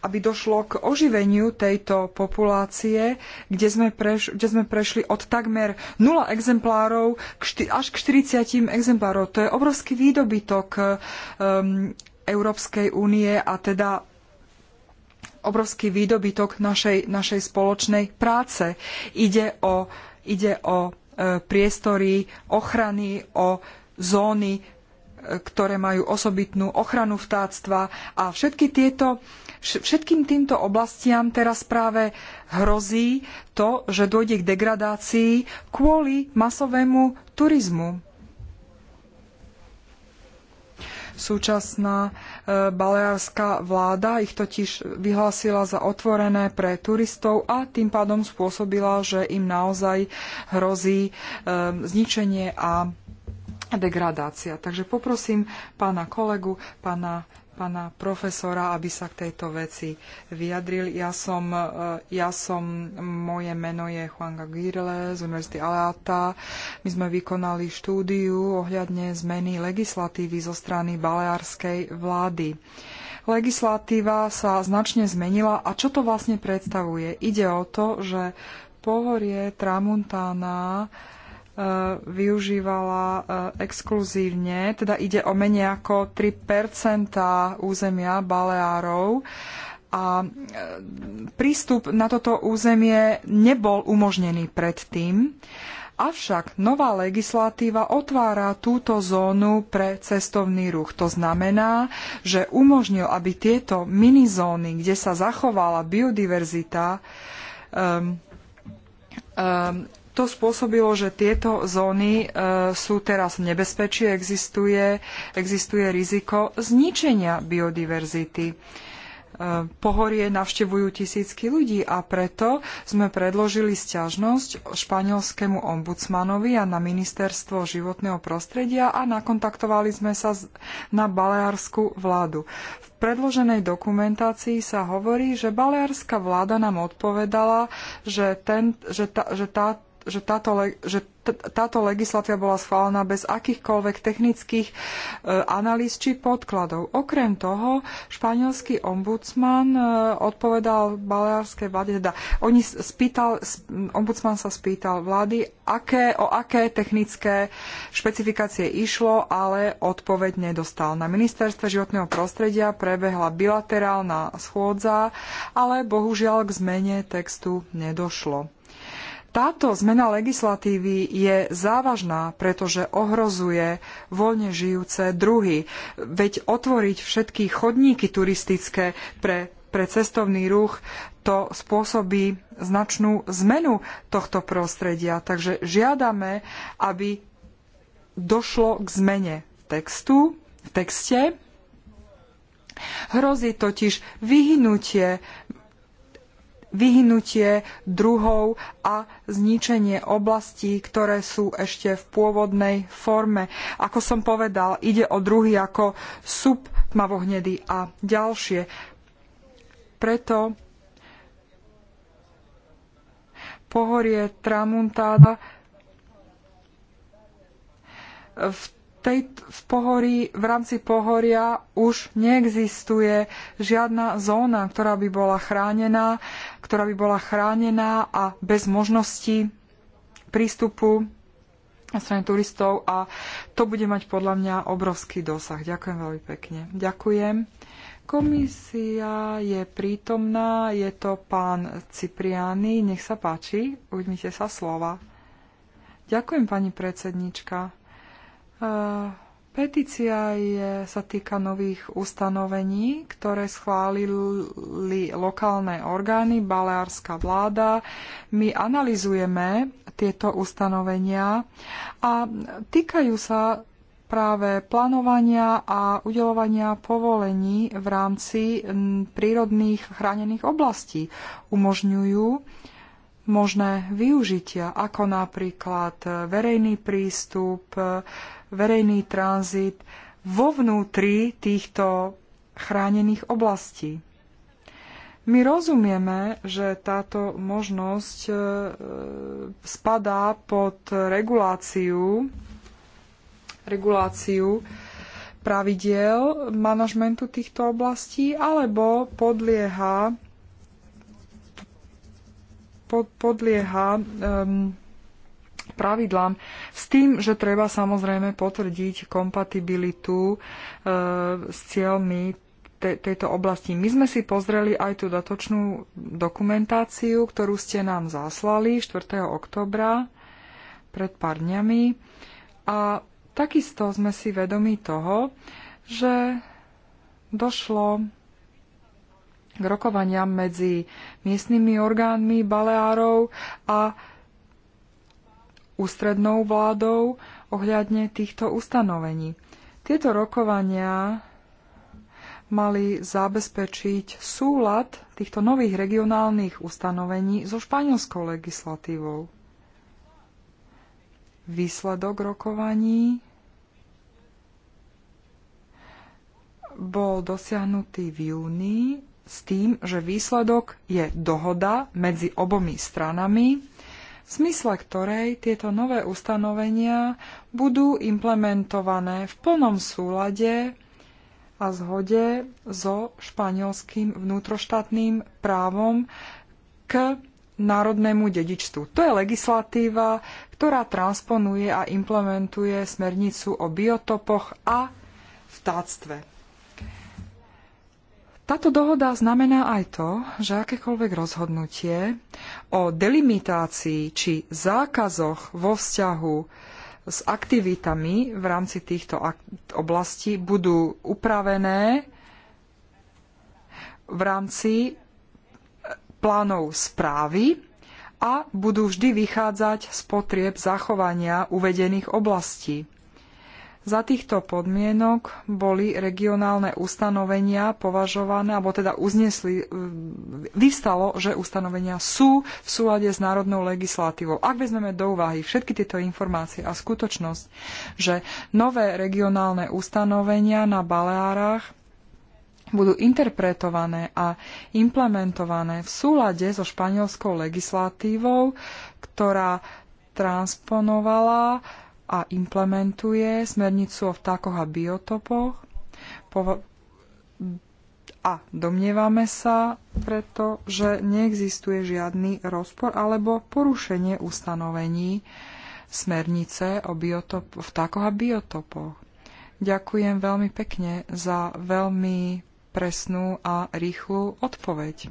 aby došlo k oživeniu tejto populácie, kde sme, preš, kde sme prešli od takmer 0 exemplárov k, až k 40 exemplárov. To je obrovský výdobytok um, Európskej únie a teda obrovský výdobytok našej, našej spoločnej práce. Ide o, ide o e, priestory ochrany, o zóny, e, ktoré majú osobitnú ochranu vtáctva a všetky tieto Všetkým týmto oblastiam teraz práve hrozí to, že dôjde k degradácii kvôli masovému turizmu. Súčasná e, baleárska vláda ich totiž vyhlásila za otvorené pre turistov a tým pádom spôsobila, že im naozaj hrozí e, zničenie a degradácia. Takže poprosím pána kolegu, pána pána profesora, aby sa k tejto veci vyjadril. Ja som, e, ja som moje meno je Juanga Girle z Univerzity Aleata. My sme vykonali štúdiu ohľadne zmeny legislatívy zo strany baleárskej vlády. Legislatíva sa značne zmenila a čo to vlastne predstavuje? Ide o to, že pohorie Tramuntána E, využívala e, exkluzívne, teda ide o menej ako 3 územia Baleárov a e, prístup na toto územie nebol umožnený predtým. Avšak nová legislatíva otvára túto zónu pre cestovný ruch. To znamená, že umožnil, aby tieto minizóny, kde sa zachovala biodiverzita, um, um, to spôsobilo, že tieto zóny e, sú teraz v nebezpečí, existuje, existuje riziko zničenia biodiverzity. E, pohorie navštevujú tisícky ľudí a preto sme predložili sťažnosť španielskému ombudsmanovi a na ministerstvo životného prostredia a nakontaktovali sme sa na baleárskú vládu. V predloženej dokumentácii sa hovorí, že baleárska vláda nám odpovedala, že, ten, že, ta, že tá, že táto, že táto legislatíva bola schválená bez akýchkoľvek technických e, analýz či podkladov. Okrem toho, španielský ombudsman e, odpovedal baleárskej vláde, teda oni spýtal, ombudsman sa spýtal vlády, aké, o aké technické špecifikácie išlo, ale odpoveď nedostal. Na ministerstve životného prostredia prebehla bilaterálna schôdza, ale bohužiaľ k zmene textu nedošlo. Táto zmena legislatívy je závažná, pretože ohrozuje voľne žijúce druhy. Veď otvoriť všetky chodníky turistické pre pre cestovný ruch, to spôsobí značnú zmenu tohto prostredia. Takže žiadame, aby došlo k zmene textu, v texte. Hrozí totiž vyhnutie vyhnutie druhov a zničenie oblastí, ktoré sú ešte v pôvodnej forme. Ako som povedal, ide o druhy ako sub a ďalšie. Preto pohorie Tramuntáda v tej, v, pohorí, v rámci pohoria už neexistuje žiadna zóna, ktorá by bola chránená, ktorá by bola chránená a bez možnosti prístupu na strane turistov a to bude mať podľa mňa obrovský dosah. Ďakujem veľmi pekne. Ďakujem. Komisia je prítomná, je to pán Cipriani. Nech sa páči, ujmite sa slova. Ďakujem, pani predsednička. Petícia je, sa týka nových ustanovení, ktoré schválili lokálne orgány, baleárska vláda. My analizujeme tieto ustanovenia a týkajú sa práve plánovania a udelovania povolení v rámci prírodných chránených oblastí. Umožňujú možné využitia, ako napríklad verejný prístup, verejný tranzit vo vnútri týchto chránených oblastí. My rozumieme, že táto možnosť e, spadá pod reguláciu, reguláciu pravidiel manažmentu týchto oblastí alebo podlieha podlieha um, pravidlám, s tým, že treba samozrejme potvrdiť kompatibilitu e, s cieľmi te, tejto oblasti. My sme si pozreli aj tú datočnú dokumentáciu, ktorú ste nám zaslali 4. oktobra pred pár dňami a takisto sme si vedomi toho, že došlo k rokovaniam medzi miestnymi orgánmi Baleárov a ústrednou vládou ohľadne týchto ustanovení. Tieto rokovania mali zabezpečiť súlad týchto nových regionálnych ustanovení so španielskou legislatívou. Výsledok rokovaní bol dosiahnutý v júni s tým, že výsledok je dohoda medzi obomi stranami v zmysle ktorej tieto nové ustanovenia budú implementované v plnom súlade a zhode so španielským vnútroštátnym právom k národnému dedičstvu. To je legislatíva, ktorá transponuje a implementuje smernicu o biotopoch a vtáctve. Táto dohoda znamená aj to, že akékoľvek rozhodnutie, o delimitácii či zákazoch vo vzťahu s aktivitami v rámci týchto oblastí budú upravené v rámci e, plánov správy a budú vždy vychádzať z potrieb zachovania uvedených oblastí. Za týchto podmienok boli regionálne ustanovenia považované, alebo teda uznesli, e, vyvstalo, že ustanovenia sú v súlade s národnou legislatívou. Ak vezmeme do úvahy všetky tieto informácie a skutočnosť, že nové regionálne ustanovenia na Baleárach budú interpretované a implementované v súlade so španielskou legislatívou, ktorá transponovala a implementuje smernicu o vtákoch a biotopoch. A domnievame sa preto, že neexistuje žiadny rozpor alebo porušenie ustanovení smernice o biotop, vtákoch a biotopoch. Ďakujem veľmi pekne za veľmi presnú a rýchlu odpoveď.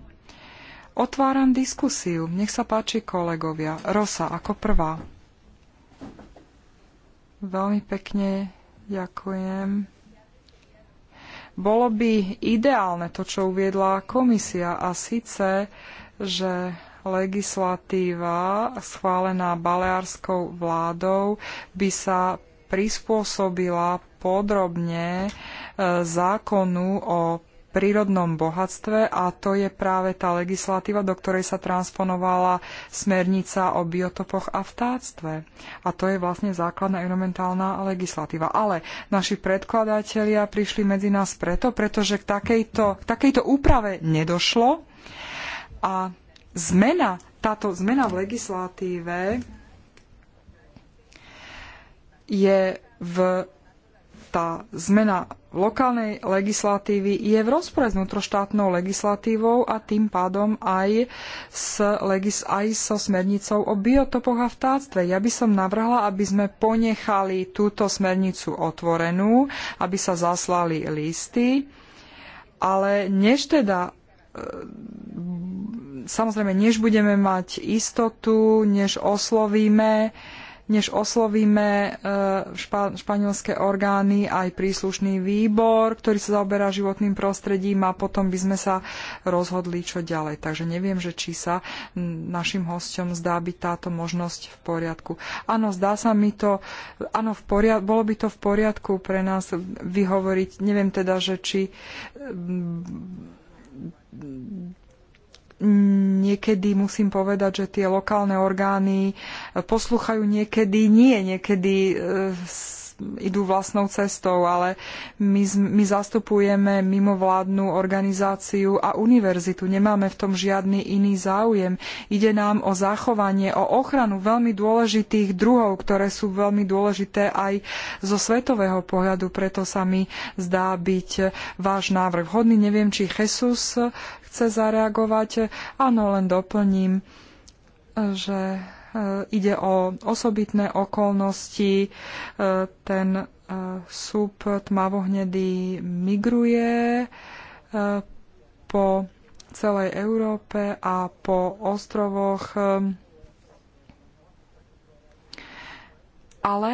Otváram diskusiu. Nech sa páči kolegovia. Rosa ako prvá. Veľmi pekne ďakujem. Bolo by ideálne to, čo uviedla komisia a síce, že legislatíva schválená baleárskou vládou by sa prispôsobila podrobne e, zákonu o prírodnom bohatstve a to je práve tá legislatíva, do ktorej sa transponovala smernica o biotopoch a vtáctve. A to je vlastne základná environmentálna legislatíva. Ale naši predkladatelia prišli medzi nás preto, pretože k takejto, k takejto úprave nedošlo a zmena, táto zmena v legislatíve je v tá zmena lokálnej legislatívy je v rozpore s vnútroštátnou legislatívou a tým pádom aj, s legis, aj so smernicou o biotopoch a vtáctve. Ja by som navrhla, aby sme ponechali túto smernicu otvorenú, aby sa zaslali listy, ale než teda e, samozrejme, než budeme mať istotu, než oslovíme než oslovíme e, špa, španielské orgány aj príslušný výbor, ktorý sa zaoberá životným prostredím a potom by sme sa rozhodli, čo ďalej. Takže neviem, že či sa našim hosťom zdá byť táto možnosť v poriadku. Áno, zdá sa mi to, áno, v poriad, bolo by to v poriadku pre nás vyhovoriť, neviem teda, že či niekedy musím povedať, že tie lokálne orgány eh, posluchajú niekedy nie, niekedy eh, idú vlastnou cestou, ale my, my zastupujeme mimovládnu organizáciu a univerzitu. Nemáme v tom žiadny iný záujem. Ide nám o zachovanie, o ochranu veľmi dôležitých druhov, ktoré sú veľmi dôležité aj zo svetového pohľadu. Preto sa mi zdá byť váš návrh vhodný. Neviem, či Jesus chce zareagovať. Áno, len doplním, že E, ide o osobitné okolnosti. E, ten e, súb tmavohnedý migruje po celej Európe a po ostrovoch. Ale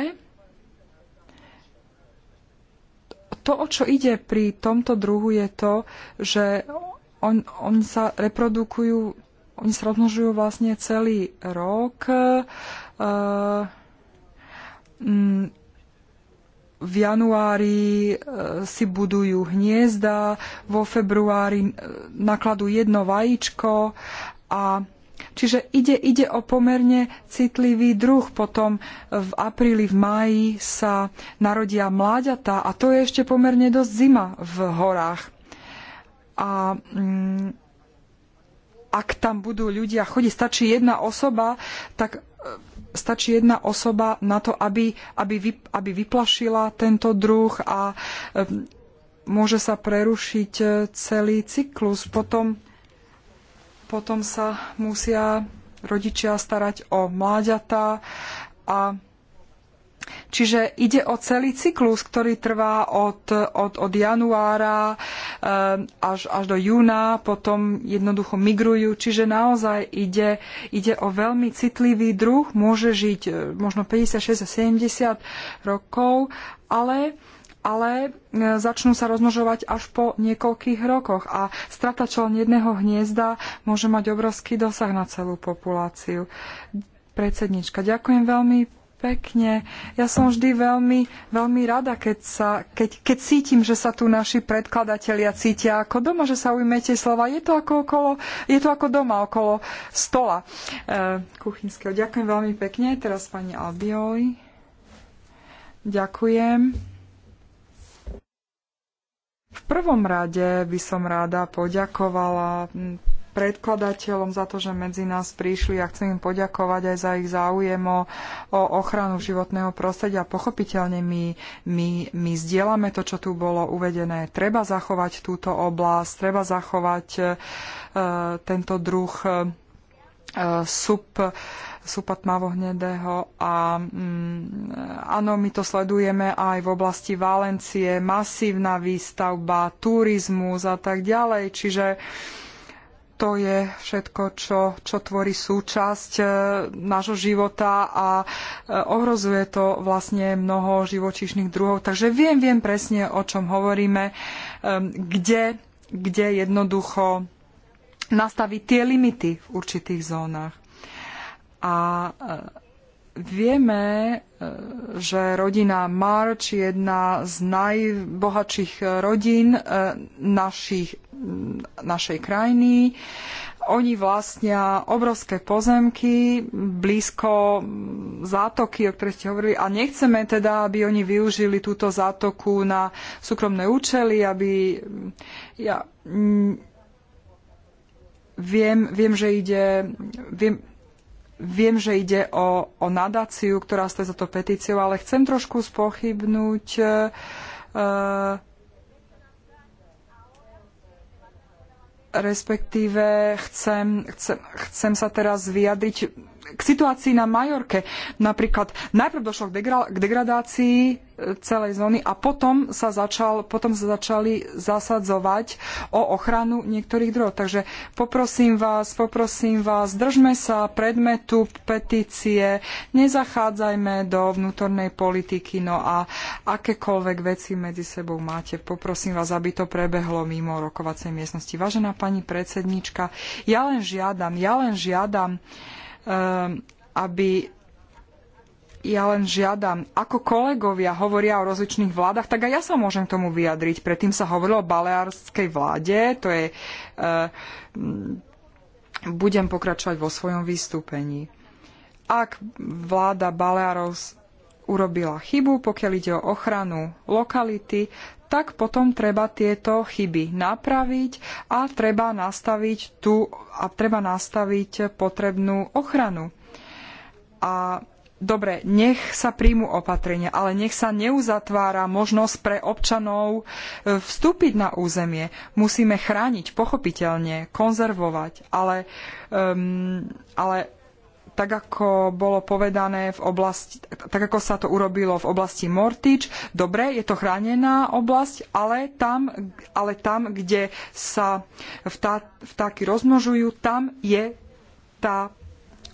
to, o čo ide pri tomto druhu, je to, že on, oni sa reprodukujú oni sa rozmnožujú vlastne celý rok. E, v januári e, si budujú hniezda, vo februári e, nakladú jedno vajíčko a Čiže ide, ide o pomerne citlivý druh. Potom v apríli, v máji sa narodia mláďatá a to je ešte pomerne dosť zima v horách. A mm, ak tam budú ľudia chodiť, stačí jedna osoba, tak e, stačí jedna osoba na to, aby, aby, vy, aby vyplašila tento druh a e, môže sa prerušiť e, celý cyklus. Potom, potom sa musia rodičia starať o mláďatá a Čiže ide o celý cyklus, ktorý trvá od, od, od januára eh, až, až do júna, potom jednoducho migrujú. Čiže naozaj ide, ide o veľmi citlivý druh, môže žiť eh, možno 50, 60, 70 rokov, ale ale eh, začnú sa rozmnožovať až po niekoľkých rokoch a strata čo len jedného hniezda môže mať obrovský dosah na celú populáciu. Predsednička, ďakujem veľmi pekne. Ja som vždy veľmi, veľmi rada, keď, sa, keď, keď cítim, že sa tu naši predkladatelia cítia ako doma, že sa ujmete slova. Je to ako, okolo, je to ako doma, okolo stola e, kuchynského. Ďakujem veľmi pekne. Teraz pani Albioli. Ďakujem. V prvom rade by som rada poďakovala hm, predkladateľom za to, že medzi nás prišli a chcem im poďakovať aj za ich záujem o, o ochranu životného prostredia. Pochopiteľne my, my, my zdieľame to, čo tu bolo uvedené. Treba zachovať túto oblasť, treba zachovať e, tento druh e, sub súpad tmavohnedého a mm, áno, my to sledujeme aj v oblasti Valencie, masívna výstavba, turizmus a tak ďalej, čiže to je všetko, čo, čo tvorí súčasť e, nášho života a e, ohrozuje to vlastne mnoho živočíšnych druhov. Takže viem, viem presne, o čom hovoríme, e, kde, kde jednoducho nastaviť tie limity v určitých zónach. A e, vieme, e, že rodina March je jedna z najbohatších rodín e, našich našej krajiny. Oni vlastnia obrovské pozemky blízko zátoky, o ktorej ste hovorili, a nechceme teda, aby oni využili túto zátoku na súkromné účely, aby... Ja, mm, viem, viem, že ide... Viem, Viem, že ide o, o nadáciu, ktorá stojí za to petíciou, ale chcem trošku spochybnúť uh, e, respektíve chcem, chcem, chcem sa teraz vyjadriť k situácii na Majorke. Napríklad najprv došlo k, degra- k degradácii e, celej zóny a potom sa, začal, potom sa začali zasadzovať o ochranu niektorých druhov. Takže poprosím vás, poprosím vás, držme sa predmetu petície, nezachádzajme do vnútornej politiky, no a akékoľvek veci medzi sebou máte, poprosím vás, aby to prebehlo mimo rokovacej miestnosti. Vážená pani predsednička, ja len žiadam, ja len žiadam, Ehm, aby ja len žiadam, ako kolegovia hovoria o rozličných vládach, tak aj ja sa môžem k tomu vyjadriť. Predtým sa hovorilo o baleárskej vláde, to je... Ehm, budem pokračovať vo svojom vystúpení. Ak vláda Balearov urobila chybu, pokiaľ ide o ochranu lokality, tak potom treba tieto chyby napraviť a treba nastaviť tú a treba nastaviť potrebnú ochranu. A Dobre, nech sa príjmu opatrenia, ale nech sa neuzatvára možnosť pre občanov e, vstúpiť na územie. Musíme chrániť, pochopiteľne, konzervovať, ale, um, ale tak ako bolo povedané v oblasti, tak ako sa to urobilo v oblasti Mortič, dobre, je to chránená oblasť, ale tam, ale tam kde sa vtá, vtáky rozmnožujú, tam je tá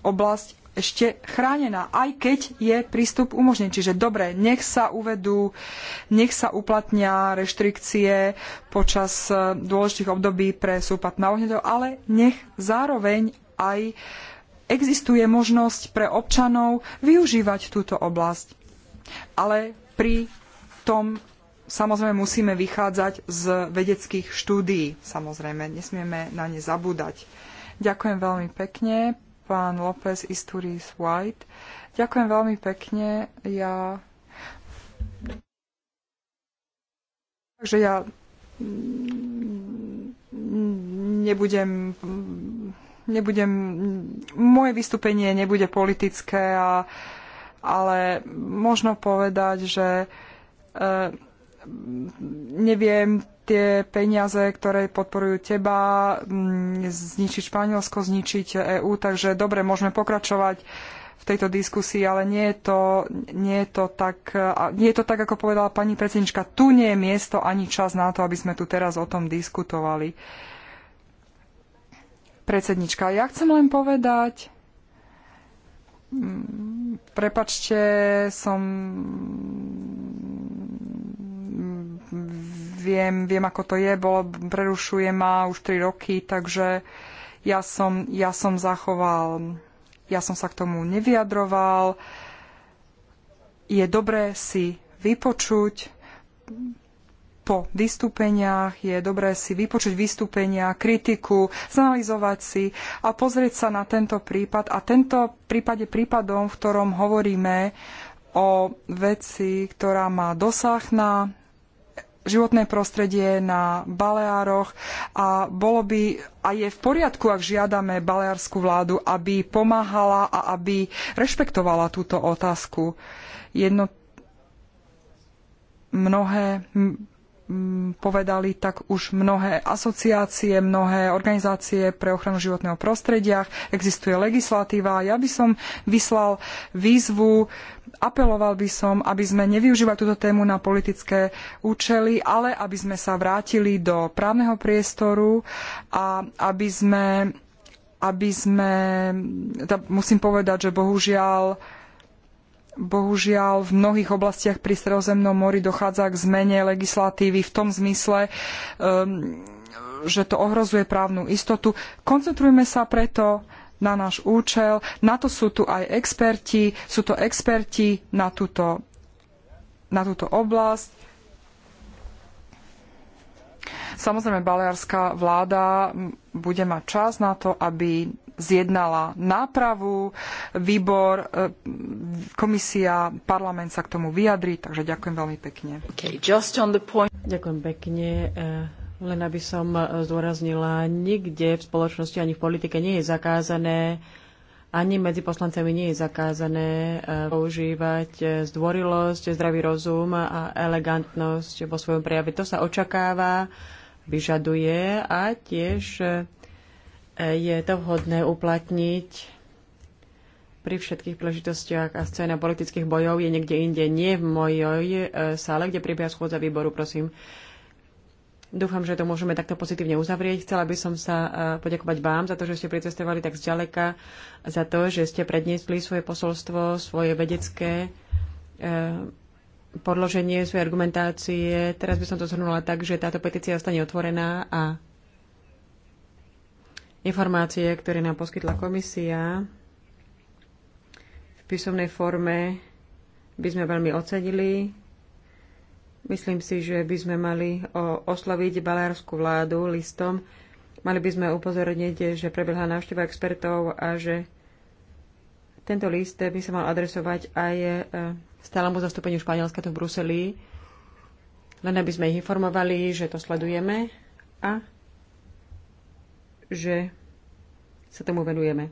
oblasť ešte chránená, aj keď je prístup umožnený. Čiže dobre, nech sa uvedú, nech sa uplatnia reštrikcie počas e, dôležitých období pre súpad na ohnedov, ale nech zároveň aj uh, existuje možnosť pre občanov využívať túto oblasť. Ale pri tom samozrejme musíme vychádzať z vedeckých štúdií. Samozrejme, nesmieme na ne zabúdať. Ďakujem veľmi pekne, pán López Isturiz White. Ďakujem veľmi pekne. Ja... Takže ja nebudem nebudem, moje vystúpenie nebude politické, a, ale možno povedať, že e, neviem, tie peniaze, ktoré podporujú teba, zničiť Španielsko, zničiť EÚ, takže dobre, môžeme pokračovať v tejto diskusii, ale nie je to, nie je to, tak, nie je to tak, ako povedala pani predsednička, tu nie je miesto ani čas na to, aby sme tu teraz o tom diskutovali. Uh, Predsednička, ja chcem len povedať, mm, prepačte, som mm, viem, viem ako to je, bolo, prerušuje ma už 3 roky, takže ja som, ja som zachoval, ja som sa k tomu nevyjadroval. Je dobré si vypočuť po vystúpeniach, je dobré si vypočuť vystúpenia, kritiku, zanalizovať si a pozrieť sa na tento prípad. A tento prípad je prípadom, v ktorom hovoríme o veci, ktorá má dosah na životné prostredie na Baleároch a bolo by a je v poriadku, ak žiadame baleárskú vládu, aby pomáhala a aby rešpektovala túto otázku. Jedno mnohé Mm, povedali tak už mnohé asociácie, mnohé organizácie pre ochranu životného prostredia, existuje legislatíva. Ja by som vyslal výzvu, apeloval by som, aby sme nevyužívali túto tému na politické účely, ale aby sme sa vrátili do právneho priestoru a aby sme, aby sme teda musím povedať, že bohužiaľ bohužiaľ v mnohých oblastiach pri Stredozemnom mori dochádza k zmene legislatívy v tom zmysle, ehm, že to ohrozuje právnu istotu. Koncentrujme sa preto na náš účel. Na to sú tu aj experti. Sú to experti na túto, na túto oblasť. Samozrejme, balearská vláda bude mať čas na to, aby zjednala nápravu. Výbor, e, komisia, parlament sa k tomu vyjadri, takže ďakujem veľmi pekne. Okay, ďakujem pekne. E, len aby som e, zdôraznila, nikde v spoločnosti ani v politike nie je zakázané ani medzi poslancami nie je zakázané používať zdvorilosť, zdravý rozum a elegantnosť vo svojom prejave. To sa očakáva, vyžaduje a tiež je to vhodné uplatniť pri všetkých príležitostiach a scéna politických bojov je niekde inde, nie v mojej e, sále, kde prebieha schôdza výboru, prosím. Dúfam, že to môžeme takto pozitívne uzavrieť. Chcela by som sa e, poďakovať vám za to, že ste pricestovali tak zďaleka, za to, že ste predniesli svoje posolstvo, svoje vedecké e, podloženie svoje argumentácie. Teraz by som to zhrnula tak, že táto petícia ostane otvorená a Informácie, ktoré nám poskytla komisia v písomnej forme, by sme veľmi ocenili. Myslím si, že by sme mali osloviť balárskú vládu listom. Mali by sme upozorniť, že prebehla návšteva expertov a že tento list by sa mal adresovať aj e, stálemu zastúpeniu Španielska tu v Bruseli, len aby sme ich informovali, že to sledujeme a že sa tomu venujeme.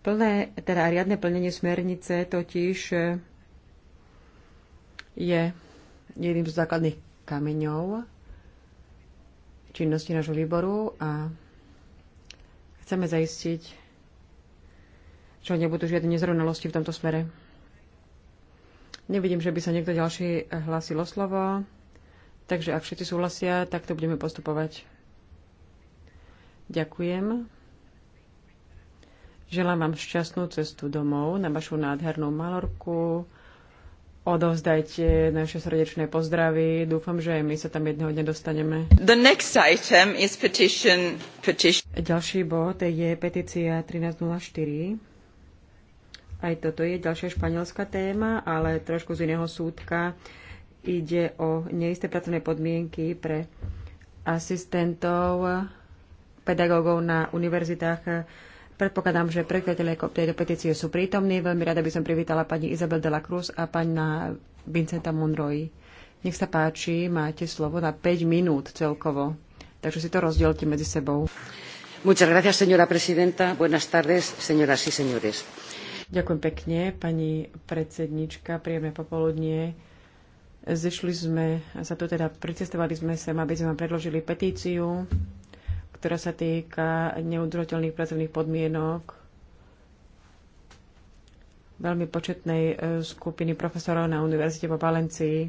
Plné, teda riadne plnenie smernice totiž eh, je jedným z základných kameňov činnosti nášho výboru a chceme zaistiť, že nebudú žiadne nezrovnalosti v tomto smere. Nevidím, že by sa niekto ďalší hlásil o slovo, takže ak všetci súhlasia, tak to budeme postupovať Ďakujem. Želám vám šťastnú cestu domov na vašu nádhernú malorku. Odovzdajte naše srdečné pozdravy. Dúfam, že aj my sa tam jedného dňa dostaneme. The next item is petition, petition. Ďalší bod je petícia 1304. Aj toto je ďalšia španielská téma, ale trošku z iného súdka. Ide o neisté pracovné podmienky pre asistentov pedagógov na univerzitách. Predpokladám, že predkladateľe tejto petície sú prítomní. Veľmi rada by som privítala pani Izabel de la Cruz a pána Vincenta Monroy. Nech sa páči, máte slovo na 5 minút celkovo. Takže si to rozdielte medzi sebou. Muchas gracias, señora presidenta. Buenas tardes, señoras y señores. Ďakujem pekne, pani predsednička. Príjemné popoludnie. Zešli sme sa tu teda, pricestovali sme sem, aby sme vám predložili petíciu ktorá sa týka neudržateľných pracovných podmienok veľmi početnej e, skupiny profesorov na Univerzite vo Valencii.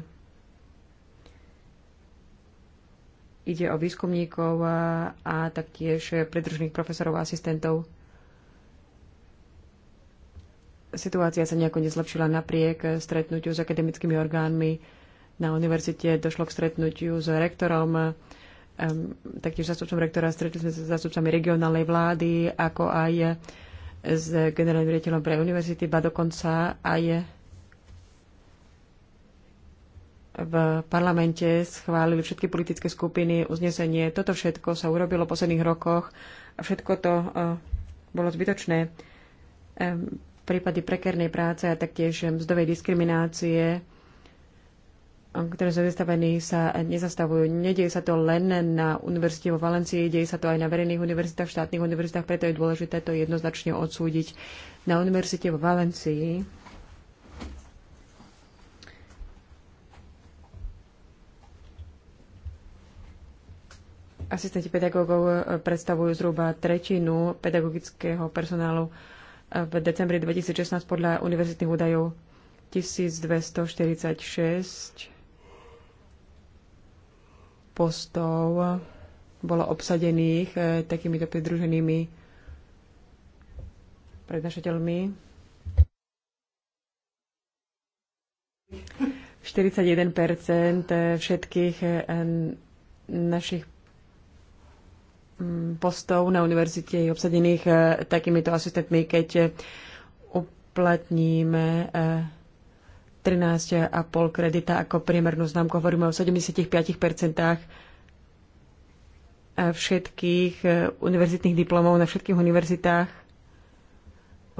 Ide o výskumníkov a taktiež pridružných profesorov a asistentov. Situácia sa nejako nezlepšila napriek stretnutiu s akademickými orgánmi na univerzite. Došlo k stretnutiu s rektorom taktiež zastupcom rektora, stretli sme sa s zastupcami regionálnej vlády, ako aj s generálnym riaditeľom pre univerzity, ba dokonca aj v parlamente schválili všetky politické skupiny uznesenie. Toto všetko sa urobilo v posledných rokoch a všetko to e, bolo zbytočné. Prípady prekernej práce a taktiež mzdovej diskriminácie ktoré sú vystavení, sa nezastavujú. Nedieje sa to len na univerzite vo Valencii, deje sa to aj na verejných univerzitách, štátnych univerzitách, preto je dôležité to jednoznačne odsúdiť. Na univerzite vo Valencii asistenti pedagógov eh, predstavujú zhruba tretinu pedagogického personálu eh, v decembri 2016 podľa univerzitných údajov 1246 postov bolo obsadených e, takýmito pridruženými prednášateľmi. 41 e, všetkých e, našich mm, postov na univerzite je obsadených takýmito asistentmi, keď uplatníme 13,5 kredita ako priemernú známku. Hovoríme o 75 všetkých e, univerzitných diplomov na všetkých univerzitách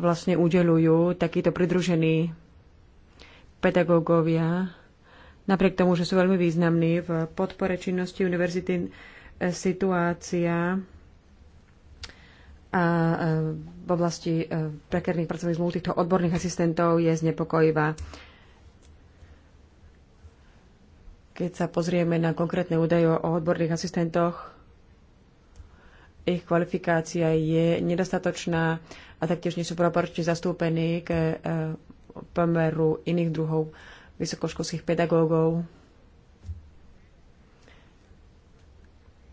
vlastne udeľujú takíto pridružení pedagógovia, napriek tomu, že sú veľmi významní v podpore činnosti univerzity, e, situácia a e, v oblasti prekerných pracovných zmluv týchto odborných asistentov je znepokojivá. Keď sa pozrieme na konkrétne údaje o odborných asistentoch, ich kvalifikácia je nedostatočná a taktiež nie sú proporčne zastúpení k e, pomeru iných druhov vysokoškolských pedagógov.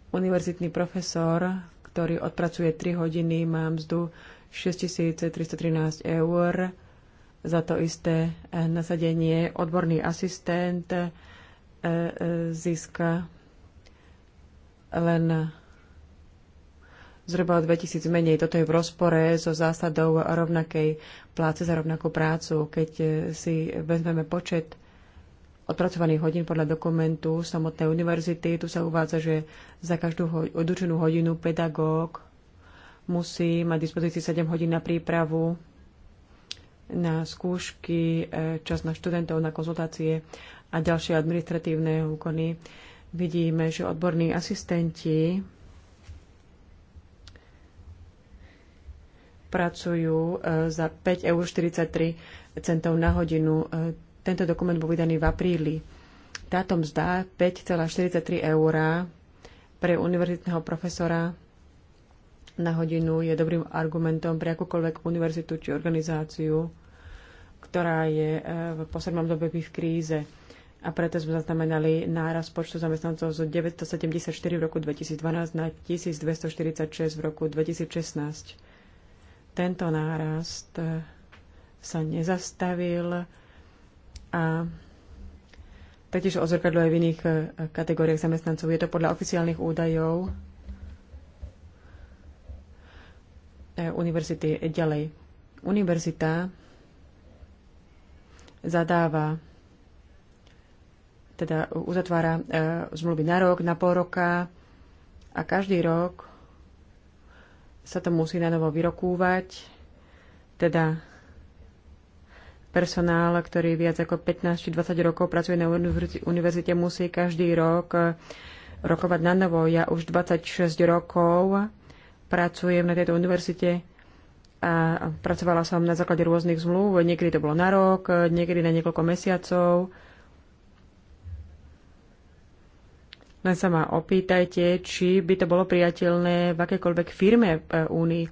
Univerzitný profesor, ktorý odpracuje 3 hodiny, má mzdu 6313 eur. Za to isté e, nasadenie odborný asistent získa len zhruba o 2000 menej. Toto je v rozpore so zásadou rovnakej pláce za rovnakú prácu. Keď e, si vezmeme počet odpracovaných hodín podľa dokumentu samotnej univerzity, tu sa uvádza, že za každú odučenú hodinu pedagóg musí mať dispozícii 7 hodín na prípravu na skúšky, e, čas na študentov, na konzultácie a ďalšie administratívne úkony. Vidíme, že odborní asistenti pracujú e, za 5,43 eur centov na hodinu. E, tento dokument bol vydaný v apríli. Táto mzda 5,43 eur pre univerzitného profesora na hodinu je dobrým argumentom pre akúkoľvek univerzitu či organizáciu, ktorá je e, v poslednom dobe v kríze a preto sme zaznamenali náraz počtu zamestnancov z 974 v roku 2012 na 1246 v roku 2016. Tento nárast eh, sa nezastavil a taktiež ozrkadlo aj v iných eh, kategóriách zamestnancov. Je to podľa oficiálnych údajov eh, univerzity ďalej. Univerzita zadáva teda uzatvára e, zmluvy na rok, na pol roka a každý rok sa to musí na novo vyrokúvať, teda personál, ktorý viac ako 15 či 20 rokov pracuje na univerzite, musí každý rok e, rokovať na novo. Ja už 26 rokov pracujem na tejto univerzite a pracovala som na základe rôznych zmluv. Niekedy to bolo na rok, niekedy na niekoľko mesiacov. Len sa ma opýtajte, či by to bolo priateľné v akékoľvek firme v eh, Únii.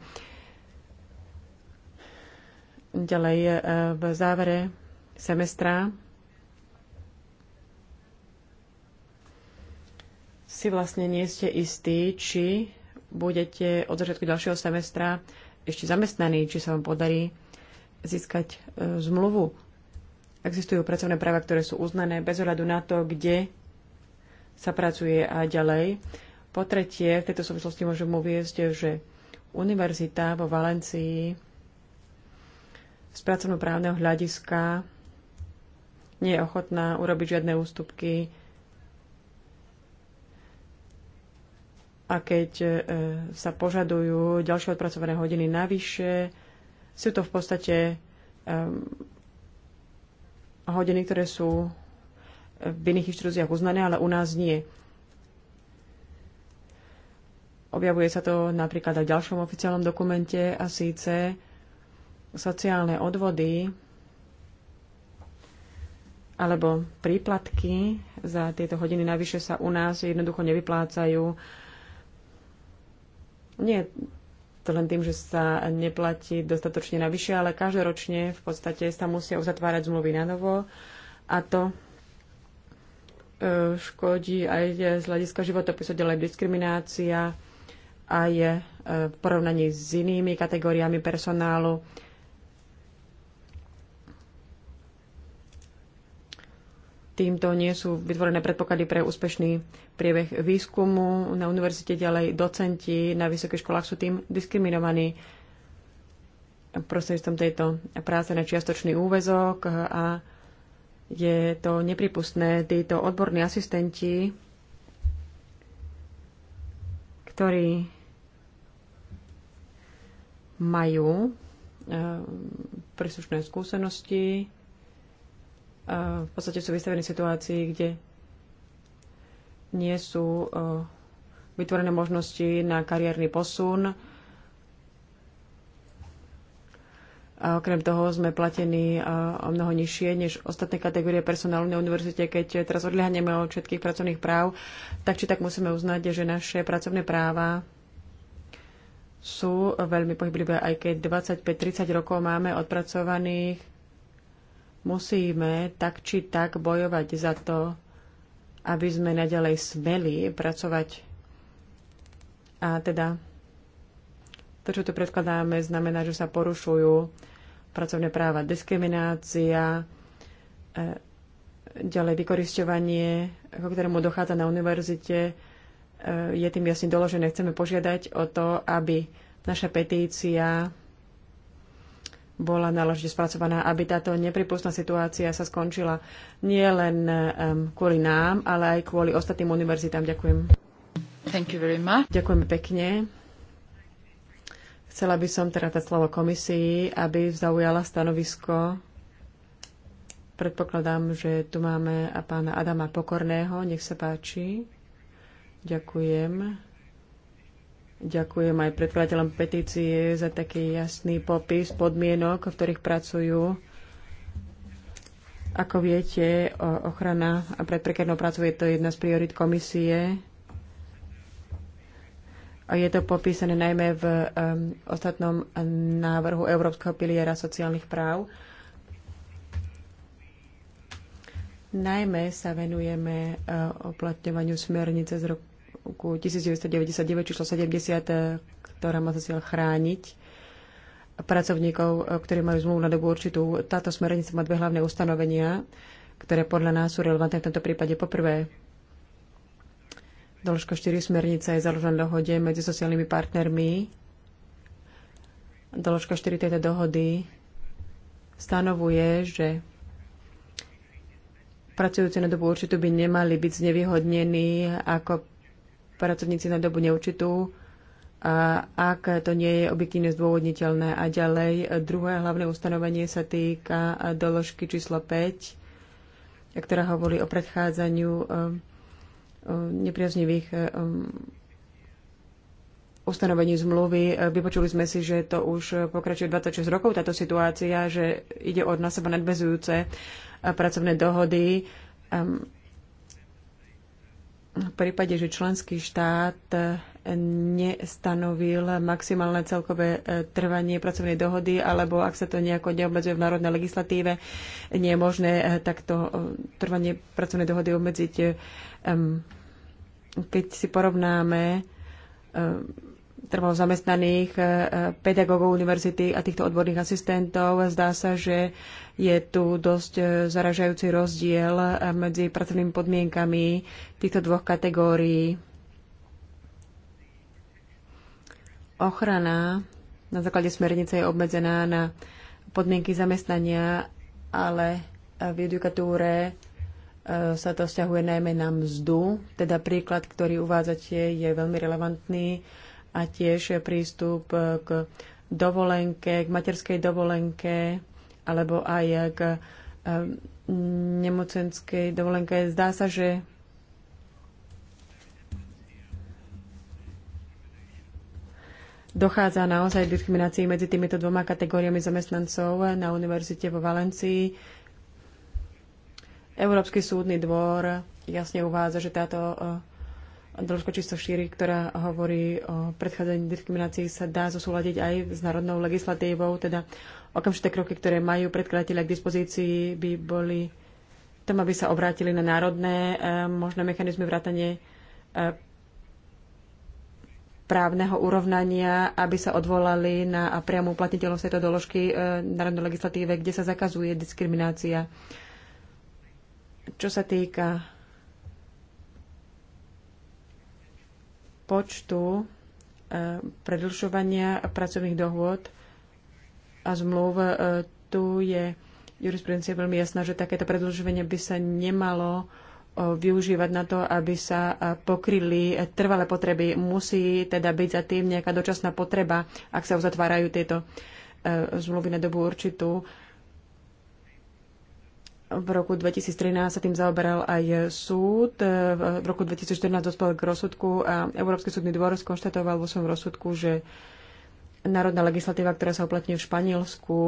Ďalej eh, v závere semestra si vlastne nie ste istí, či budete od začiatku ďalšieho semestra ešte zamestnaní, či sa vám podarí získať eh, zmluvu. Existujú pracovné práva, ktoré sú uznané bez ohľadu na to, kde sa pracuje aj ďalej. Po tretie, v tejto súvislosti môžem uviezť, že univerzita vo Valencii z pracovnoprávneho hľadiska nie je ochotná urobiť žiadne ústupky a keď e, sa požadujú ďalšie odpracované hodiny navyše, sú to v podstate e, hodiny, ktoré sú v iných inštitúciách uznané, ale u nás nie. Objavuje sa to napríklad aj v ďalšom oficiálnom dokumente a síce sociálne odvody alebo príplatky za tieto hodiny navyše sa u nás jednoducho nevyplácajú. Nie to len tým, že sa neplatí dostatočne navyše, ale každoročne v podstate sa musia uzatvárať zmluvy na novo a to E, škodí aj z hľadiska životopisu ďalej diskriminácia a je e, v porovnaní s inými kategóriami personálu. Týmto nie sú vytvorené predpoklady pre úspešný priebeh výskumu. Na univerzite ďalej docenti na vysokých školách sú tým diskriminovaní prostredstvom tejto práce na čiastočný úvezok a je to nepripustné. Títo odborní asistenti, ktorí majú eh, príslušné skúsenosti, eh, v podstate sú vystavení situácii, kde nie sú eh, vytvorené možnosti na kariérny posun A okrem toho sme platení o mnoho nižšie než ostatné kategórie personálu na univerzite. Keď teraz odliehaneme od všetkých pracovných práv, tak či tak musíme uznať, že naše pracovné práva sú veľmi pohyblivé, aj keď 25-30 rokov máme odpracovaných. Musíme tak či tak bojovať za to, aby sme nadalej smeli pracovať. A teda to, čo tu predkladáme, znamená, že sa porušujú pracovné práva, diskriminácia, e, ďalej vykoristovanie, ako ktorému dochádza na univerzite, e, je tým jasne doložené. Chceme požiadať o to, aby naša petícia bola náležite spracovaná, aby táto nepripustná situácia sa skončila nie len kvôli nám, ale aj kvôli ostatným univerzitám. Ďakujem. Thank you very much. Ďakujeme pekne. Chcela by som teda dať slovo komisii, aby zaujala stanovisko. Predpokladám, že tu máme a pána Adama Pokorného. Nech sa páči. Ďakujem. Ďakujem aj predkladateľom petície za taký jasný popis podmienok, v ktorých pracujú. Ako viete, ochrana pred prekernou prácou je to jedna z priorit komisie je to popísané najmä v ostatnom návrhu Európskeho piliera sociálnych práv. Najmä sa venujeme e, oplatňovaniu smernice z roku 1999 číslo 70, e, ktorá má za cieľ chrániť pracovníkov, e, ktorí majú zmluvu na dobu určitú. Táto smernica má dve hlavné ustanovenia, ktoré podľa nás sú relevantné v tomto prípade. Poprvé, Doložka 4 smernica je založená dohode medzi sociálnymi partnermi. Doložka 4 tejto dohody stanovuje, že pracujúci na dobu určitú by nemali byť znevýhodnení ako pracovníci na dobu neurčitú, a ak to nie je objektívne zdôvodniteľné. A ďalej, druhé hlavné ustanovenie sa týka doložky číslo 5, ktorá hovorí o predchádzaniu nepriaznivých eh, ustanovení zmluvy. Eh, vypočuli sme si, že to už eh, pokračuje 26 rokov táto situácia, že ide od na seba nadvezujúce pracovné dohody v prípade, že členský štát e, nestanovil maximálne celkové e, trvanie pracovnej dohody, alebo ak sa to nejako neobmedzuje v národnej legislatíve, nie je možné e, takto trvanie pracovnej dohody obmedziť. Keď si porovnáme trvalo zamestnaných e, e, pedagógov univerzity a týchto odborných asistentov. Zdá sa, že je tu dosť e, zaražajúci rozdiel medzi pracovnými podmienkami týchto dvoch kategórií. Ochrana na základe smernice je obmedzená na podmienky zamestnania, ale v judikatúre sa to vzťahuje najmä na mzdu. Teda príklad, ktorý uvádzate, je veľmi relevantný a tiež prístup k dovolenke, k materskej dovolenke alebo aj k eh, nemocenskej dovolenke. Zdá sa, že dochádza naozaj k diskriminácii medzi týmito dvoma kategóriami zamestnancov na univerzite vo Valencii. Európsky súdny dvor jasne uvádza, že táto eh, doložka číslo 4, ktorá hovorí o predchádzaní diskriminácii, sa dá zosúľadiť aj s národnou legislatívou, teda okamžité kroky, ktoré majú predkladateľe k dispozícii, by boli tom, aby sa obrátili na národné e, možné mechanizmy vrátanie e, právneho urovnania, aby sa odvolali na priamu uplatniteľnosť tejto doložky e, národnej legislatíve, kde sa zakazuje diskriminácia. Čo sa týka počtu e, predlžovania pracovných dohôd a zmluv. E, tu je jurisprudencia veľmi jasná, že takéto predlžovanie by sa nemalo e, využívať na to, aby sa pokryli trvalé potreby. Musí teda byť za tým nejaká dočasná potreba, ak sa uzatvárajú tieto zmluvy na dobu určitú. V roku 2013 sa tým zaoberal aj súd. V roku 2014 dospel k rozsudku a Európsky súdny dvor skonštatoval vo svojom rozsudku, že národná legislatíva, ktorá sa uplatňuje v Španielsku,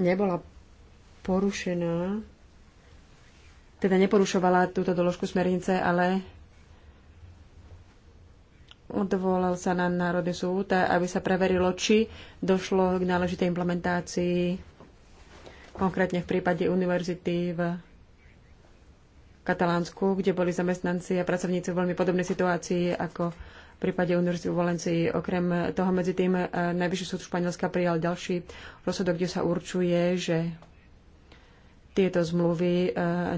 nebola porušená, teda neporušovala túto doložku smernice, ale odvolal sa na Národný súd, aby sa preverilo, či došlo k náležitej implementácii konkrétne v prípade univerzity v Katalánsku, kde boli zamestnanci a pracovníci v veľmi podobnej situácii ako v prípade univerzity v Valencii. Okrem toho medzi tým e, Najvyšší súd Španielska prijal ďalší rozsudok, kde sa určuje, že tieto zmluvy e,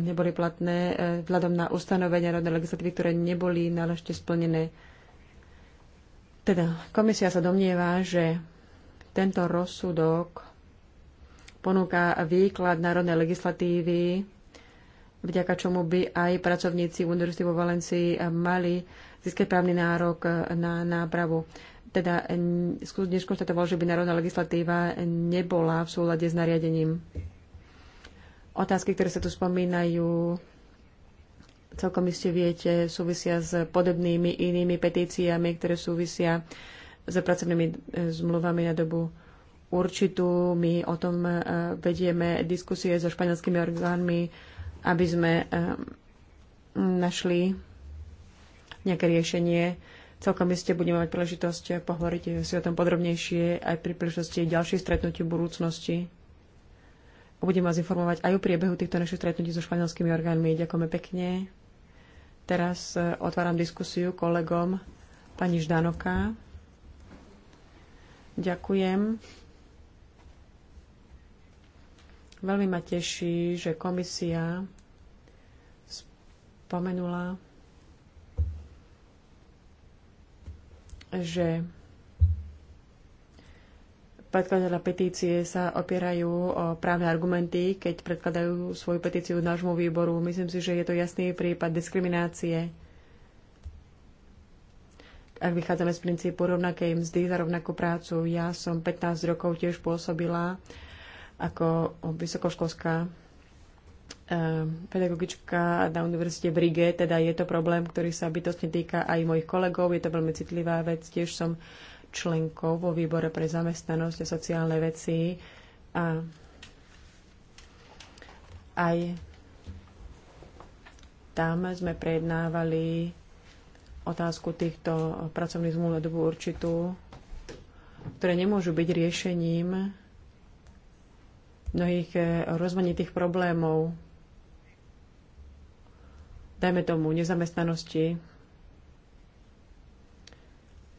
neboli platné e, vzhľadom na ustanovenia rodnej legislatívy, ktoré neboli náležite splnené. Teda komisia sa domnieva, že tento rozsudok ponúka výklad národnej legislatívy, vďaka čomu by aj pracovníci univerzity vo Valencii mali získať právny nárok na nápravu. Teda neškonštatoval, že by národná legislatíva nebola v súlade s nariadením. Otázky, ktoré sa tu spomínajú, celkom iste viete, súvisia s podobnými inými petíciami, ktoré súvisia s pracovnými e, zmluvami na dobu určitú. My o tom e, vedieme diskusie so španielskými orgánmi, aby sme e, našli nejaké riešenie. Celkom iste budeme mať príležitosť pohovoriť si o tom podrobnejšie aj pri príležitosti ďalších stretnutí v budúcnosti. Budem vás informovať aj o priebehu týchto našich stretnutí so španielskými orgánmi. Ďakujeme pekne. Teraz e, otváram diskusiu kolegom pani Ždanoka. Ďakujem. Veľmi ma teší, že komisia spomenula, že predkladateľa petície sa opierajú o právne argumenty, keď predkladajú svoju petíciu nášmu výboru. Myslím si, že je to jasný prípad diskriminácie. Ak vychádzame z princípu rovnakej mzdy za rovnakú prácu, ja som 15 rokov tiež pôsobila ako vysokoškolská eh, pedagogička na Univerzite Rige, teda je to problém, ktorý sa bytostne týka aj mojich kolegov, je to veľmi citlivá vec, tiež som členkou vo výbore pre zamestnanosť a sociálne veci a aj tam sme prejednávali otázku týchto pracovných zmluv na dobu určitú, ktoré nemôžu byť riešením mnohých e, rozmanitých problémov, dajme tomu nezamestnanosti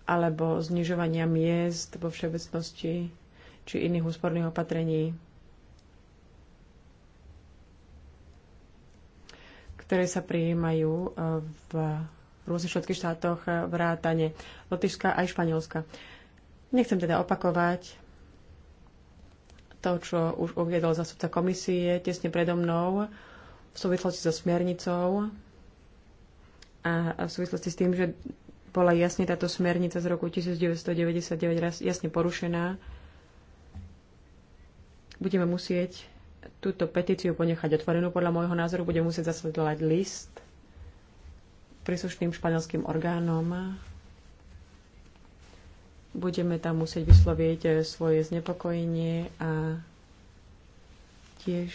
alebo znižovania miest vo všeobecnosti či iných úsporných opatrení, ktoré sa prijímajú e, v rôznych všetkých štátoch e, vrátane Lotyšska aj Španielska. Nechcem teda opakovať to, čo už uviedol zastupca komisie tesne predo mnou v súvislosti so smernicou a v súvislosti s tým, že bola jasne táto smernica z roku 1999 jasne porušená, budeme musieť túto petíciu ponechať otvorenú. Podľa môjho názoru budeme musieť zasledovať list príslušným španielským orgánom budeme tam musieť vysloviť e, svoje znepokojenie a tiež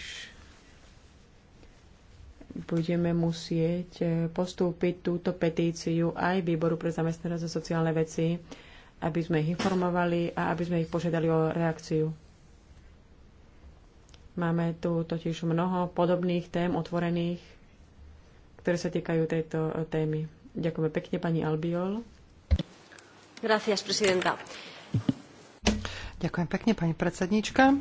budeme musieť e, postúpiť túto petíciu aj Výboru pre zamestnanosť a sociálne veci, aby sme ich informovali a aby sme ich požiadali o reakciu. Máme tu totiž mnoho podobných tém otvorených, ktoré sa týkajú tejto e, témy. Ďakujeme pekne pani Albiol. Ďakujem pekne, pani predsedníčka.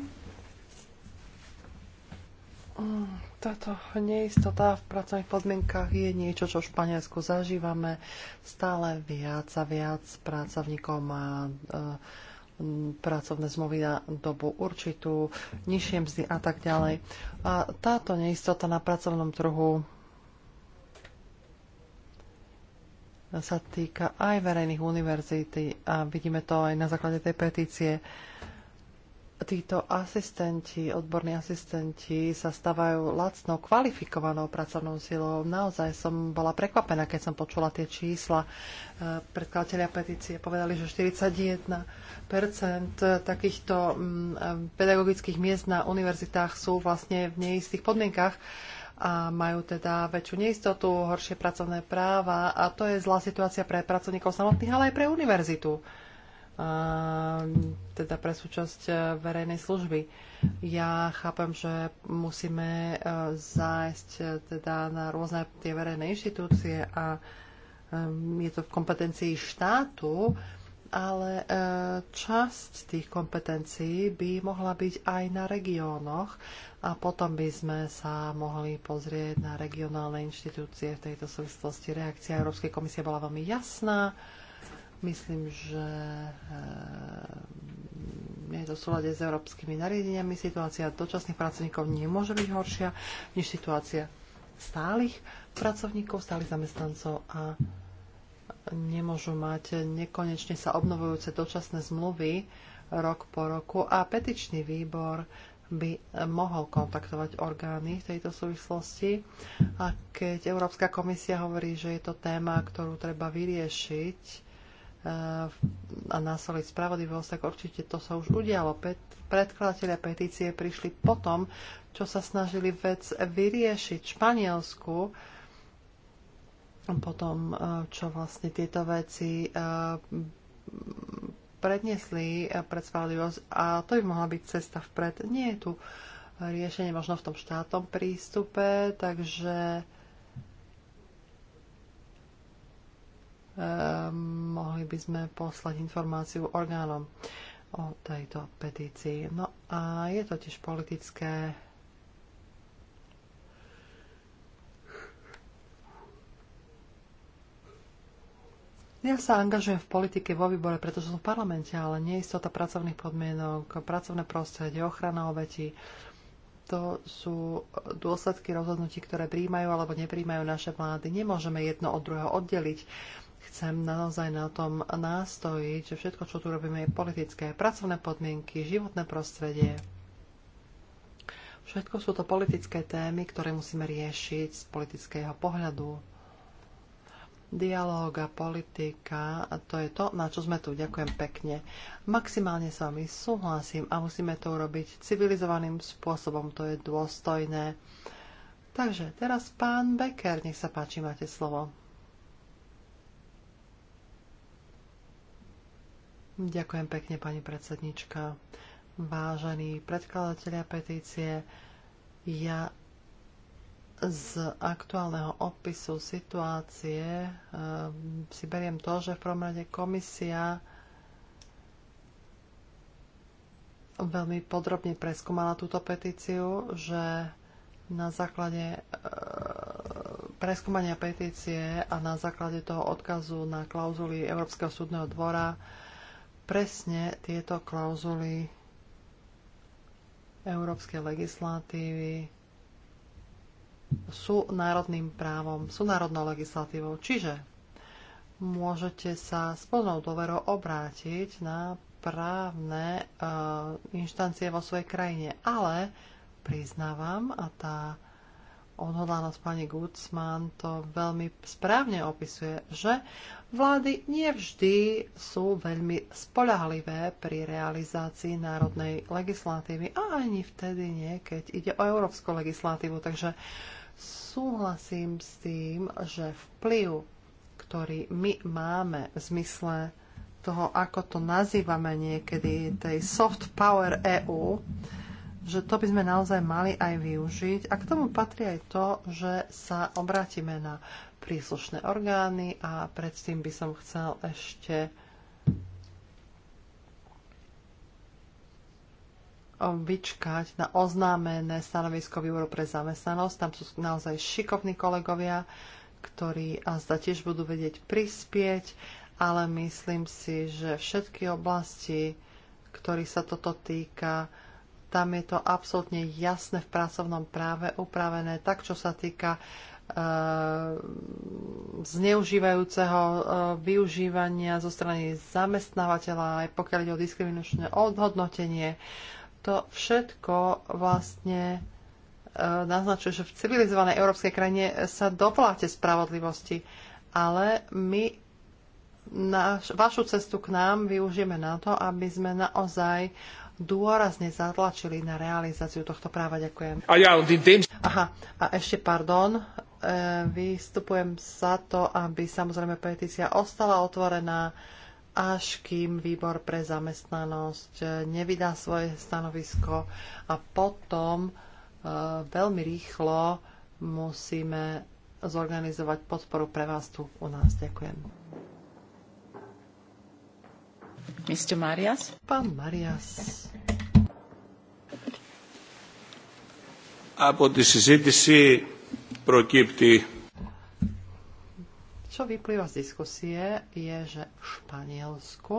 Mm, táto neistota v pracovných podmienkach je niečo, čo v Španielsku zažívame. Stále viac a viac pracovníkov má e, pracovné zmluvy na dobu určitú, nižšie mzdy a tak ďalej. A táto neistota na pracovnom trhu sa týka aj verejných univerzity a vidíme to aj na základe tej petície. Títo asistenti, odborní asistenti sa stávajú lacnou, kvalifikovanou pracovnou silou. Naozaj som bola prekvapená, keď som počula tie čísla. E, Predkladateľia petície povedali, že 41% takýchto mm, pedagogických miest na univerzitách sú vlastne v neistých podmienkach a majú teda väčšiu neistotu, horšie pracovné práva a to je zlá situácia pre pracovníkov samotných, ale aj pre univerzitu, a, teda pre súčasť e, verejnej služby. Ja chápem, že musíme e, zájsť e, teda na rôzne tie verejné inštitúcie a je to v kompetencii štátu, ale e, časť tých kompetencií by mohla byť aj na regiónoch a potom by sme sa mohli pozrieť na regionálne inštitúcie v tejto súvislosti. Reakcia Európskej komisie bola veľmi jasná. Myslím, že e, je to v súlade s európskymi nariadeniami. Situácia dočasných pracovníkov nemôže byť horšia než situácia stálych pracovníkov, stálych zamestnancov a nemôžu mať nekonečne sa obnovujúce dočasné zmluvy rok po roku a petičný výbor by mohol kontaktovať orgány v tejto súvislosti. A keď Európska komisia hovorí, že je to téma, ktorú treba vyriešiť e, a nasoliť spravodlivosť, tak určite to sa už udialo. predkladateľe petície prišli potom, čo sa snažili vec vyriešiť v Španielsku potom, e, čo vlastne tieto veci e, predniesli e, pred spravodlivosť a to by mohla byť cesta vpred. Nie je tu riešenie možno v tom štátnom prístupe, takže mohli by sme poslať informáciu orgánom o tejto petícii. No a je to tiež politické Ja sa angažujem v politike vo výbore, pretože som v parlamente, ale istota pracovných podmienok, pracovné prostredie, ochrana obetí, to sú dôsledky rozhodnutí, ktoré príjmajú alebo nepríjmajú naše vlády. Nemôžeme jedno od druhého oddeliť. Chcem naozaj na tom nástojiť, že všetko, čo tu robíme, je politické. Pracovné podmienky, životné prostredie. Všetko sú to politické témy, ktoré musíme riešiť z politického pohľadu dialog a politika, a to je to, na čo sme tu. Ďakujem pekne. Maximálne s vami súhlasím a musíme to urobiť civilizovaným spôsobom, to je dôstojné. Takže teraz pán Becker, nech sa páči, máte slovo. Ďakujem pekne, pani predsednička. Vážení predkladatelia petície, ja z aktuálneho opisu situácie e, si beriem to, že v prvom rade komisia veľmi podrobne preskúmala túto petíciu, že na základe e, preskúmania petície a na základe toho odkazu na klauzuly Európskeho súdneho dvora presne tieto klauzuly európskej legislatívy sú národným právom, sú národnou legislatívou. Čiže môžete sa s plnou dôverou obrátiť na právne e, inštancie vo svojej krajine. Ale priznávam, a tá odhodlanosť pani Gutzman to veľmi správne opisuje, že vlády nevždy sú veľmi spolahlivé pri realizácii národnej legislatívy a ani vtedy nie, keď ide o európsku legislatívu. Takže súhlasím s tým, že vplyv, ktorý my máme v zmysle toho, ako to nazývame niekedy, tej soft power EU, že to by sme naozaj mali aj využiť. A k tomu patrí aj to, že sa obrátime na príslušné orgány a predtým by som chcel ešte vyčkať na oznámené stanovisko výboru pre zamestnanosť. Tam sú naozaj šikovní kolegovia, ktorí zda tiež budú vedieť prispieť, ale myslím si, že všetky oblasti, ktorých sa toto týka, tam je to absolútne jasné v pracovnom práve upravené, tak čo sa týka e, zneužívajúceho e, využívania zo strany zamestnávateľa, aj pokiaľ ide o diskriminačné odhodnotenie, to všetko vlastne e, naznačuje, že v civilizovanej európskej krajine sa dovoláte spravodlivosti, ale my naš, vašu cestu k nám využijeme na to, aby sme naozaj dôrazne zatlačili na realizáciu tohto práva. Ďakujem. A ja, Aha, a ešte pardon, e, vystupujem za to, aby samozrejme petícia ostala otvorená až kým výbor pre zamestnanosť eh, nevydá svoje stanovisko a potom e, veľmi rýchlo musíme zorganizovať podporu pre vás tu u nás. Ďakujem. Mr. Marias? Pán Marias. Από τη συζήτηση προκύπτει čo vyplýva z diskusie je, že v Španielsku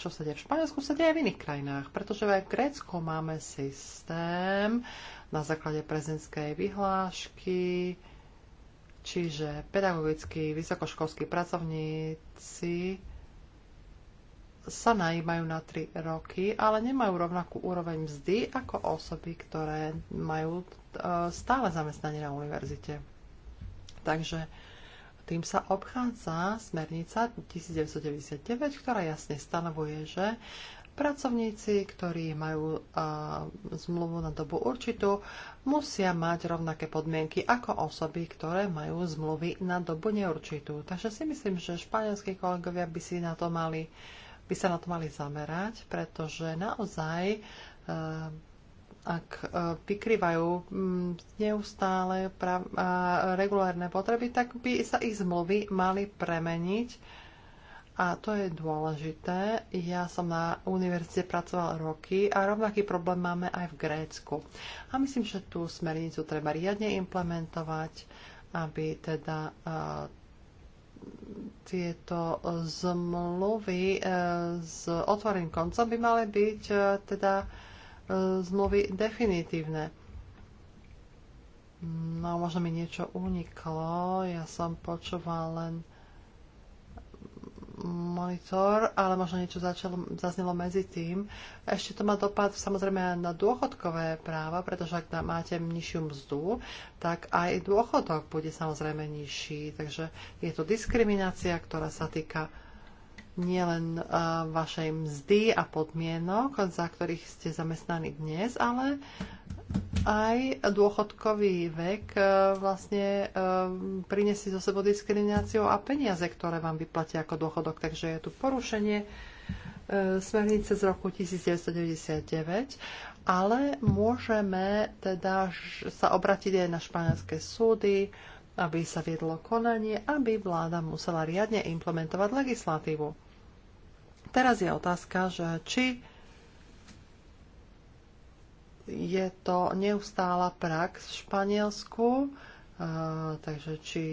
čo sa deje v Španielsku, sa deje v iných krajinách, pretože aj v Grécku máme systém na základe prezidentskej vyhlášky, čiže pedagogickí, vysokoškolskí pracovníci sa najímajú na 3 roky, ale nemajú rovnakú úroveň mzdy ako osoby, ktoré majú e, stále zamestnanie na univerzite. Takže tým sa obchádza smernica 1999, ktorá jasne stanovuje, že pracovníci, ktorí majú uh, zmluvu na dobu určitú, musia mať rovnaké podmienky ako osoby, ktoré majú zmluvy na dobu neurčitú. Takže si myslím, že španielskí kolegovia by, si na to mali, by sa na to mali zamerať, pretože naozaj uh, ak e, vykrývajú mm, neustále prav, a regulárne potreby, tak by sa ich zmluvy mali premeniť. A to je dôležité. Ja som na univerzite pracoval roky a rovnaký problém máme aj v Grécku. A myslím, že tú smernicu treba riadne implementovať, aby teda e, tieto zmluvy e, s otvoreným koncom by mali byť teda zmluvy definitívne. No, možno mi niečo uniklo. Ja som počúval len monitor, ale možno niečo začalo, zaznelo medzi tým. Ešte to má dopad samozrejme na dôchodkové práva, pretože ak máte nižšiu mzdu, tak aj dôchodok bude samozrejme nižší. Takže je to diskriminácia, ktorá sa týka nielen e, vašej mzdy a podmienok, za ktorých ste zamestnaní dnes, ale aj dôchodkový vek e, vlastne e, prinesie zo sebou diskrimináciu a peniaze, ktoré vám vyplatia ako dôchodok. Takže je tu porušenie smernice z roku 1999, ale môžeme teda sa obratiť aj na španielské súdy, aby sa viedlo konanie, aby vláda musela riadne implementovať legislatívu. Teraz je otázka, že či je to neustála prax v Španielsku, e, takže či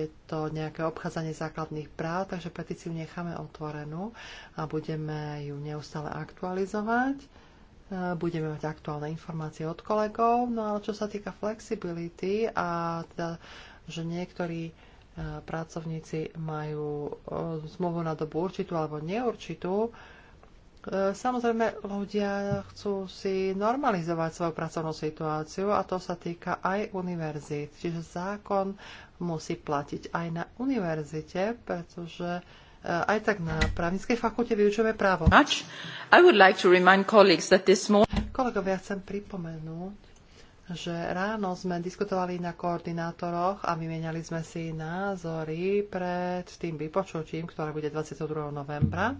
je to nejaké obchádzanie základných práv, takže petíciu necháme otvorenú a budeme ju neustále aktualizovať. E, budeme mať aktuálne informácie od kolegov, no ale čo sa týka flexibility a teda že niektorí e, pracovníci majú e, zmluvu na dobu určitú alebo neurčitú. E, samozrejme, ľudia chcú si normalizovať svoju pracovnú situáciu a to sa týka aj univerzít. Čiže zákon musí platiť aj na univerzite, pretože aj tak na právnickej fakulte vyučujeme právo. Like Kolegovia, chcem pripomenúť, že ráno sme diskutovali na koordinátoroch a vymenali sme si názory pred tým vypočutím, ktoré bude 22. novembra.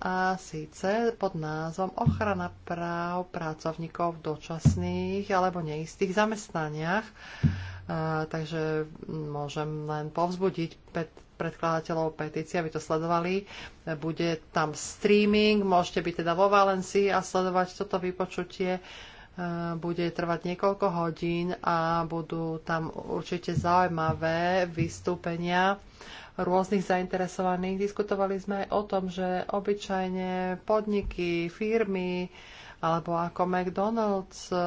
A síce pod názvom Ochrana práv pracovníkov v dočasných alebo neistých zamestnaniach. A, takže môžem len povzbudiť pred predkladateľov petície, aby to sledovali. Bude tam streaming, môžete byť teda vo Valencii a sledovať toto vypočutie E, bude trvať niekoľko hodín a budú tam určite zaujímavé vystúpenia rôznych zainteresovaných. Diskutovali sme aj o tom, že obyčajne podniky, firmy alebo ako McDonald's e,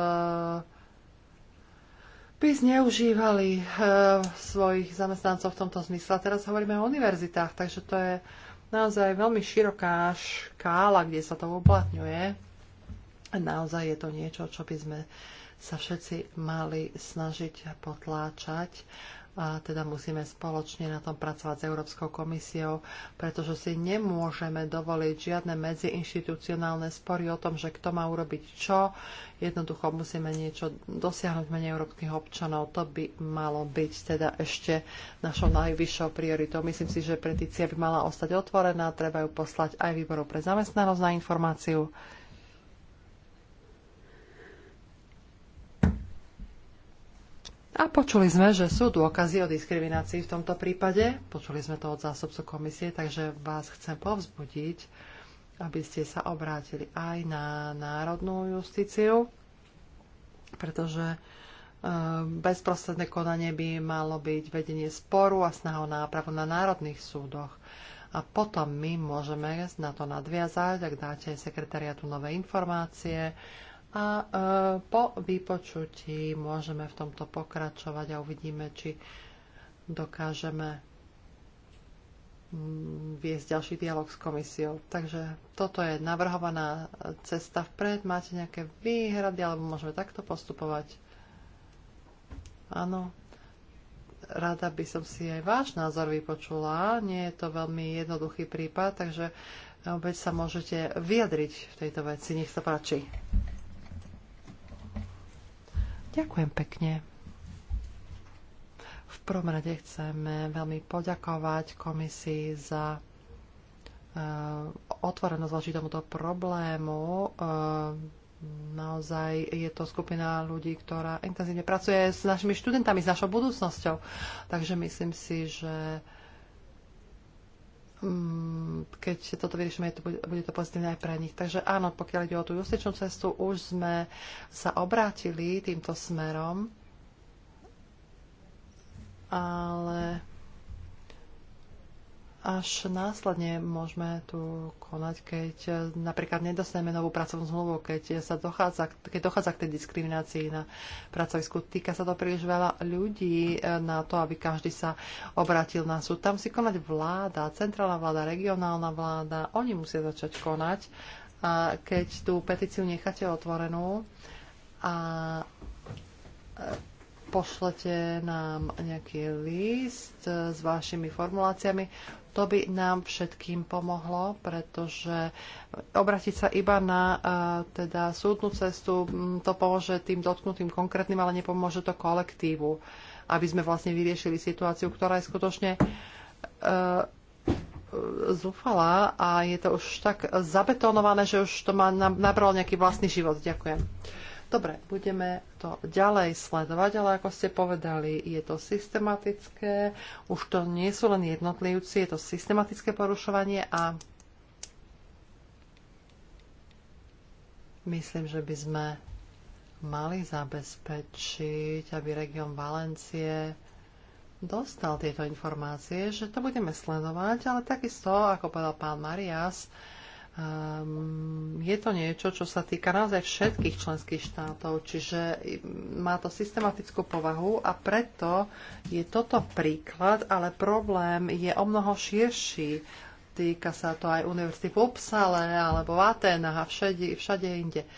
by zneužívali e, svojich zamestnancov v tomto zmysle. Teraz hovoríme o univerzitách, takže to je naozaj veľmi široká škála, kde sa to uplatňuje. Naozaj je to niečo, čo by sme sa všetci mali snažiť potláčať a teda musíme spoločne na tom pracovať s Európskou komisiou, pretože si nemôžeme dovoliť žiadne medziinštitucionálne spory o tom, že kto má urobiť čo. Jednoducho musíme niečo dosiahnuť menej európskych občanov. To by malo byť teda ešte našou najvyššou prioritou. Myslím si, že petícia by mala ostať otvorená, treba ju poslať aj výboru pre zamestnanosť na informáciu. A počuli sme, že sú dôkazy o diskriminácii v tomto prípade. Počuli sme to od zásobcu komisie, takže vás chcem povzbudiť, aby ste sa obrátili aj na národnú justíciu, pretože e, bezprostredné konanie by malo byť vedenie sporu a snaha o nápravu na národných súdoch. A potom my môžeme na to nadviazať, ak dáte sekretariatu nové informácie a e, po vypočutí môžeme v tomto pokračovať a uvidíme, či dokážeme mm, viesť ďalší dialog s komisiou. Takže toto je navrhovaná cesta vpred. Máte nejaké výhrady, alebo môžeme takto postupovať? Áno. Rada by som si aj váš názor vypočula. Nie je to veľmi jednoduchý prípad, takže opäť sa môžete vyjadriť v tejto veci. Nech sa páči. Ďakujem pekne. V prvom rade chceme veľmi poďakovať komisii za eh, otvorenosť voči tomuto problému. Eh, naozaj je to skupina ľudí, ktorá intenzívne pracuje s našimi študentami, s našou budúcnosťou. Takže myslím si, že Mm, keď toto vyriešime, to bude, bude to pozitívne aj pre nich. Takže áno, pokiaľ ide o tú justičnú cestu, už sme sa obrátili týmto smerom, ale až následne môžeme tu konať, keď napríklad nedostaneme novú pracovnú zmluvu, keď, sa dochádza, keď dochádza k tej diskriminácii na pracovisku. Týka sa to príliš veľa ľudí e, na to, aby každý sa obratil na súd. Tam si konať vláda, centrálna vláda, regionálna vláda, oni musia začať konať. A keď tú petíciu necháte otvorenú a e, pošlete nám nejaký list e, s vašimi formuláciami. To by nám všetkým pomohlo, pretože obratiť sa iba na e, teda súdnu cestu, to pomôže tým dotknutým konkrétnym, ale nepomôže to kolektívu, aby sme vlastne vyriešili situáciu, ktorá je skutočne e, e, zúfala a je to už tak zabetonované, že už to má nabralo nejaký vlastný život. Ďakujem. Dobre, budeme to ďalej sledovať, ale ako ste povedali, je to systematické, už to nie sú len jednotlivci, je to systematické porušovanie a myslím, že by sme mali zabezpečiť, aby región Valencie dostal tieto informácie, že to budeme sledovať, ale takisto, ako povedal pán Marias, Ehm, je to niečo, čo sa týka naozaj všetkých členských štátov, čiže mm, má to systematickú povahu a preto je toto príklad, ale problém je o mnoho širší. Týka sa to aj univerzity v Upsale alebo v Atenách a všade, všade inde. Uh,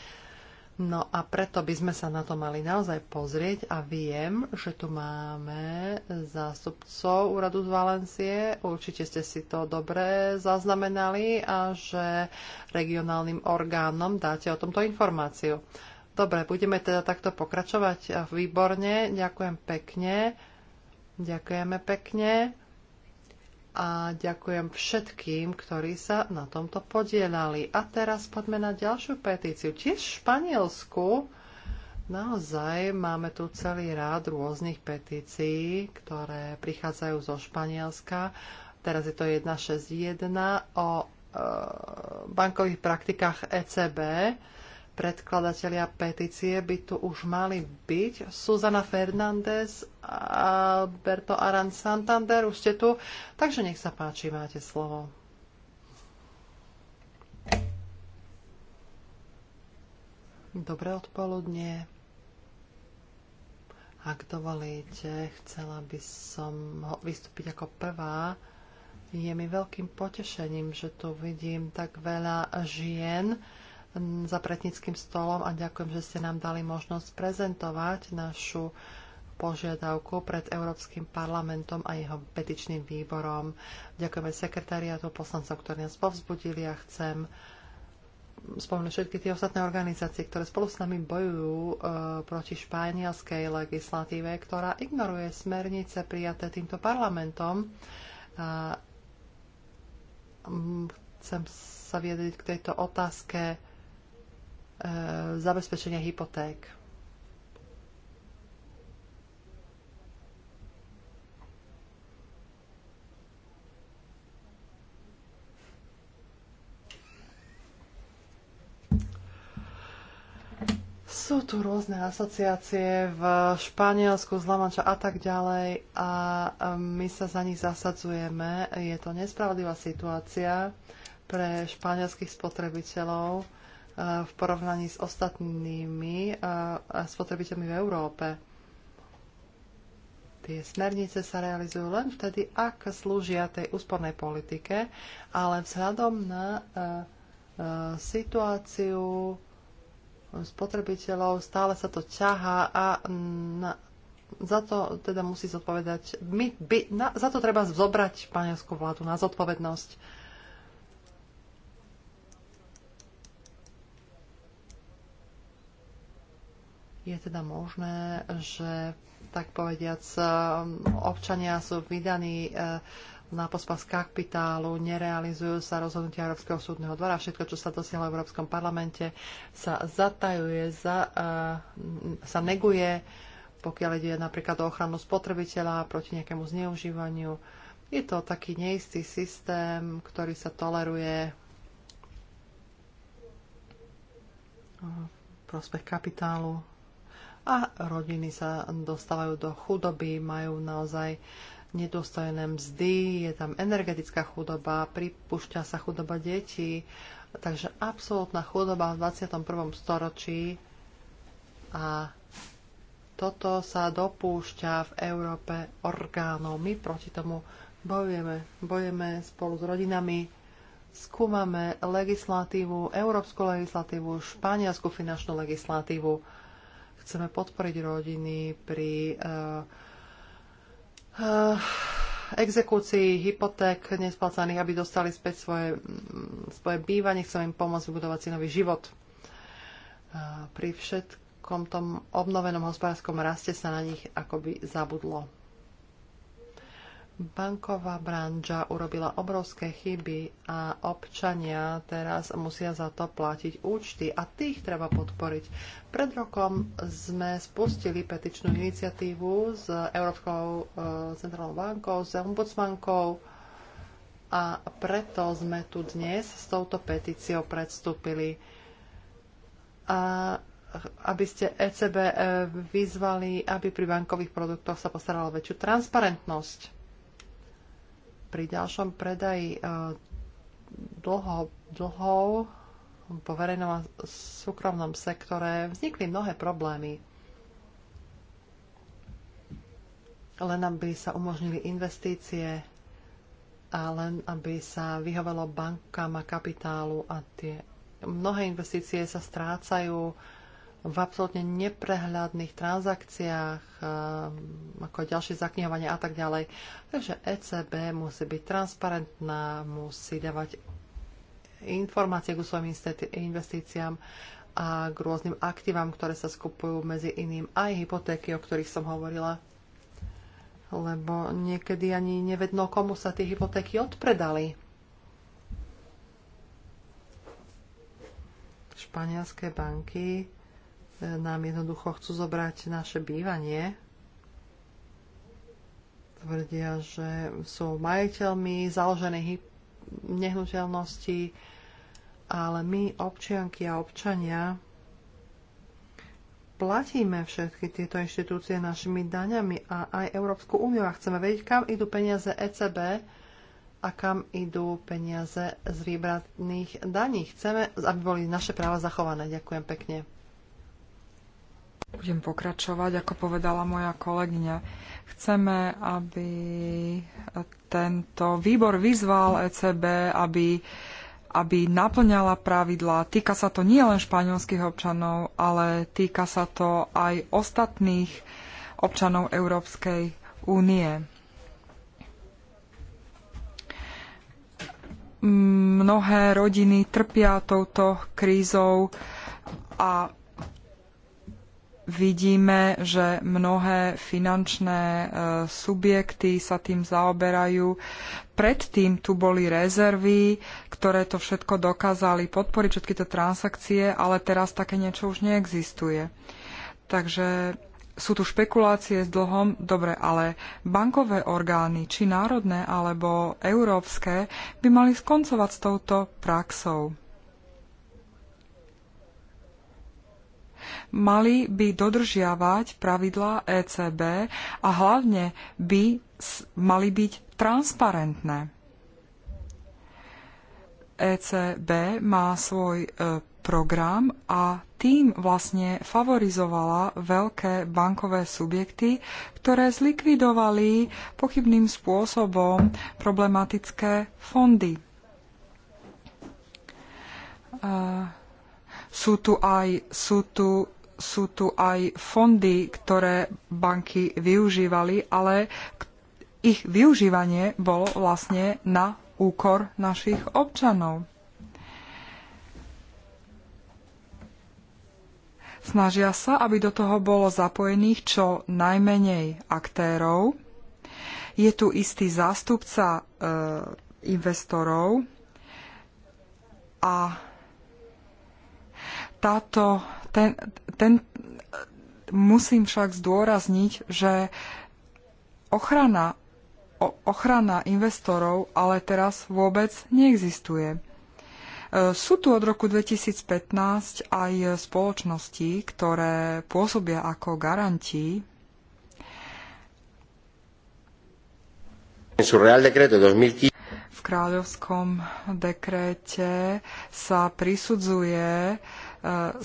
No a preto by sme sa na to mali naozaj pozrieť a viem, že tu máme zástupcov úradu z Valencie. Určite ste si to dobre zaznamenali a že regionálnym orgánom dáte o tomto informáciu. Dobre, budeme teda takto pokračovať. Výborne, ďakujem pekne. Ďakujeme pekne a ďakujem všetkým, ktorí sa na tomto podielali. A teraz poďme na ďalšiu petíciu. Tiež v Španielsku naozaj máme tu celý rád rôznych petícií, ktoré prichádzajú zo Španielska. Teraz je to 161 o e, bankových praktikách ECB predkladatelia petície by tu už mali byť. Suzana Fernández, Alberto Aran Santander, už ste tu. Takže nech sa páči, máte slovo. Dobré odpoludne. Ak dovolíte, chcela by som vystúpiť ako prvá. Je mi veľkým potešením, že tu vidím tak veľa žien, za pretnickým stolom a ďakujem, že ste nám dali možnosť prezentovať našu požiadavku pred Európskym parlamentom a jeho petičným výborom. Ďakujeme sekretariátu poslancov, ktorí nás povzbudili a chcem spomenúť všetky tie ostatné organizácie, ktoré spolu s nami bojujú e, proti španielskej legislatíve, ktorá ignoruje smernice prijaté týmto parlamentom. A, m, chcem sa viedeť k tejto otázke E, zabezpečenia hypoték. Sú tu rôzne asociácie v Španielsku, Zlamanča a tak ďalej a my sa za nich zasadzujeme. Je to nespravodlivá situácia pre španielských spotrebiteľov Eh, v porovnaní s ostatnými eh, spotrebiteľmi v Európe. Tie smernice sa realizujú len vtedy, ak slúžia tej úspornej politike, ale vzhľadom na eh, situáciu spotrebiteľov stále sa to ťahá a na, za to teda musí zodpovedať, my, by, na, za to treba zobrať španielskú vládu na zodpovednosť. je teda možné, že tak povediac um, občania sú vydaní uh, na pospas kapitálu, nerealizujú sa rozhodnutia Európskeho súdneho dvora, všetko, čo sa dosiahlo v Európskom parlamente, sa zatajuje, za, uh, sa neguje, pokiaľ ide napríklad o ochranu spotrebiteľa proti nejakému zneužívaniu. Je to taký neistý systém, ktorý sa toleruje v prospech kapitálu a rodiny sa dostávajú do chudoby, majú naozaj nedostojné mzdy, je tam energetická chudoba, pripúšťa sa chudoba detí, takže absolútna chudoba v 21. storočí a toto sa dopúšťa v Európe orgánov. My proti tomu bojujeme. Bojujeme spolu s rodinami, skúmame legislatívu, európsku legislatívu, španielsku finančnú legislatívu Chceme podporiť rodiny pri eh, eh, exekúcii hypoték nesplácaných, aby dostali späť svoje, svoje bývanie. Chceme im pomôcť vybudovať si nový život. Eh, pri všetkom tom obnovenom hospodárskom raste sa na nich akoby zabudlo. Banková branža urobila obrovské chyby a občania teraz musia za to platiť účty a tých treba podporiť. Pred rokom sme spustili petičnú iniciatívu s Európskou e, centrálnou bankou, s ombudsmankou a preto sme tu dnes s touto petíciou predstúpili. A aby ste ECB e, vyzvali, aby pri bankových produktoch sa postarala väčšiu transparentnosť pri ďalšom predaji e, dlho, dlhov po verejnom a súkromnom sektore vznikli mnohé problémy. Len aby sa umožnili investície a len aby sa vyhovelo bankám a kapitálu a tie mnohé investície sa strácajú v absolútne neprehľadných transakciách, ehm, ako ďalšie zaknihovanie a tak ďalej. Takže ECB musí byť transparentná, musí dávať informácie k svojim investíciám a k rôznym aktívam, ktoré sa skupujú medzi iným aj hypotéky, o ktorých som hovorila. Lebo niekedy ani nevedno, komu sa tie hypotéky odpredali. Španielské banky nám jednoducho chcú zobrať naše bývanie. Tvrdia, že sú majiteľmi založených nehnuteľností, ale my, občianky a občania, platíme všetky tieto inštitúcie našimi daňami a aj Európsku úniu a chceme vedieť, kam idú peniaze ECB a kam idú peniaze z výbratných daní. Chceme, aby boli naše práva zachované. Ďakujem pekne. Budem pokračovať, ako povedala moja kolegyňa. Chceme, aby tento výbor vyzval ECB, aby aby naplňala pravidlá. Týka sa to nielen španielských občanov, ale týka sa to aj ostatných občanov Európskej únie. Mnohé rodiny trpia touto krízou a vidíme, že mnohé finančné e, subjekty sa tým zaoberajú. Predtým tu boli rezervy, ktoré to všetko dokázali podporiť, všetky tie transakcie, ale teraz také niečo už neexistuje. Takže sú tu špekulácie s dlhom, dobre, ale bankové orgány, či národné alebo európske, by mali skoncovať s touto praxou mali by dodržiavať pravidlá ECB a hlavne by mali byť transparentné. ECB má svoj e, program a tým vlastne favorizovala veľké bankové subjekty, ktoré zlikvidovali pochybným spôsobom problematické fondy. Uh, sú tu aj, sú tu, sú tu aj fondy, ktoré banky využívali, ale ich využívanie bolo vlastne na úkor našich občanov. Snažia sa, aby do toho bolo zapojených čo najmenej aktérov. Je tu istý zástupca e, investorov a táto, ten, ten, musím však zdôrazniť, že ochrana, o, ochrana investorov ale teraz vôbec neexistuje. E, sú tu od roku 2015 aj spoločnosti, ktoré pôsobia ako garanti v kráľovskom dekréte sa prisudzuje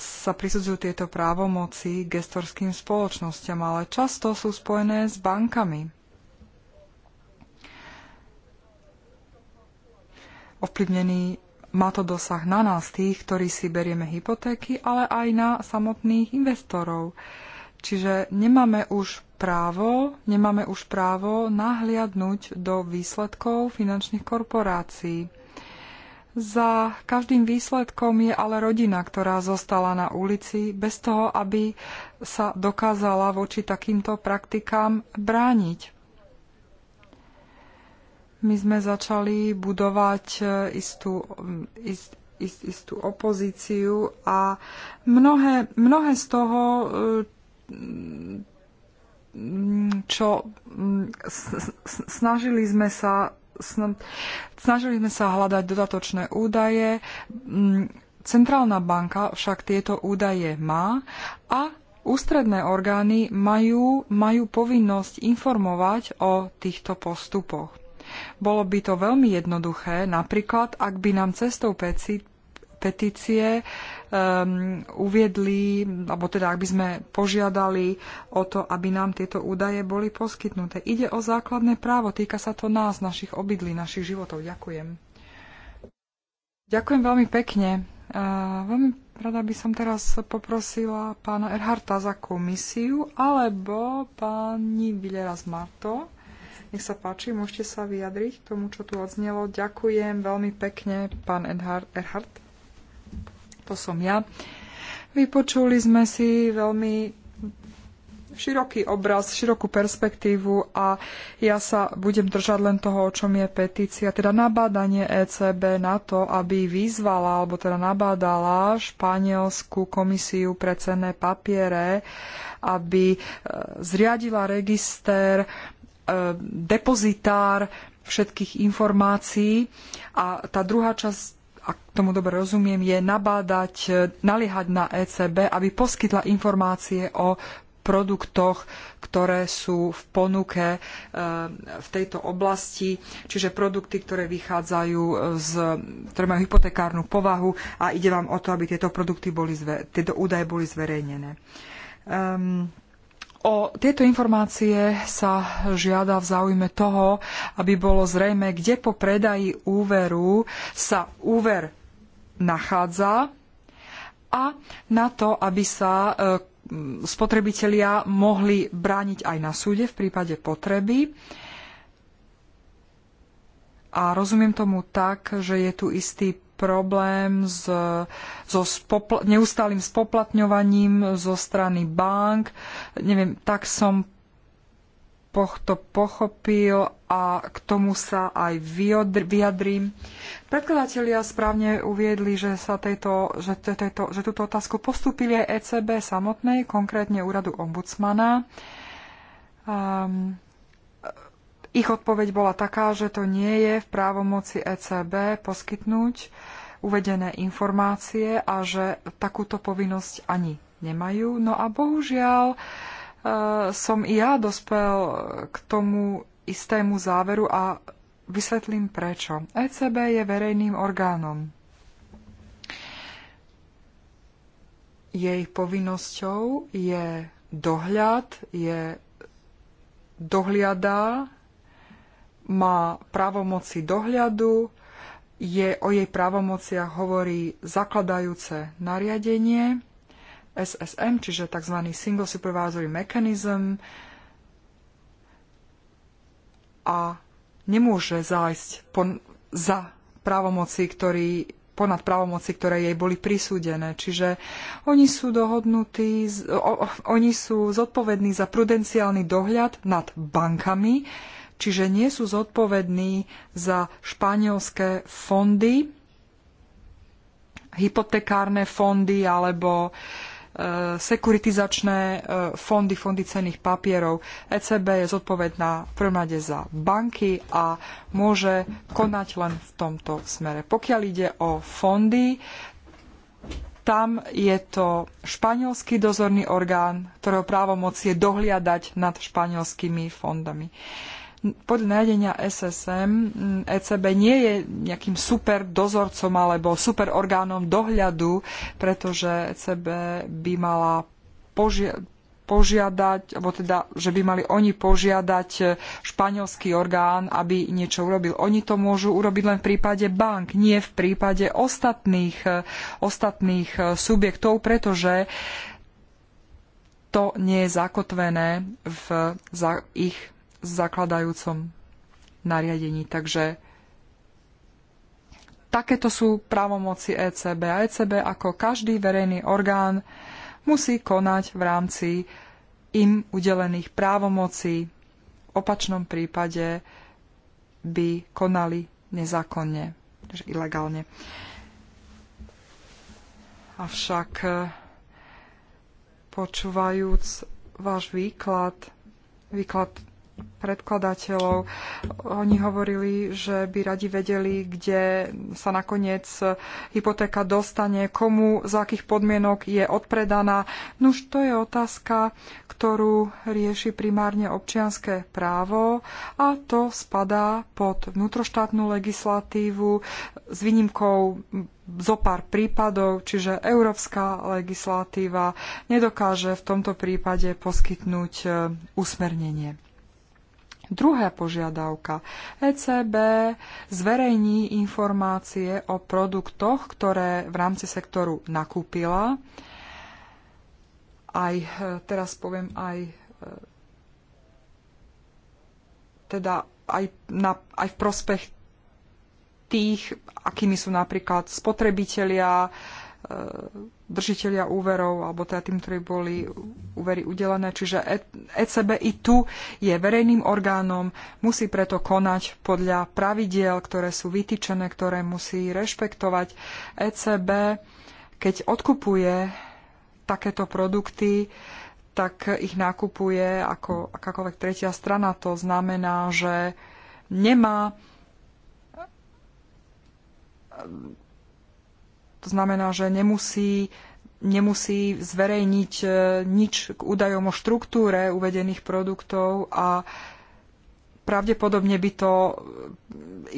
sa prisudzujú tieto právomoci gestorským spoločnosťam, ale často sú spojené s bankami. Ovplyvnený má to dosah na nás, tých, ktorí si berieme hypotéky, ale aj na samotných investorov. Čiže nemáme už právo, nemáme už právo nahliadnúť do výsledkov finančných korporácií za každým výsledkom je ale rodina, ktorá zostala na ulici bez toho, aby sa dokázala voči takýmto praktikám brániť. My sme začali budovať e, istú, ist, e, ist, istú opozíciu a mnohé, mnohé z toho, e, čo snažili sme sa Snažili sme sa hľadať dodatočné údaje. Mm, centrálna banka však tieto údaje má a ústredné orgány majú, majú povinnosť informovať o týchto postupoch. Bolo by to veľmi jednoduché, napríklad ak by nám cestou petície um, uviedli, alebo teda ak by sme požiadali o to, aby nám tieto údaje boli poskytnuté. Ide o základné právo, týka sa to nás, našich obydlí, našich životov. Ďakujem. Ďakujem veľmi pekne. Uh, veľmi rada by som teraz poprosila pána Erharta za komisiu alebo pani z Marto. Nech sa páči, môžete sa vyjadriť k tomu, čo tu odznelo. Ďakujem veľmi pekne, pán Erhard to som ja. Vypočuli sme si veľmi široký obraz, širokú perspektívu a ja sa budem držať len toho, o čom je petícia, teda nabádanie ECB na to, aby vyzvala alebo teda nabádala Španielskú komisiu pre cenné papiere, aby e, zriadila register e, depozitár všetkých informácií a tá druhá časť ak tomu dobre rozumiem, je nabádať, e, naliehať na ECB, aby poskytla informácie o produktoch, ktoré sú v ponuke e, v tejto oblasti, čiže produkty, ktoré vychádzajú e, z, ktoré majú hypotekárnu povahu a ide vám o to, aby tieto produkty boli, tieto údaje boli zverejnené. Um, O tieto informácie sa žiada v záujme toho, aby bolo zrejme, kde po predaji úveru sa úver nachádza a na to, aby sa e, spotrebitelia mohli brániť aj na súde v prípade potreby. A rozumiem tomu tak, že je tu istý problém s, so spopl- neustálým spoplatňovaním zo strany bank. Neviem, tak som to pochopil a k tomu sa aj vyjadrím. Predkladatelia správne uviedli, že, sa tejto, že, tejto, že túto otázku postúpili aj ECB samotnej, konkrétne úradu ombudsmana. Um, ich odpoveď bola taká, že to nie je v právomoci ECB poskytnúť uvedené informácie a že takúto povinnosť ani nemajú. No a bohužiaľ e, som i ja dospel k tomu istému záveru a vysvetlím prečo. ECB je verejným orgánom. Jej povinnosťou je dohľad, je dohliadá má právomoci dohľadu, je o jej právomociach hovorí zakladajúce nariadenie SSM, čiže tzv. Single Supervisory Mechanism a nemôže zájsť pon- za právomoci, ktorý, ponad právomoci, ktoré jej boli prisúdené. Čiže oni sú dohodnutí, o, o, oni sú zodpovední za prudenciálny dohľad nad bankami, čiže nie sú zodpovední za španielské fondy, hypotekárne fondy alebo e, sekuritizačné e, fondy, fondy cených papierov. ECB je zodpovedná v prvom rade za banky a môže konať len v tomto smere. Pokiaľ ide o fondy, tam je to španielský dozorný orgán, ktorého právomoc je dohliadať nad španielskými fondami. Uh, podľa nariadenia SSM mm, ECB nie je nejakým super dozorcom alebo super orgánom dohľadu, pretože ECB by mala požia- požiadať, alebo teda, že by mali oni požiadať e, španielský orgán, aby niečo urobil. Oni to môžu urobiť len v prípade bank, nie v prípade ostatných, e, ostatných e, subjektov, pretože to nie je zakotvené v ich zakladajúcom nariadení. Takže takéto sú právomoci ECB. A ECB ako každý verejný orgán musí konať v rámci im udelených právomocí. V opačnom prípade by konali nezákonne, takže ilegálne. Avšak eh, počúvajúc váš výklad, výklad predkladateľov. Oni hovorili, že by radi vedeli, kde sa nakoniec hypotéka dostane, komu, za akých podmienok je odpredaná. Nuž to je otázka, ktorú rieši primárne občianské právo a to spadá pod vnútroštátnu legislatívu s výnimkou zo pár prípadov, čiže európska legislatíva nedokáže v tomto prípade poskytnúť e, usmernenie. Druhá požiadavka. ECB zverejní informácie o produktoch, ktoré v rámci sektoru nakúpila. Aj e, teraz poviem aj e, teda aj, na, aj v prospech tých, akými sú napríklad spotrebitelia, E, držiteľia úverov, alebo teda tým, ktorí boli úvery udelené. Čiže ECB e i tu je verejným orgánom, musí preto konať podľa pravidiel, ktoré sú vytýčené, ktoré musí rešpektovať. ECB, keď odkupuje takéto produkty, tak ich nakupuje ako akákoľvek tretia strana. To znamená, že nemá to znamená, že nemusí, nemusí zverejniť e, nič k údajom o štruktúre uvedených produktov a pravdepodobne by to e,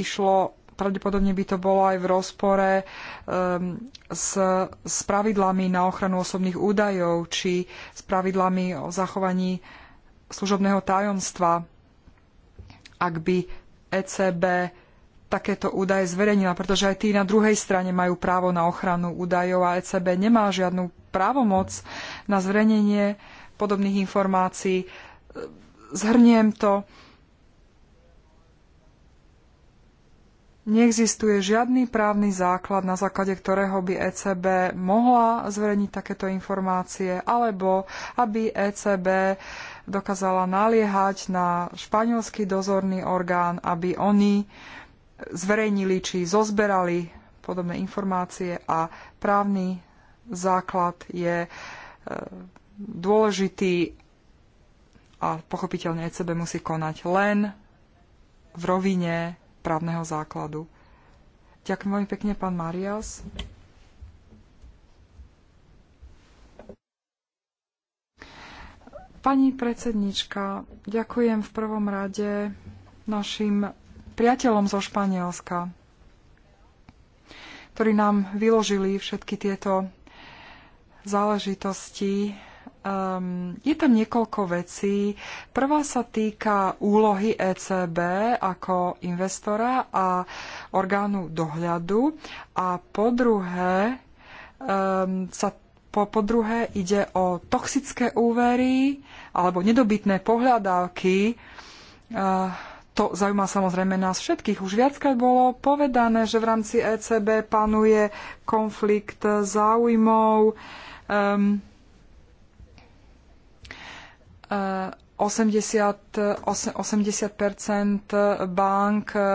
išlo pravdepodobne by to bolo aj v rozpore um, s, s pravidlami na ochranu osobných údajov či s pravidlami o zachovaní služobného tajomstva, ak by ECB takéto údaje zverejnila, pretože aj tí na druhej strane majú právo na ochranu údajov a ECB nemá žiadnu právomoc na zverejnenie podobných informácií. Zhrniem to. Neexistuje žiadny právny základ, na základe ktorého by ECB mohla zverejniť takéto informácie, alebo aby ECB dokázala naliehať na španielský dozorný orgán, aby oni zverejnili či zozberali podobné informácie a právny základ je e, dôležitý a pochopiteľne ECB musí konať len v rovine právneho základu. Ďakujem veľmi pekne, pán Marias. Pani predsednička, ďakujem v prvom rade našim priateľom zo Španielska, ktorí nám vyložili všetky tieto záležitosti. Um, je tam niekoľko vecí. Prvá sa týka úlohy ECB ako investora a orgánu dohľadu. A po druhé, um, sa, po, po druhé ide o toxické úvery alebo nedobytné pohľadávky. Uh, to zaujíma samozrejme nás všetkých. Už viackrát bolo povedané, že v rámci ECB panuje konflikt záujmov. Um, uh, 80, 80 bank e,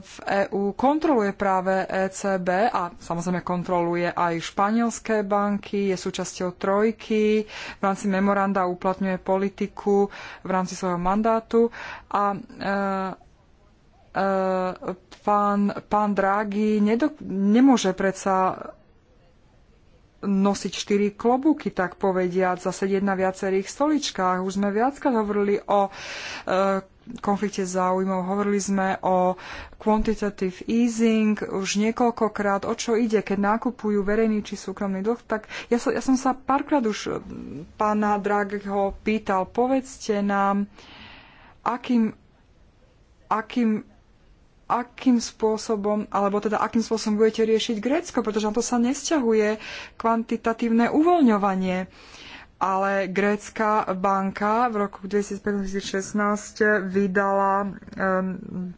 v EÚ kontroluje práve ECB a samozrejme kontroluje aj španielské banky, je súčasťou trojky, v rámci memoranda uplatňuje politiku v rámci svojho mandátu a e, e, pán, pán Draghi nedok- nemôže predsa nosiť štyri klobúky, tak povediať, zase jedna viacerých stoličkách. Už sme viackrát hovorili o e, konflikte záujmov, hovorili sme o quantitative easing už niekoľkokrát, o čo ide, keď nákupujú verejný či súkromný dlh, tak ja, so, ja som sa párkrát už e, pána Dragho pýtal, povedzte nám, akým, akým akým spôsobom, alebo teda akým spôsobom budete riešiť Grécko, pretože na to sa nesťahuje kvantitatívne uvoľňovanie. Ale grécka banka v roku 2015-2016 vydala, um,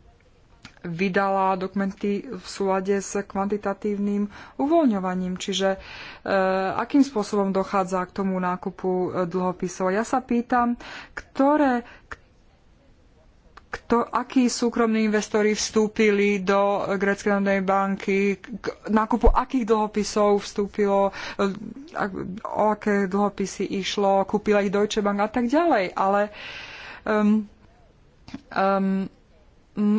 vydala dokumenty v súlade s kvantitatívnym uvoľňovaním, čiže uh, akým spôsobom dochádza k tomu nákupu e, dlhopisov. Ja sa pýtam, ktoré, kto, akí súkromní investori vstúpili do Gréckej národnej banky, k nákupu akých dlhopisov vstúpilo, e, o aké dlhopisy išlo, kúpila ich Deutsche Bank a tak ďalej. Ale um, um,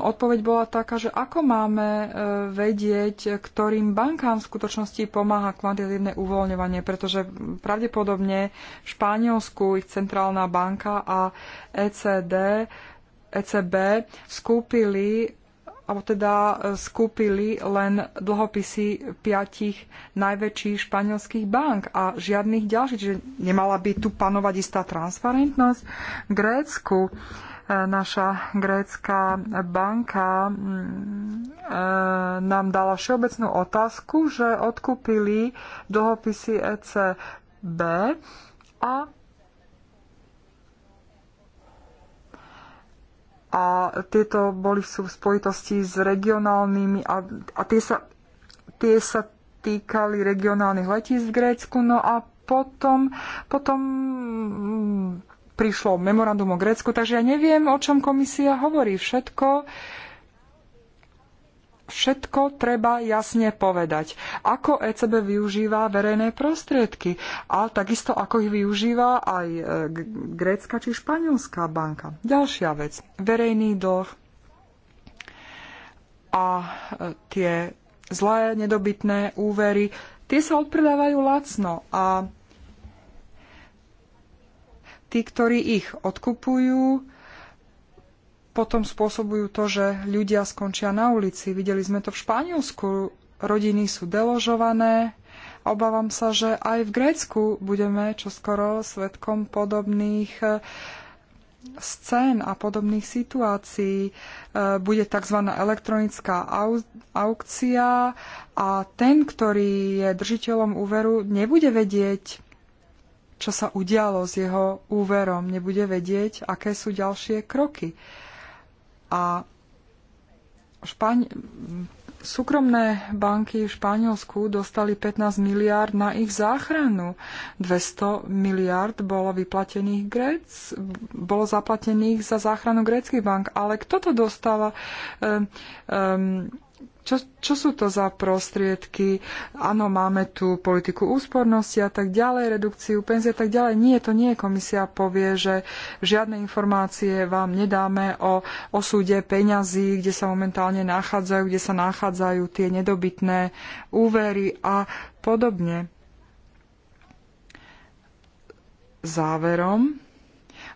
odpoveď bola taká, že ako máme e, vedieť, ktorým bankám v skutočnosti pomáha kvantitatívne uvoľňovanie, pretože pravdepodobne v Španielsku ich centrálna banka a ECD ECB skúpili alebo teda e, skúpili len dlhopisy piatich najväčších španielských bank a žiadnych ďalších, že nemala by tu panovať istá transparentnosť. V Grécku e, naša grécka banka mm, e, nám dala všeobecnú otázku, že odkúpili dlhopisy ECB a a tieto boli v spojitosti s regionálnymi a, a tie, sa, tie sa týkali regionálnych letísk v Grécku. No a potom, potom mm, prišlo memorandum o Grécku, takže ja neviem, o čom komisia hovorí. Všetko, uh, všetko treba jasne povedať. Ako ECB využíva verejné prostriedky a takisto ako ich využíva aj e, grécka či španielská banka. Ďalšia vec. Verejný dlh a e, tie zlé nedobytné úvery, tie sa odpredávajú lacno a tí, ktorí ich odkupujú, potom spôsobujú to, že ľudia skončia na ulici. Videli sme to v Španielsku, rodiny sú deložované obávam sa, že aj v Grécku budeme čoskoro svetkom podobných eh, scén a podobných situácií. Eh, bude tzv. elektronická aukcia a ten, ktorý je držiteľom úveru, nebude vedieť, čo sa udialo s jeho úverom, nebude vedieť, aké sú ďalšie kroky. A Špaň... súkromné banky v Španielsku dostali 15 miliárd na ich záchranu. 200 miliárd bolo vyplatených Grec, bolo zaplatených za záchranu gréckých bank. Ale kto to dostáva? Um, ehm, um, ehm, čo, čo sú to za prostriedky? Áno, máme tu politiku úspornosti a tak ďalej, redukciu penzie a tak ďalej. Nie, to nie. Komisia povie, že žiadne informácie vám nedáme o osúde peňazí, kde sa momentálne nachádzajú, kde sa nachádzajú tie nedobytné úvery a podobne. Záverom.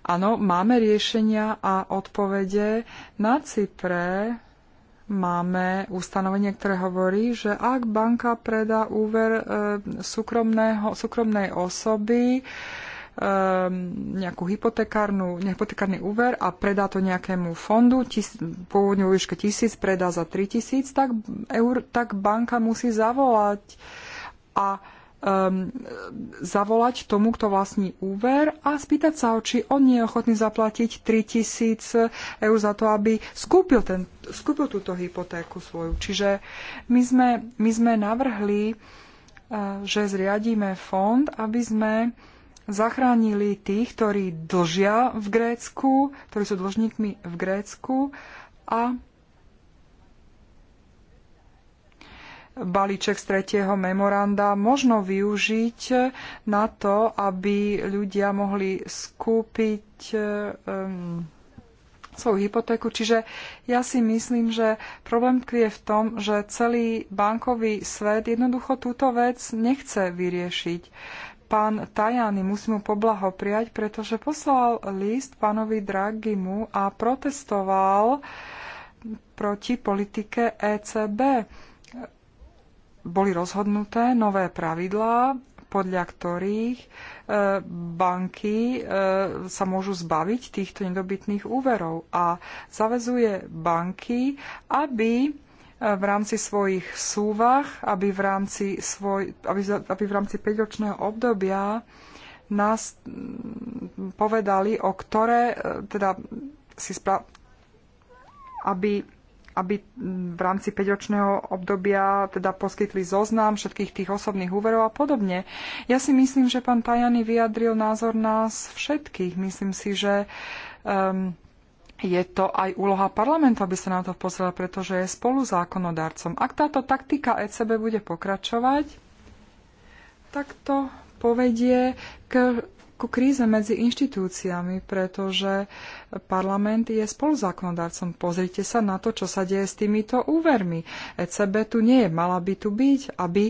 Áno, máme riešenia a odpovede na Cypre máme ustanovenie, ktoré hovorí, že ak banka predá úver e, súkromného, súkromnej osoby, e, nejakú hypotekárnu, hypotekárny úver a predá to nejakému fondu, tis, pôvodne vo výške tisíc, predá za tisíc, tak, eur, tak banka musí zavolať a um, zavolať tomu, kto vlastní úver a spýtať sa či on nie je ochotný zaplatiť 3000 eur za to, aby skúpil, ten, skúpil túto hypotéku svoju. Čiže my sme, my sme navrhli, uh, že zriadíme fond, aby sme zachránili tých, ktorí dlžia v Grécku, ktorí sú dlžníkmi v Grécku a balíček z tretieho memoranda možno využiť na to, aby ľudia mohli skúpiť um, svoju hypotéku. Čiže ja si myslím, že problém tkvie v tom, že celý bankový svet jednoducho túto vec nechce vyriešiť. Pán Tajany musí mu poblahopriať, pretože poslal list pánovi Dragimu a protestoval proti politike ECB boli rozhodnuté nové pravidlá, podľa ktorých e, banky e, sa môžu zbaviť týchto nedobytných úverov a zavezuje banky, aby e, v rámci svojich súvah, aby v rámci, svoj, aby, aby v rámci 5-ročného obdobia nás povedali, o ktoré, teda si spra- aby aby mm, v rámci 5-ročného obdobia teda poskytli zoznam všetkých tých osobných úverov a podobne. Ja si myslím, že pán Tajany vyjadril názor nás všetkých. Myslím si, že um, je to aj úloha parlamentu, aby sa na to pozrela, pretože je spolu zákonodarcom. Ak táto taktika ECB bude pokračovať, tak to povedie k ku kríze medzi inštitúciami, pretože parlament je spoluzákonodárcom. Pozrite sa na to, čo sa deje s týmito úvermi. ECB tu nie je, mala by tu byť, aby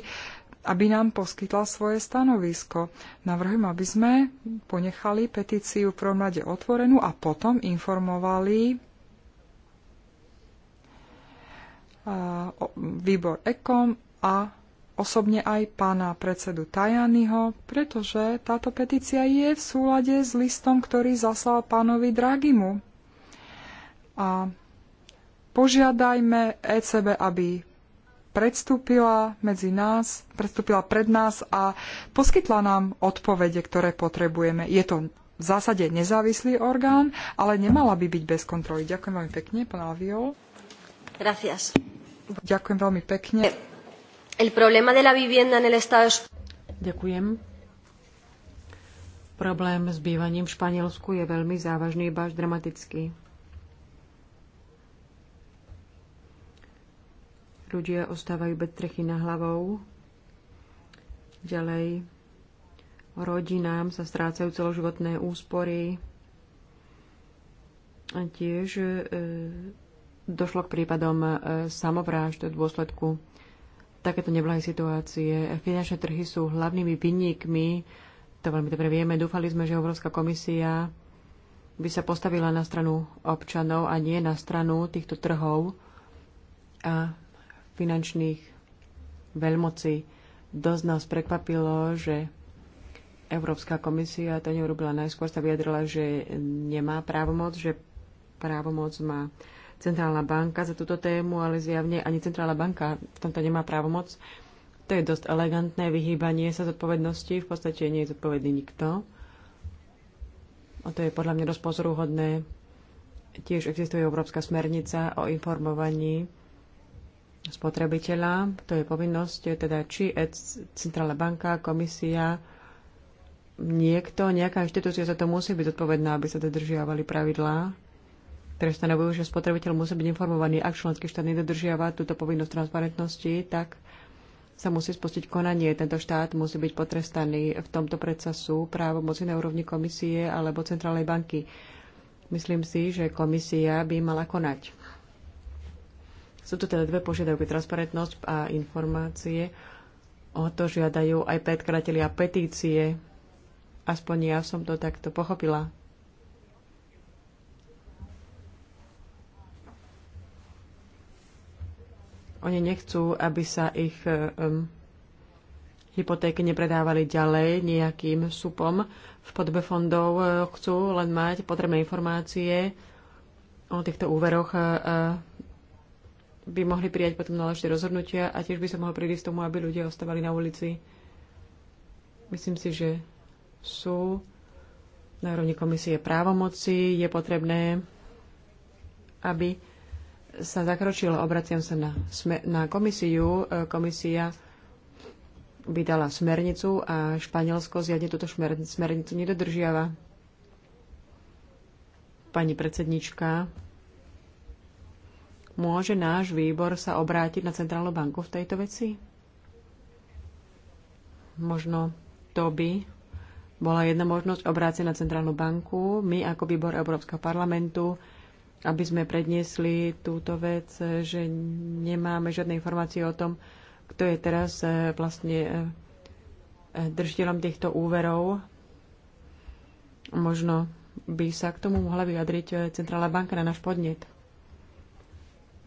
aby nám poskytla svoje stanovisko. Navrhujem, aby sme ponechali petíciu v prvom rade otvorenú a potom informovali výbor ECOM a osobne aj pána predsedu Tajanyho, pretože táto petícia je v súlade s listom, ktorý zaslal pánovi Dragimu. A požiadajme ECB, aby predstúpila medzi nás, predstúpila pred nás a poskytla nám odpovede, ktoré potrebujeme. Je to v zásade nezávislý orgán, ale nemala by byť bez kontroly. Ďakujem veľmi pekne, pán Alviol. Gracias. Ďakujem veľmi pekne. El problema de la vivienda en el estado... es... Ďakujem. Problém s bývaním v Španielsku je veľmi závažný, iba až dramatický. Ľudia ostávajú bez trechy na hlavou. Ďalej rodinám sa strácajú celoživotné úspory. A tiež e, došlo k prípadom e, samovrážd v dôsledku takéto neblahé situácie. Finančné trhy sú hlavnými vinníkmi, to veľmi dobre vieme. Dúfali sme, že Európska komisia by sa postavila na stranu občanov a nie na stranu týchto trhov a finančných veľmocí. Dosť nás prekvapilo, že Európska komisia to neurobila najskôr, sa vyjadrila, že nemá právomoc, že právomoc má centrálna banka za túto tému, ale zjavne ani centrálna banka v tomto nemá právomoc. To je dosť elegantné vyhýbanie sa zodpovednosti. V podstate nie je zodpovedný nikto. A to je podľa mňa dosť pozoruhodné. Tiež existuje Európska smernica o informovaní spotrebiteľa. To je povinnosť, teda či e Centrálna banka, komisia, niekto, nejaká inštitúcia za to musí byť zodpovedná, aby sa dodržiavali pravidlá ktoré stanovujú, že spotrebiteľ musí byť informovaný, ak členský štát nedodržiava túto povinnosť transparentnosti, tak sa musí spustiť konanie. Tento štát musí byť potrestaný. V tomto predsa sú moci na úrovni komisie alebo centrálnej banky. Myslím si, že komisia by mala konať. Sú tu teda dve požiadavky, transparentnosť a informácie. O to žiadajú aj predkratelia petície. Aspoň ja som to takto pochopila. Oni nechcú, aby sa ich um, hypotéky nepredávali ďalej nejakým supom v podbe fondov. Eh, chcú len mať potrebné informácie o týchto úveroch eh, by mohli prijať potom náležité rozhodnutia a tiež by sa mohol prísť tomu, aby ľudia ostávali na ulici. Myslím si, že sú na úrovni komisie právomoci. Je potrebné, aby sa zakročilo. Obraciam sa na, na komisiu. E, komisia vydala smernicu a Španielsko zjadne túto smernicu nedodržiava. Pani predsednička, môže náš výbor sa obrátiť na Centrálnu banku v tejto veci? Možno to by bola jedna možnosť obrátiť na Centrálnu banku. My ako výbor Európskeho parlamentu aby sme predniesli túto vec, že nemáme žiadne informácie o tom, kto je teraz eh, vlastne eh, eh, držiteľom týchto úverov. Možno by sa k tomu mohla vyjadriť Centrálna banka na náš podnet.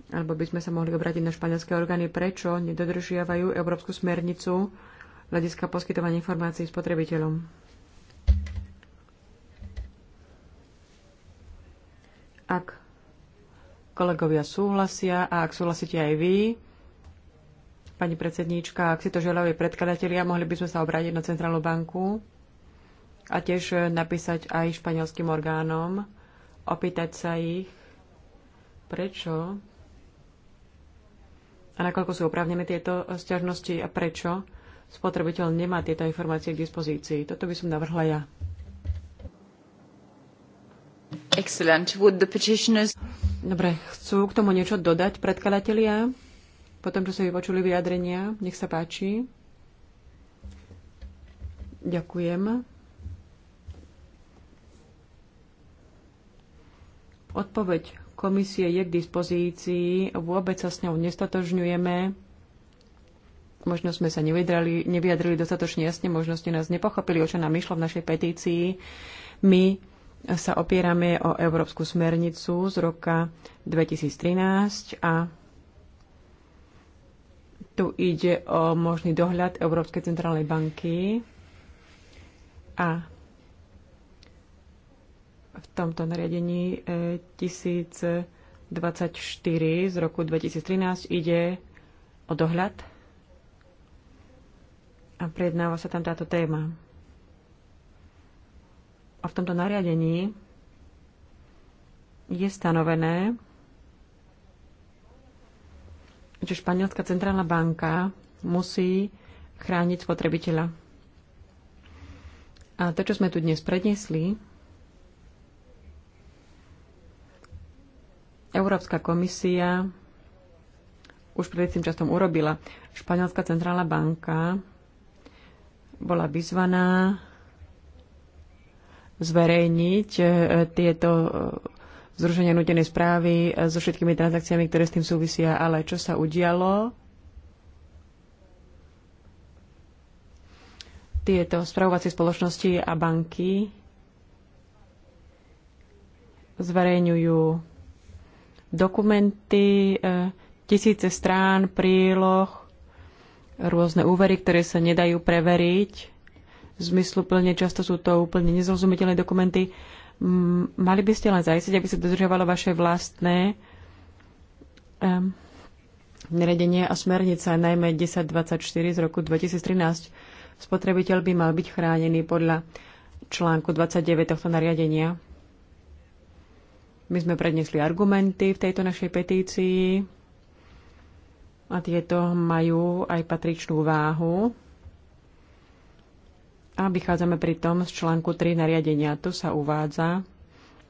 Alebo by sme sa mohli obrátiť na španielské orgány, prečo nedodržiavajú Európsku smernicu hľadiska poskytovania informácií spotrebiteľom. Ak kolegovia súhlasia a ak súhlasíte aj vy, pani predsedníčka, ak si to želajú aj predkladatelia, mohli by sme sa obrátiť na Centrálnu banku a tiež napísať aj španielským orgánom, opýtať sa ich, prečo a nakoľko sú oprávnené tieto sťažnosti a prečo spotrebiteľ nemá tieto informácie k dispozícii. Toto by som navrhla ja. Excellent. Would the petitioners... Dobre, chcú k tomu niečo dodať predkladatelia? Potom, čo sa vypočuli vyjadrenia, nech sa páči. Ďakujem. Odpoveď komisie je k dispozícii, vôbec sa s ňou nestatožňujeme. Možno sme sa nevyjadrili, nevyjadrili dostatočne jasne, možno ste nás nepochopili, o čo nám išlo v našej petícii. My sa opierame o Európsku smernicu z roka 2013 a tu ide o možný dohľad Európskej centrálnej banky a v tomto nariadení 1024 e, z roku 2013 ide o dohľad a prednáva sa tam táto téma. A v tomto nariadení je stanovené, že Španielská centrálna banka musí chrániť spotrebiteľa. A to, čo sme tu dnes predniesli, Európska komisia už pred tým časom urobila. Španielská centrálna banka bola vyzvaná zverejniť e, tieto e, zruženia nutenej správy e, so všetkými transakciami, ktoré s tým súvisia. Ale čo sa udialo? Tieto spravovacie spoločnosti a banky zverejňujú dokumenty, tisíce strán, príloh, rôzne úvery, ktoré sa nedajú preveriť zmysluplne, často sú to úplne nezrozumiteľné dokumenty. Mali by ste len zajistiť, aby sa dodržiavalo vaše vlastné um, neredenie a smernica, najmä 1024 z roku 2013. Spotrebiteľ by mal byť chránený podľa článku 29 tohto nariadenia. My sme prednesli argumenty v tejto našej petícii a tieto majú aj patričnú váhu. A vychádzame pritom z článku 3 nariadenia. Tu sa uvádza,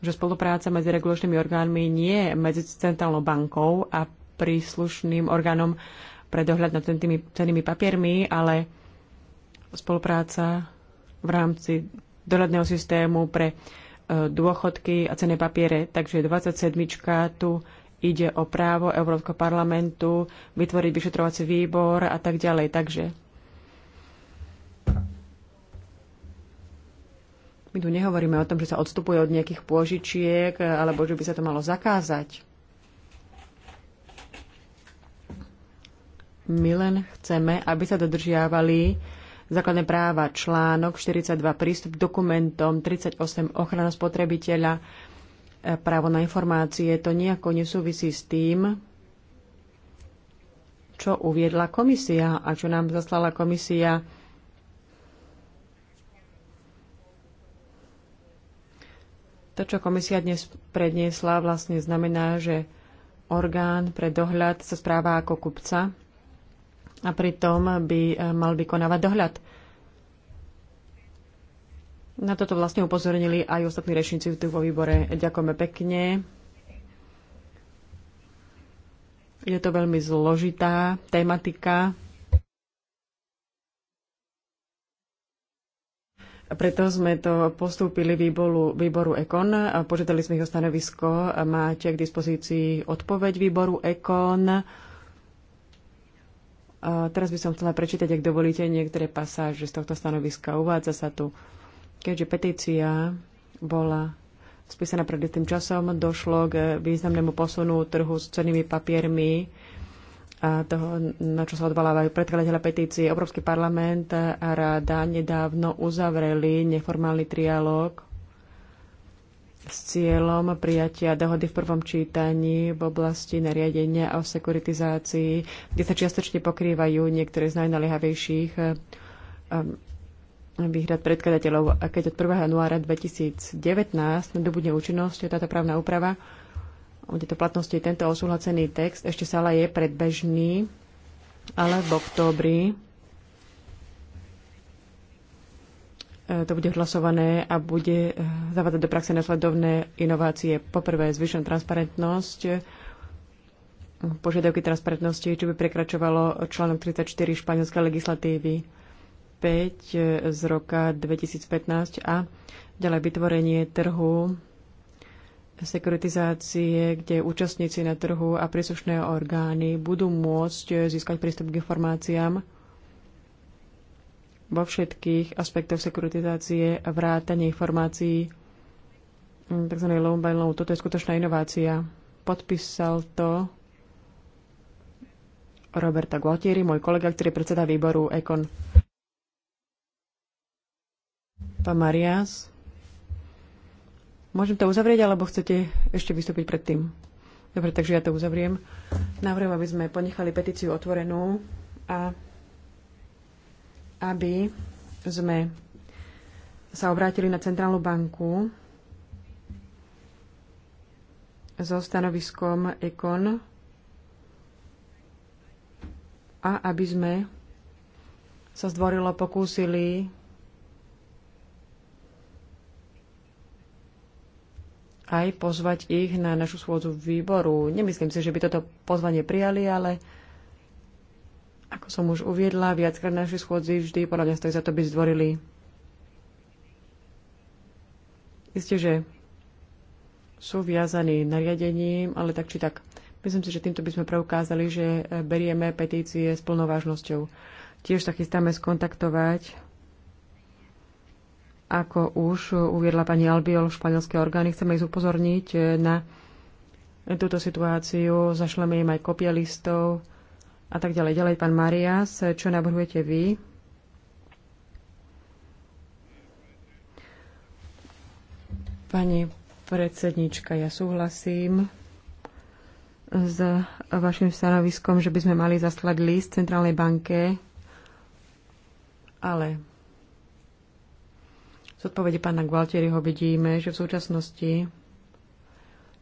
že spolupráca medzi regulačnými orgánmi nie je medzi centrálnou bankou a príslušným orgánom pre dohľad nad tými cenými papiermi, ale spolupráca v rámci dohľadného systému pre e, dôchodky a cené papiere. Takže 27. tu ide o právo Európskeho parlamentu vytvoriť vyšetrovací výbor a tak ďalej. Takže My tu nehovoríme o tom, že sa odstupuje od nejakých pôžičiek alebo že by sa to malo zakázať. My len chceme, aby sa dodržiavali základné práva, článok 42, prístup k dokumentom, 38, ochrana spotrebiteľa, právo na informácie. To nejako nesúvisí s tým, čo uviedla komisia a čo nám zaslala komisia To, čo komisia dnes predniesla, vlastne znamená, že orgán pre dohľad sa správa ako kupca a pritom by e, mal vykonávať dohľad. Na toto vlastne upozornili aj ostatní rečníci tu vo výbore. Ďakujeme pekne. Je to veľmi zložitá tematika. Preto sme to postúpili výboru, výboru EKON a požiadali sme ich o stanovisko. Máte k dispozícii odpoveď výboru EKON. A teraz by som chcela prečítať, ak dovolíte, niektoré pasáže z tohto stanoviska. Uvádza sa tu, keďže petícia bola spísaná pred tým časom, došlo k významnému posunu trhu s cennými papiermi a toho, na čo sa odvolávajú predkladateľa petície. Európsky parlament a rada nedávno uzavreli neformálny trialóg s cieľom prijatia dohody v prvom čítaní v oblasti nariadenia o sekuritizácii, kde sa čiastočne pokrývajú niektoré z najnaliehavejších ehm, výhrad predkladateľov. A keď od 1. januára 2019 nadobudne účinnosť táto právna úprava, tejto platnosti tento osúhlasený text ešte stále je predbežný, ale v októbri e, to bude hlasované a bude e, zavádzať do praxe nasledovné inovácie. Poprvé zvyšujem transparentnosť, e, požiadavky transparentnosti, čo by prekračovalo článok 34 španielskej legislatívy 5 z roka 2015 a ďalej vytvorenie trhu sekuritizácie, kde účastníci na trhu a príslušné orgány budú môcť získať prístup k informáciám vo všetkých aspektoch sekuritizácie a vrátanie informácií tzv. loan by loan. Toto je skutočná inovácia. Podpísal to Roberta Gualtieri, môj kolega, ktorý je predseda výboru EKON. Pán Marias. Môžem to uzavrieť, alebo chcete ešte vystúpiť predtým? Dobre, takže ja to uzavriem. Navrhujem, aby sme ponechali petíciu otvorenú a aby sme sa obrátili na Centrálnu banku so stanoviskom EKON a aby sme sa zdvorilo pokúsili aj pozvať ich na našu schôdzu výboru. Nemyslím si, že by toto pozvanie prijali, ale ako som už uviedla, viackrát naši schôdzi vždy podľa mňa stojí za to by zdvorili. Isté, že sú viazaní nariadením, ale tak či tak. Myslím si, že týmto by sme preukázali, že berieme petície s plnou vážnosťou. Tiež sa chystáme skontaktovať ako už uviedla pani Albiol, španielské orgány, chceme ich upozorniť eh, na túto situáciu, zašleme im aj kopie listov a tak ďalej. Ďalej, pán Marias, eh, čo navrhujete vy? Pani predsednička, ja súhlasím s vašim stanoviskom, že by sme mali zaslať list Centrálnej banke, ale z odpovede pána Gualtieriho vidíme, že v súčasnosti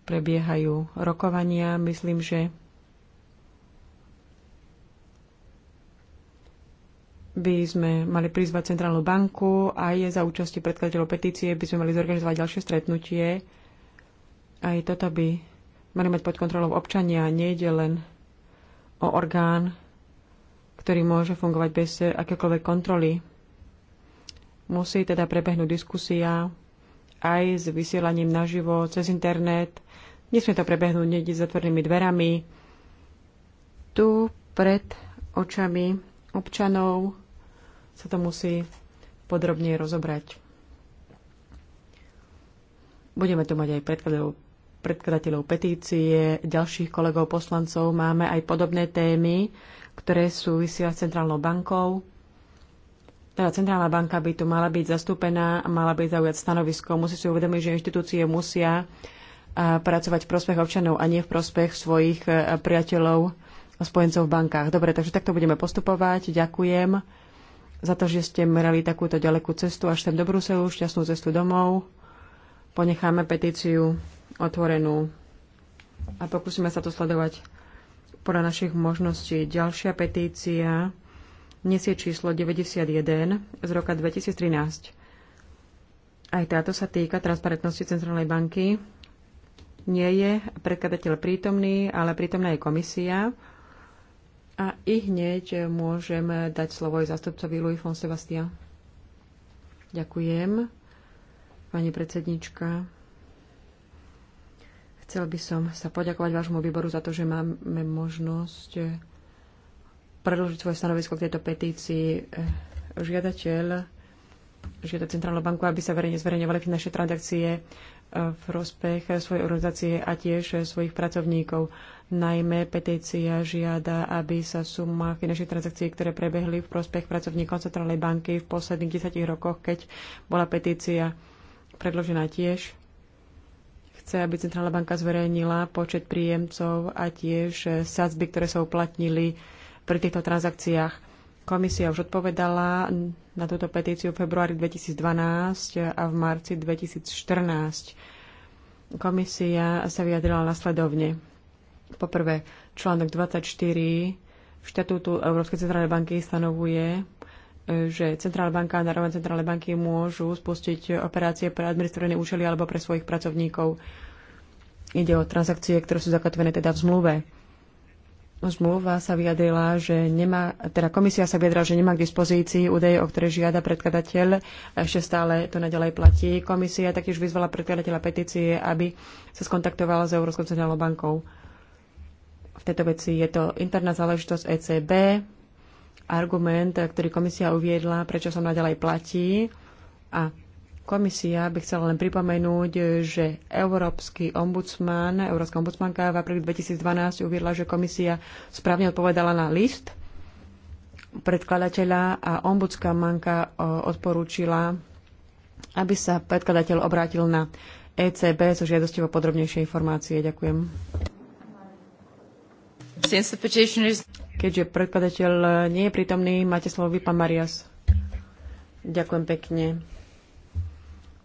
prebiehajú rokovania. Myslím, že by sme mali prizvať Centrálnu banku a je za účasti predkladateľov petície by sme mali zorganizovať ďalšie stretnutie. Aj toto by mali mať pod kontrolou občania. Nejde len o orgán, ktorý môže fungovať bez akékoľvek kontroly. Musí teda prebehnúť diskusia aj s vysielaním naživo cez internet. Nesmie to prebehnúť niekde s zatvorenými dverami. Tu pred očami občanov sa to musí podrobne rozobrať. Budeme tu mať aj predkladov, predkladateľov petície, ďalších kolegov poslancov. Máme aj podobné témy, ktoré súvisia s Centrálnou bankou. Teda centrálna banka by tu mala byť zastúpená a mala byť zaujať stanovisko. Musí si uvedomiť, že inštitúcie musia pracovať v prospech občanov a nie v prospech svojich priateľov a spojencov v bankách. Dobre, takže takto budeme postupovať. Ďakujem za to, že ste merali takúto ďalekú cestu až sem do Bruselu, šťastnú cestu domov. Ponecháme petíciu otvorenú a pokúsime sa to sledovať podľa našich možností. Ďalšia petícia nesie číslo 91 z roka 2013. Aj táto sa týka transparentnosti Centrálnej banky. Nie je predkladateľ prítomný, ale prítomná je komisia. A i hneď môžem dať slovo aj zastupcovi Louis von Sebastia. Ďakujem, pani predsednička. Chcel by som sa poďakovať vášmu výboru za to, že máme možnosť predložiť svoje stanovisko k tejto petícii. Eh, žiadateľ žiada Centrálnu banku, aby sa verejne zverejňovali finančné transakcie eh, v prospech svojej organizácie a tiež svojich pracovníkov. Najmä petícia žiada, aby sa suma finančných transakcií, ktoré prebehli v prospech pracovníkov Centrálnej banky v posledných 10 rokoch, keď bola petícia predložená tiež, chce, aby Centrálna banka zverejnila počet príjemcov a tiež sadzby, ktoré sa uplatnili pri týchto transakciách. Komisia už odpovedala na túto petíciu v februári 2012 a v marci 2014. Komisia sa vyjadrila nasledovne. Poprvé, článok 24 štatútu Európskej centrálnej banky stanovuje, že centrálna banka a národné centrálne banky môžu spustiť operácie pre administratívne účely alebo pre svojich pracovníkov. Ide o transakcie, ktoré sú zakotvené teda v zmluve zmluva sa vyjadrila, že nemá, teda komisia sa vyjadrila, že nemá k dispozícii údaje, o ktoré žiada predkladateľ. Ešte stále to naďalej platí. Komisia taktiež vyzvala predkladateľa petície, aby sa skontaktovala s Európskou centrálnou bankou. V tejto veci je to interná záležitosť ECB. Argument, ktorý komisia uviedla, prečo sa nadalej platí a Komisia by chcela len pripomenúť, že Európsky ombudsman, Európska ombudsmanka v apríli 2012 uviedla, že komisia správne odpovedala na list predkladateľa a ombudsmanka odporúčila, aby sa predkladateľ obrátil na ECB so žiadosťou o podrobnejšie informácie. Ďakujem. Keďže predkladateľ nie je prítomný, máte slovo vy, pán Marias. Ďakujem pekne.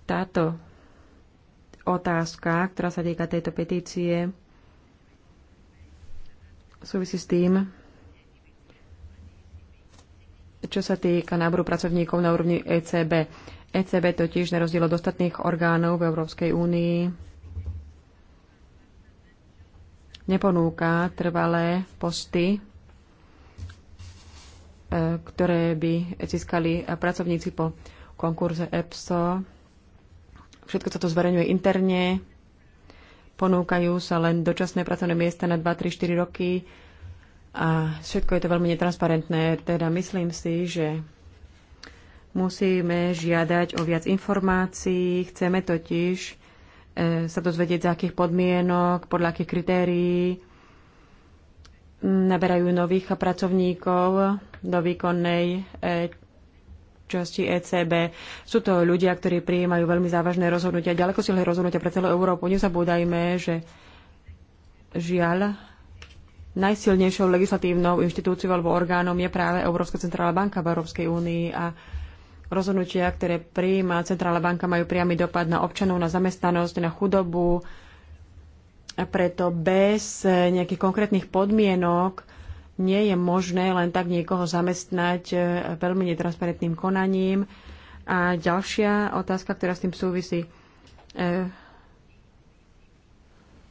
Táto otázka, ktorá sa týka tejto petície, súvisí s tým, čo sa týka náboru pracovníkov na úrovni ECB. ECB totiž na rozdiel od ostatných orgánov v Európskej únii neponúka trvalé posty, e, ktoré by získali pracovníci po konkurze EPSO Všetko sa to zverejňuje interne. Ponúkajú sa len dočasné pracovné miesta na 2, 3, 4 roky. A všetko je to veľmi netransparentné. Teda myslím si, že musíme žiadať o viac informácií. Chceme totiž e, sa dozvedieť, za akých podmienok, podľa akých kritérií naberajú nových pracovníkov do výkonnej e, časti ECB. Sú to ľudia, ktorí prijímajú veľmi závažné rozhodnutia, ďaleko silné rozhodnutia pre celú Európu. Nezabúdajme, že žiaľ najsilnejšou legislatívnou inštitúciou alebo orgánom je práve Európska centrálna banka v Európskej únii a rozhodnutia, ktoré prijíma centrálna banka, majú priamy dopad na občanov, na zamestnanosť, na chudobu. A preto bez nejakých konkrétnych podmienok nie je možné len tak niekoho zamestnať e, veľmi netransparentným konaním. A ďalšia otázka, ktorá s tým súvisí. E,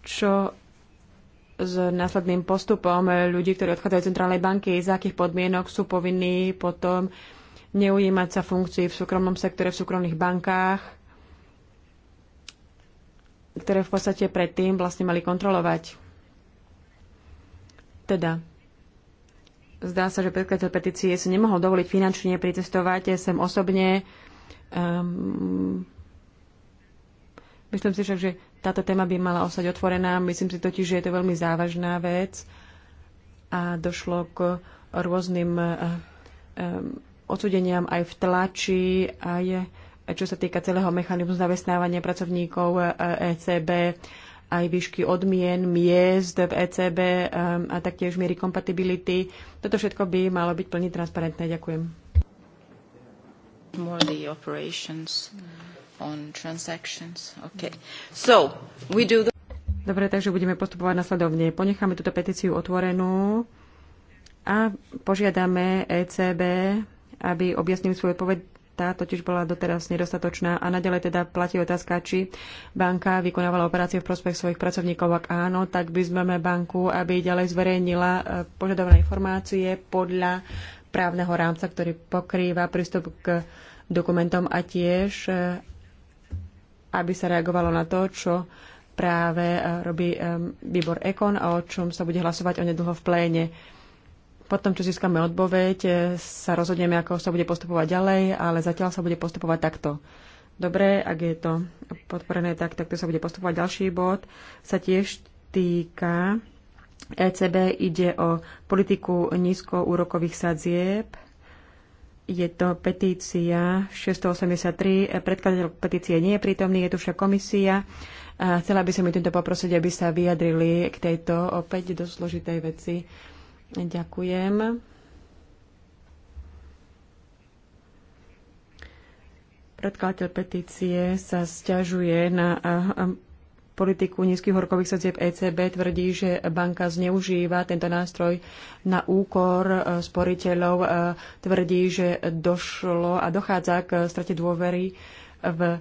čo s následným postupom ľudí, ktorí odchádzajú z centrálnej banky, za akých podmienok sú povinní potom neujímať sa funkcií v súkromnom sektore, v súkromných bankách, ktoré v podstate predtým vlastne mali kontrolovať. Teda Zdá sa, že predkladateľ petície si nemohol dovoliť finančne pricestovať sem osobne. Um, myslím si však, že táto téma by mala ostať otvorená. Myslím si totiž, že je to veľmi závažná vec a došlo k rôznym um, odsudeniam aj v tlači, aj čo sa týka celého mechanizmu zamestnávania pracovníkov ECB. Eh, eh, e aj výšky odmien, miest v ECB um, a taktiež miery kompatibility. Toto všetko by malo byť plne transparentné. Ďakujem. More the operations on transactions. Okay. So, we do the... Dobre, takže budeme postupovať nasledovne. Ponecháme túto petíciu otvorenú a požiadame ECB, aby objasnil svoju odpoveď tá totiž bola doteraz nedostatočná a naďalej teda platí otázka, či banka vykonávala operácie v prospech svojich pracovníkov. Ak áno, tak by sme banku, aby ďalej zverejnila e, požadované informácie podľa právneho rámca, ktorý pokrýva prístup k dokumentom a tiež, e, aby sa reagovalo na to, čo práve e, robí výbor Ekon a o čom sa bude hlasovať o nedlho v pléne. Potom, čo získame odpoveď, e, sa rozhodneme, ako sa bude postupovať ďalej, ale zatiaľ sa bude postupovať takto. Dobre, ak je to podporené, tak takto sa bude postupovať. Ďalší bod sa tiež týka ECB, ide o politiku nízkoúrokových sadzieb. Je to petícia 683. Predkladateľ petície nie je prítomný, je tu však komisia. A chcela by som mi týmto poprosiť, aby sa vyjadrili k tejto opäť dosť zložitej veci. Ďakujem. Predkladateľ petície sa stiažuje na politiku nízkych horkových sadzieb ECB tvrdí, že banka zneužíva tento nástroj na úkor e, sporiteľov, e, tvrdí, že došlo a dochádza k strate dôvery v e,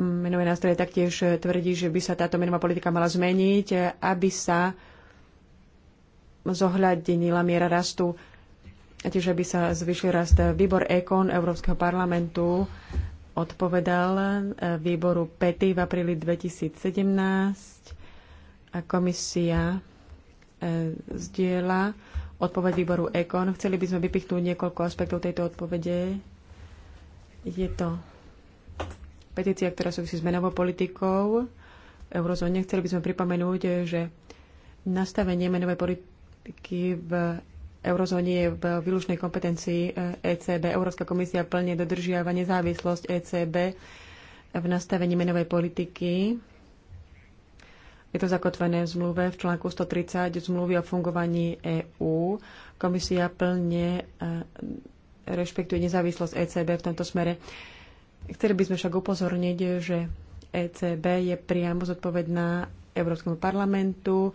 menové nástroje, taktiež tvrdí, že by sa táto menová politika mala zmeniť, aby sa zohľadnila miera rastu, tiež aby sa zvyšil rast. Výbor EKON Európskeho parlamentu odpovedal e, výboru PETI v apríli 2017 a komisia e, zdieľa odpoveď výboru EKON. Chceli by sme vypichnúť niekoľko aspektov tejto odpovede. Je to petícia, ktorá súvisí s menovou politikou v eurozóne. Chceli by sme pripomenúť, že nastavenie menovej politiky v eurozóne je v výlučnej kompetencii ECB. E Európska komisia plne dodržiava nezávislosť ECB v nastavení menovej politiky. Je to zakotvené v zmluve v článku 130 zmluvy o fungovaní EÚ. Komisia plne e, rešpektuje nezávislosť ECB v tomto smere. Chceli by sme však upozorniť, že ECB je priamo zodpovedná Európskemu parlamentu,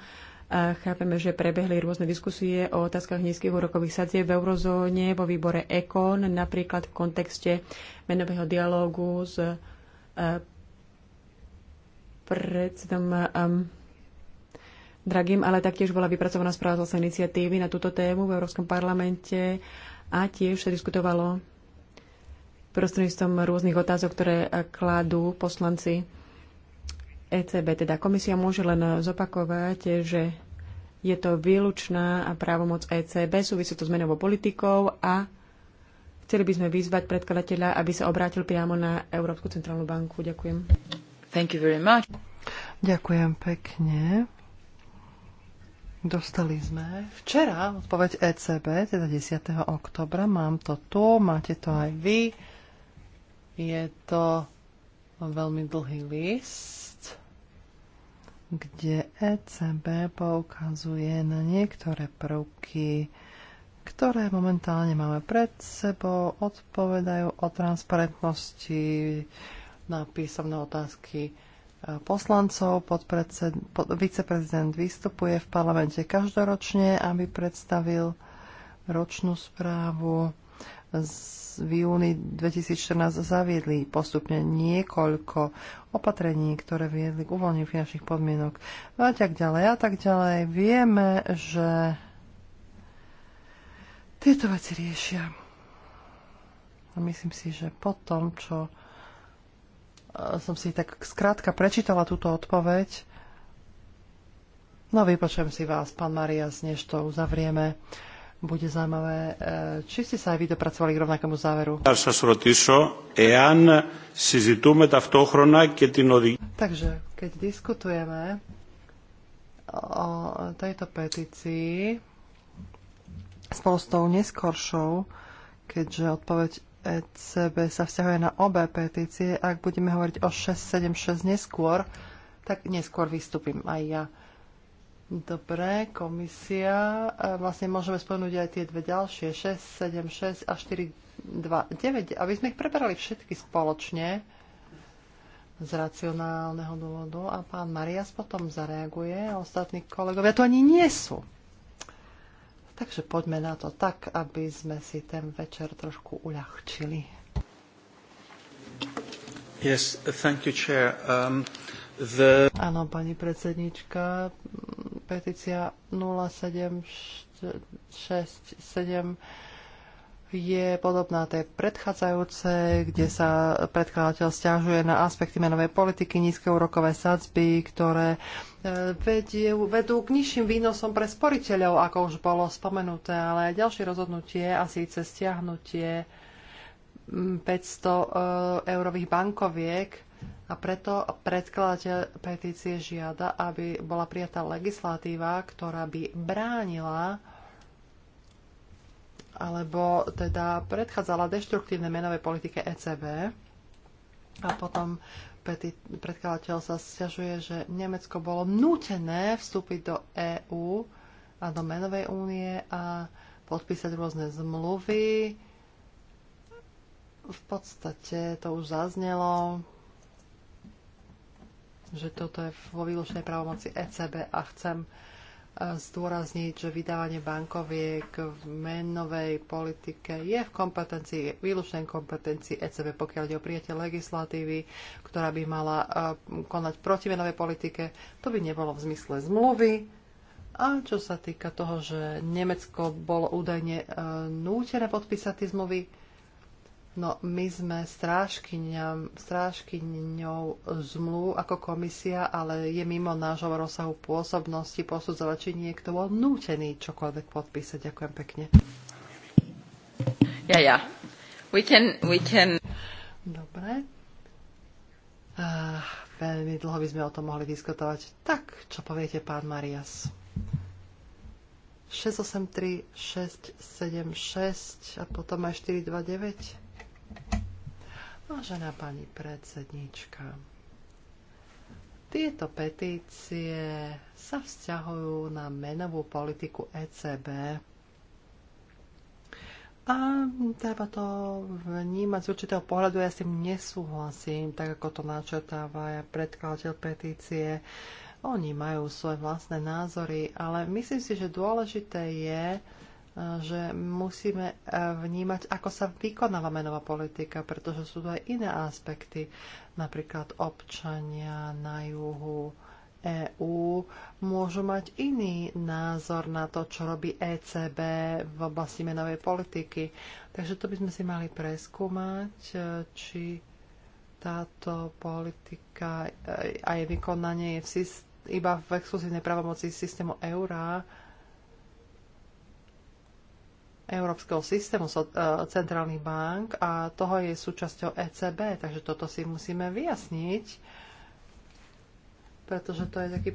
a chápeme, že prebehli rôzne diskusie o otázkach nízkych úrokových sadzieb v eurozóne, vo výbore EKON, napríklad v kontexte menového dialógu s eh, predsedom ehm, Dragim, ale taktiež bola vypracovaná správa zase iniciatívy na túto tému v Európskom parlamente a tiež sa diskutovalo prostredníctvom rôznych otázok, ktoré eh, kladú poslanci ECB, teda komisia môže len zopakovať, že je to výlučná právomoc ECB, súvisí to s menovou politikou a chceli by sme vyzvať predkladateľa, aby sa obrátil priamo na Európsku centrálnu banku. Ďakujem. Thank you very much. Ďakujem pekne. Dostali sme včera odpoveď ECB, teda 10. oktobra. Mám to tu, máte to aj vy. Je to veľmi dlhý list kde ECB poukazuje na niektoré prvky, ktoré momentálne máme pred sebou, odpovedajú o transparentnosti na písomné otázky e, poslancov. Podpredsed, pod, viceprezident vystupuje v parlamente každoročne, aby predstavil ročnú správu z v júni 2014 zaviedli postupne niekoľko opatrení, ktoré viedli k uvoľneniu finančných podmienok a tak ďalej a tak ďalej. Vieme, že tieto veci riešia. A myslím si, že po tom, čo som si tak skrátka prečítala túto odpoveď, no vypočujem si vás, pán Marias, než to uzavrieme. Bude zaujímavé, e, či ste sa aj vy dopracovali k rovnakému záveru. Takže, keď diskutujeme o tejto petícii spolu s tou neskoršou, keďže odpoveď ECB sa vzťahuje na obe petície, ak budeme hovoriť o 676 neskôr, tak neskôr vystúpim aj ja. Dobre, komisia. E, vlastne môžeme spomenúť aj tie dve ďalšie, 6, 7, 6 a 4, 2, 9, aby sme ich preberali všetky spoločne z racionálneho dôvodu a pán Marias potom zareaguje a ostatní kolegovia to ani nie sú. Takže poďme na to tak, aby sme si ten večer trošku uľahčili. Yes, thank you, chair. Um, the... Áno, pani predsednička, Petícia 0767 je podobná tej predchádzajúcej, kde sa predkladateľ stiažuje na aspekty menovej politiky, nízke úrokové sadzby, ktoré e, vedie, vedú k nižším výnosom pre sporiteľov, ako už bolo spomenuté, ale aj ďalšie rozhodnutie a síce stiahnutie 500 e, eurových bankoviek a preto predkladateľ petície žiada, aby bola prijatá legislatíva, ktorá by bránila alebo teda predchádzala deštruktívne menové politike ECB. A potom peti- predkladateľ sa sťažuje, že Nemecko bolo nútené vstúpiť do EÚ a do menovej únie a podpísať rôzne zmluvy. V podstate to už zaznelo že toto je vo výlučnej právomoci ECB a chcem e, zdôrazniť, že vydávanie bankoviek v menovej politike je v kompetencii, výlučnej kompetencii ECB, pokiaľ ide o prijatie legislatívy, ktorá by mala e, konať proti menovej politike. To by nebolo v zmysle zmluvy. A čo sa týka toho, že Nemecko bolo údajne e, nútené podpísať tie zmluvy, No, my sme strážkyňou zmluv ako komisia, ale je mimo nášho rozsahu pôsobnosti posudzovať, či niekto bol nútený čokoľvek podpísať. Ďakujem pekne. Ja, yeah, ja. Yeah. We can, we can... Dobre. Ah, veľmi dlho by sme o tom mohli diskutovať. Tak, čo poviete, pán Marias? 683, 676 a potom aj 429. Vážená pani predsednička, tieto petície sa vzťahujú na menovú politiku ECB a treba to vnímať z určitého pohľadu. Ja s tým nesúhlasím, tak ako to načetáva predkladateľ petície. Oni majú svoje vlastné názory, ale myslím si, že dôležité je, že musíme eh, vnímať, ako sa vykonáva menová politika, pretože sú tu aj iné aspekty, napríklad občania na juhu EÚ môžu mať iný názor na to, čo robí ECB v oblasti menovej politiky. Takže to by sme si mali preskúmať, eh, či táto politika eh, a jej vykonanie je v iba v exkluzívnej pravomoci systému eurá, európskeho systému e, centrálnych bank a toho je súčasťou ECB, takže toto si musíme vyjasniť, pretože to je taký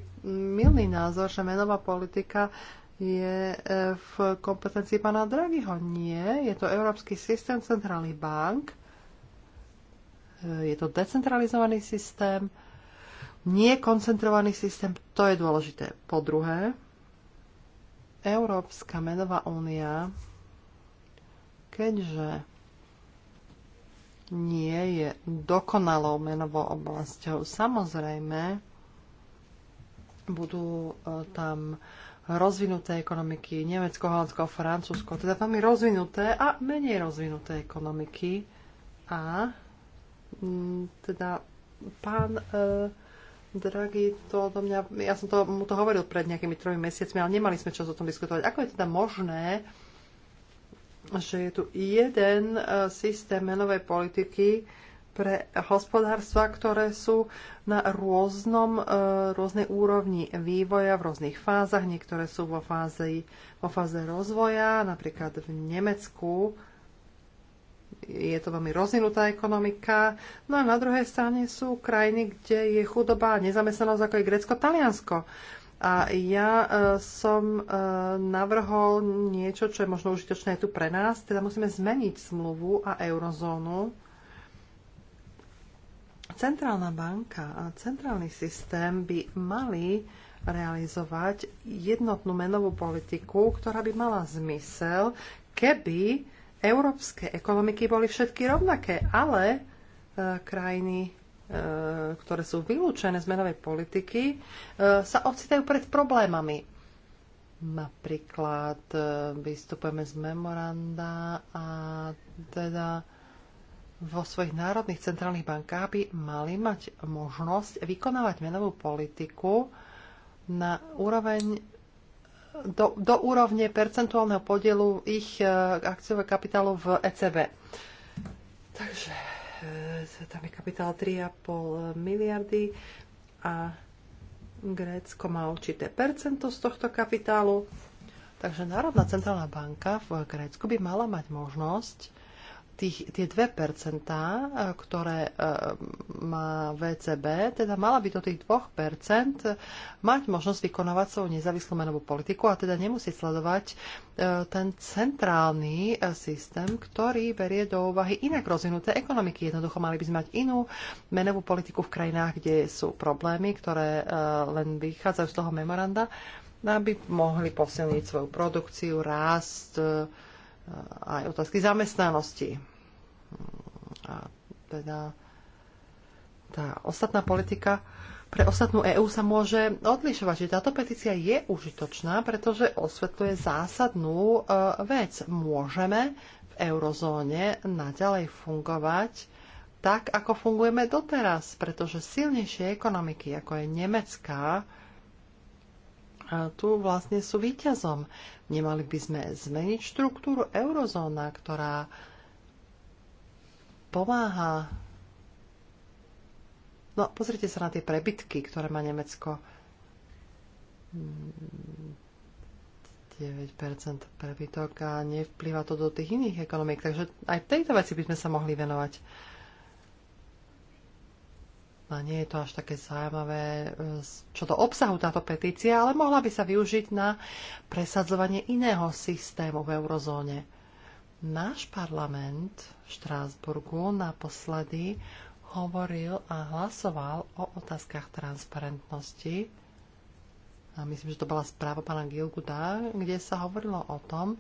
milný názor, že menová politika je e, v kompetencii pána Draghiho. Nie, je to Európsky systém centrálnych bank, e, je to decentralizovaný systém, nie koncentrovaný systém, to je dôležité. Po druhé, Európska menová únia Keďže nie je dokonalou menovou oblasťou, samozrejme budú e, tam rozvinuté ekonomiky, Nemecko, Holandsko, Francúzsko, teda veľmi rozvinuté a menej rozvinuté ekonomiky. A mm, teda pán e, Draghi, to do mňa, ja som to, mu to hovoril pred nejakými tromi mesiacmi, ale nemali sme čas o tom diskutovať. Ako je teda možné, že je tu jeden e, systém menovej politiky pre hospodárstva, ktoré sú na rôznom, e, rôznej úrovni vývoja v rôznych fázach. Niektoré sú vo fáze, vo fáze rozvoja, napríklad v Nemecku je to veľmi rozvinutá ekonomika. No a na druhej strane sú krajiny, kde je chudoba a nezamestnanosť, ako je Grécko, Taliansko. A ja e, som e, navrhol niečo, čo je možno užitočné tu pre nás. Teda musíme zmeniť zmluvu a eurozónu. Centrálna banka a centrálny systém by mali realizovať jednotnú menovú politiku, ktorá by mala zmysel, keby európske ekonomiky boli všetky rovnaké, ale e, krajiny E, ktoré sú vylúčené z menovej politiky, e, sa ocitajú pred problémami. Napríklad e, vystupujeme z memoranda a teda vo svojich národných centrálnych bankách by mali mať možnosť vykonávať menovú politiku na úroveň do, do úrovne percentuálneho podielu ich akciového kapitálu v ECB. Takže E, tam je kapitál 3,5 miliardy a Grécko má určité percento z tohto kapitálu. Takže Národná centrálna banka v Grécku by mala mať možnosť tých, tie 2%, e, ktoré e, má VCB, teda mala by do tých 2% e, mať možnosť vykonávať svoju nezávislú menovú politiku a teda nemusí sledovať ten centrálny systém, ktorý berie do úvahy inak rozvinuté ekonomiky. Jednoducho mali by sme mať inú menovú politiku v krajinách, kde sú problémy, ktoré len vychádzajú z toho memoranda, aby mohli posilniť svoju produkciu, rast, aj otázky zamestnanosti. A teda tá ostatná politika pre ostatnú EÚ sa môže odlišovať, že táto petícia je užitočná, pretože osvetľuje zásadnú e, vec. Môžeme v eurozóne naďalej fungovať tak, ako fungujeme doteraz, pretože silnejšie ekonomiky, ako je nemecká, tu vlastne sú výťazom. Nemali by sme zmeniť štruktúru eurozóna, ktorá pomáha. No, pozrite sa na tie prebytky, ktoré má Nemecko. 9% prebytok a nevplýva to do tých iných ekonomík. Takže aj tejto veci by sme sa mohli venovať nie je to až také zaujímavé, e, čo do obsahu táto petícia, ale mohla by sa využiť na presadzovanie iného systému v eurozóne. Náš parlament v Štrásburgu naposledy hovoril a hlasoval o otázkach transparentnosti. A myslím, že to bola správa pána Gilguda, kde sa hovorilo o tom,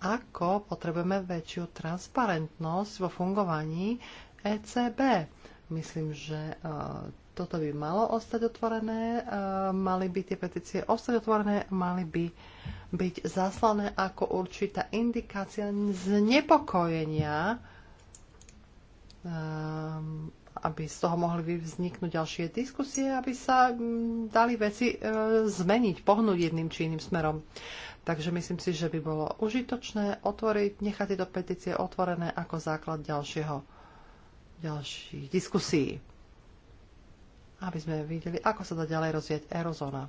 ako potrebujeme väčšiu transparentnosť vo fungovaní ECB. Myslím, že e, toto by malo ostať otvorené, e, mali by tie petície ostať otvorené, mali by byť zaslané ako určitá indikácia znepokojenia, e, aby z toho mohli vzniknúť ďalšie diskusie, aby sa mm, dali veci zmeniť, pohnúť jedným či iným smerom. Takže myslím si, že by bolo užitočné otvoriť, nechať tieto petície otvorené ako základ ďalšieho ďalších diskusí, aby sme videli, ako sa dá ďalej rozvieť eurozóna.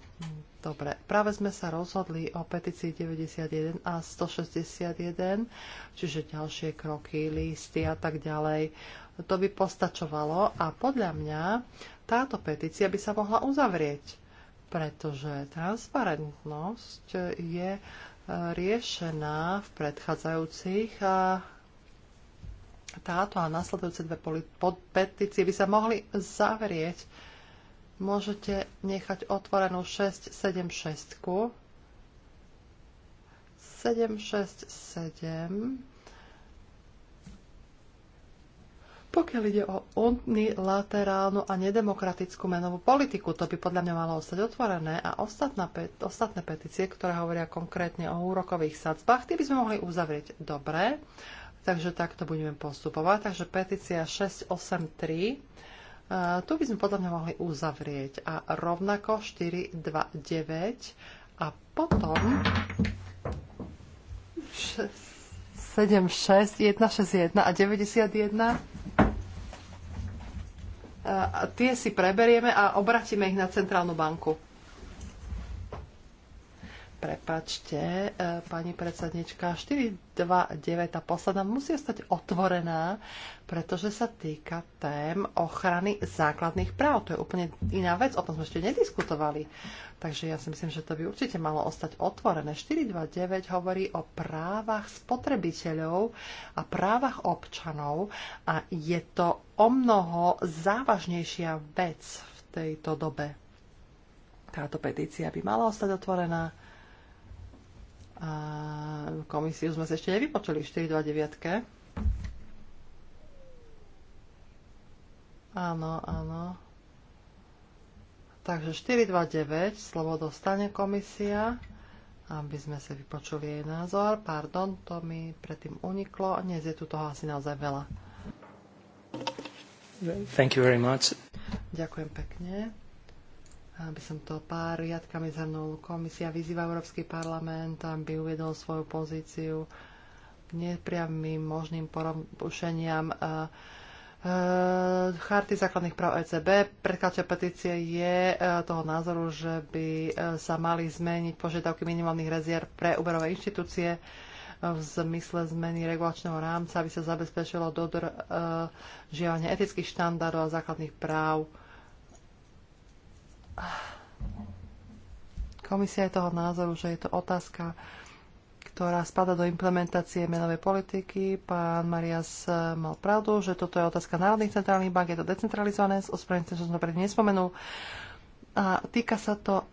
Dobre, práve sme sa rozhodli o petícii 91 a 161, čiže ďalšie kroky, listy a tak ďalej. To by postačovalo a podľa mňa táto petícia by sa mohla uzavrieť, pretože transparentnosť je e, riešená v predchádzajúcich táto a nasledujúce dve petície by sa mohli zavrieť. Môžete nechať otvorenú 676. 767. Pokiaľ ide o unilaterálnu a nedemokratickú menovú politiku, to by podľa mňa malo ostať otvorené a ostatné petície, ktoré hovoria konkrétne o úrokových sadzbách, tie by sme mohli uzavrieť dobre. Takže takto budeme postupovať. Takže petícia 683. Uh, e, tu by sme podľa mňa mohli uzavrieť. A rovnako 429. A potom 6, 7, 6, 1, 6, 1 a 91. Uh, e, tie si preberieme a obratíme ich na Centrálnu banku prepačte, e, pani predsednička, 9, tá posledná, musí ostať otvorená, pretože sa týka tém ochrany základných práv. To je úplne iná vec, o tom sme ešte nediskutovali. Takže ja si myslím, že to by určite malo ostať otvorené. 429 hovorí o právach spotrebiteľov a právach občanov a je to o mnoho závažnejšia vec v tejto dobe. Táto petícia by mala ostať otvorená a komisiu sme sa ešte nevypočuli v 429. Áno, áno. Takže 429, slovo dostane komisia, aby sme sa vypočuli jej názor. Pardon, to mi predtým uniklo. Dnes je tu toho asi naozaj veľa. Thank you very much. Ďakujem pekne aby som to pár riadkami zhrnul. Komisia vyzýva Európsky parlament, aby uviedol svoju pozíciu k nepriamým možným porušeniam eh, eh, Charty základných práv ECB. Predkladateľ petície je eh, toho názoru, že by sa mali zmeniť požiadavky minimálnych rezerv pre úverové inštitúcie v zmysle zmeny regulačného rámca, aby sa zabezpečilo dodržiavanie etických štandardov a základných práv Komisia je toho názoru, že je to otázka, ktorá spada do implementácie menovej politiky. Pán Marias eh, mal pravdu, že toto je otázka národných centrálnych bank, je to decentralizované, ospravedlňujem sa, že som to predtým nespomenul. A týka sa to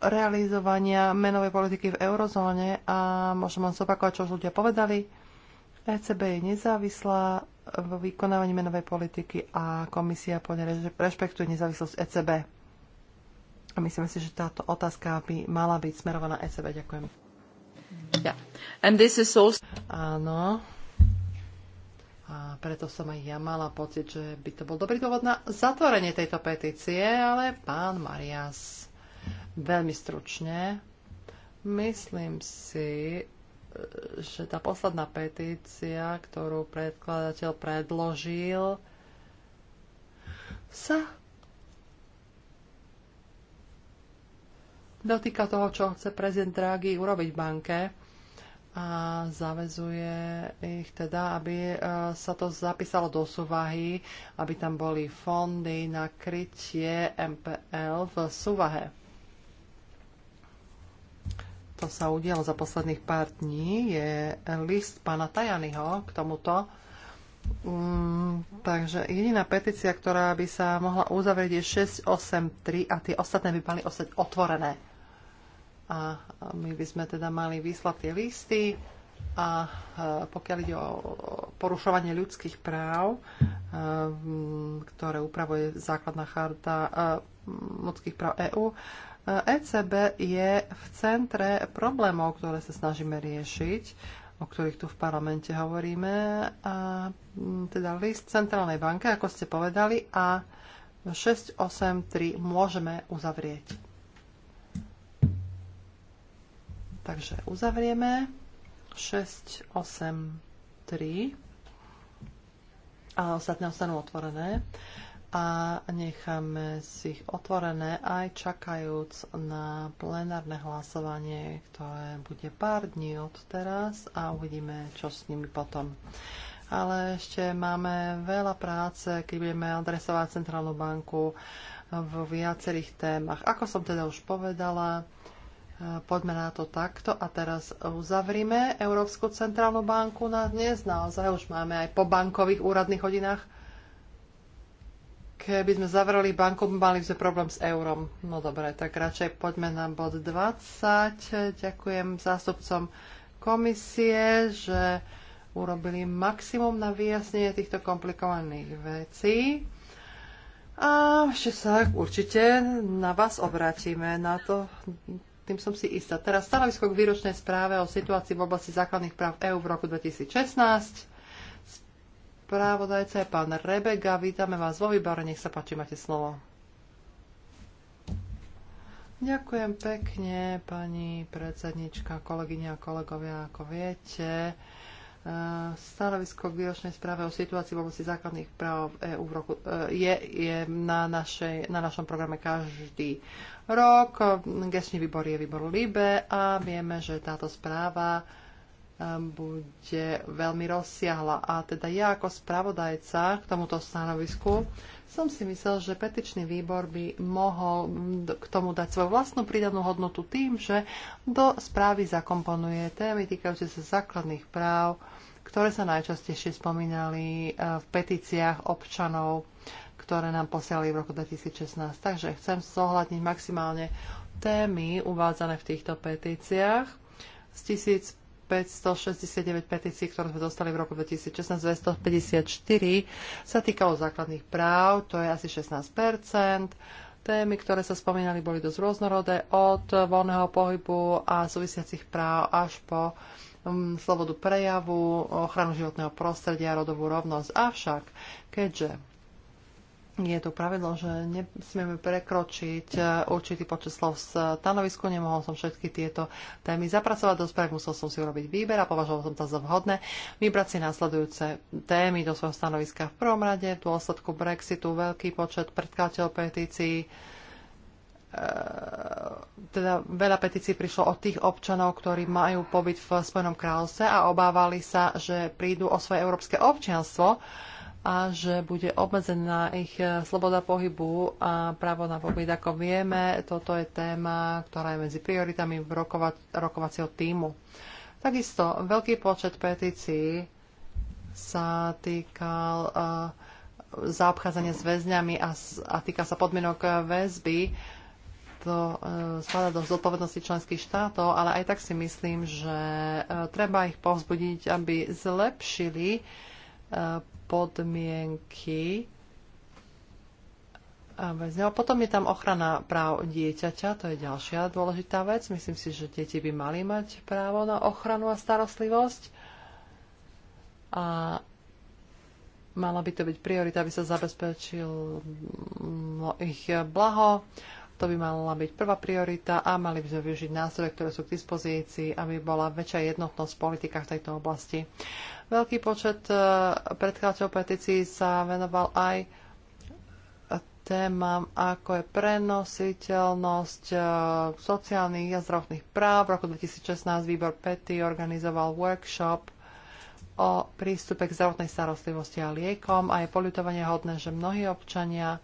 realizovania menovej politiky v eurozóne a môžem vám zopakovať, čo už ľudia povedali. ECB je nezávislá v vykonávaní menovej politiky a komisia plne rešpektuje nezávislosť ECB. A myslím si, že táto otázka by mala byť smerovaná ECB. Ďakujem. Yeah. And this is also... Áno. A preto som aj ja mala pocit, že by to bol dobrý dôvod na zatvorenie tejto petície, ale pán Marias, veľmi stručne, myslím si, že tá posledná petícia, ktorú predkladateľ predložil, sa dotýka toho, čo chce prezident Draghi urobiť v banke a zavezuje ich teda, aby e, sa to zapísalo do súvahy, aby tam boli fondy na krytie MPL v súvahe. To sa udialo za posledných pár dní. Je list pána Tajanyho k tomuto. Um, takže jediná petícia, ktorá by sa mohla uzavrieť, je 683 a tie ostatné by mali ostať otvorené a my by sme teda mali vyslať tie listy a pokiaľ ide o porušovanie ľudských práv, ktoré upravuje základná charta ľudských práv EÚ, ECB je v centre problémov, ktoré sa snažíme riešiť, o ktorých tu v parlamente hovoríme, a teda list Centrálnej banke, ako ste povedali, a 683 môžeme uzavrieť. Takže uzavrieme. 6, 8, 3. A ostatné ostanú otvorené. A necháme si ich otvorené aj čakajúc na plenárne hlasovanie, ktoré bude pár dní od teraz a uvidíme, čo s nimi potom ale ešte máme veľa práce, keď budeme adresovať Centrálnu banku v viacerých témach. Ako som teda už povedala, Poďme na to takto a teraz uzavrime Európsku centrálnu banku na dnes. Naozaj už máme aj po bankových úradných hodinách. Keby sme zavreli banku, mali by sme problém s eurom. No dobre, tak radšej poďme na bod 20. Ďakujem zástupcom komisie, že urobili maximum na vyjasnenie týchto komplikovaných vecí. A ešte sa určite na vás obratíme na to, tým som si istá. Teraz stanovisko k výročnej správe o situácii v oblasti základných práv EÚ v roku 2016. Správodajca je pán Rebega. Vítame vás vo výbore. Nech sa páči, máte slovo. Ďakujem pekne, pani predsednička, kolegyne a kolegovia. Ako viete, E, stanovisko k výročnej správe o situácii v oblasti základných práv EÚ v roku, e, je, je na, našej, na našom programe každý rok. Gestný výbor je výbor LIBE a vieme, že táto správa e, bude veľmi rozsiahla. A teda ja ako spravodajca k tomuto stanovisku som si myslel, že petičný výbor by mohol k tomu dať svoju vlastnú pridanú hodnotu tým, že do správy zakomponuje témy týkajúce sa základných práv, ktoré sa najčastejšie spomínali e, v petíciách občanov, ktoré nám posielali v roku 2016. Takže chcem zohľadniť maximálne témy uvádzané v týchto petíciách z 569 petícií, ktoré sme dostali v roku 2016, 254 sa týkalo základných práv, to je asi 16 Témy, ktoré sa spomínali, boli dosť rôznorodé, od voľného pohybu a súvisiacich práv až po um, slobodu prejavu, ochranu životného prostredia, rodovú rovnosť. Avšak, keďže je to pravidlo, že nesmieme prekročiť e, určitý počet slov v stanovisku. Nemohol som všetky tieto témy zapracovať do správy. musel som si urobiť výber a považoval som to za vhodné vybrať si následujúce témy do svojho stanoviska v prvom rade. V dôsledku Brexitu veľký počet predkladateľov petícií e, teda veľa petícií prišlo od tých občanov, ktorí majú pobyt v Spojenom kráľovstve a obávali sa, že prídu o svoje európske občianstvo. Uh, a že bude obmedzená ich e, sloboda pohybu a právo na pobyt. Ako vieme, toto je téma, ktorá je medzi prioritami v rokova- rokovacieho týmu. Takisto veľký počet petícií sa týkal uh, zaobchádzania s väzňami a, a týka sa podmienok e, väzby. To uh, spada do zodpovednosti členských štátov, ale aj tak si myslím, že uh, treba ich povzbudiť, aby zlepšili uh, podmienky A potom je tam ochrana práv dieťaťa, to je ďalšia dôležitá vec. Myslím si, že deti by mali mať právo na ochranu a starostlivosť. A mala by to byť priorita, aby sa zabezpečil ich blaho. To by mala byť prvá priorita a mali by sme využiť nástroje, ktoré sú k dispozícii, aby bola väčšia jednotnosť v politikách v tejto oblasti. Veľký počet e, predkladateľov petícií sa venoval aj témam, ako je prenositeľnosť e, sociálnych a zdravotných práv. V roku 2016 výbor PETI organizoval workshop o prístupe k zdravotnej starostlivosti a liekom a je poľutovanie hodné, že mnohí občania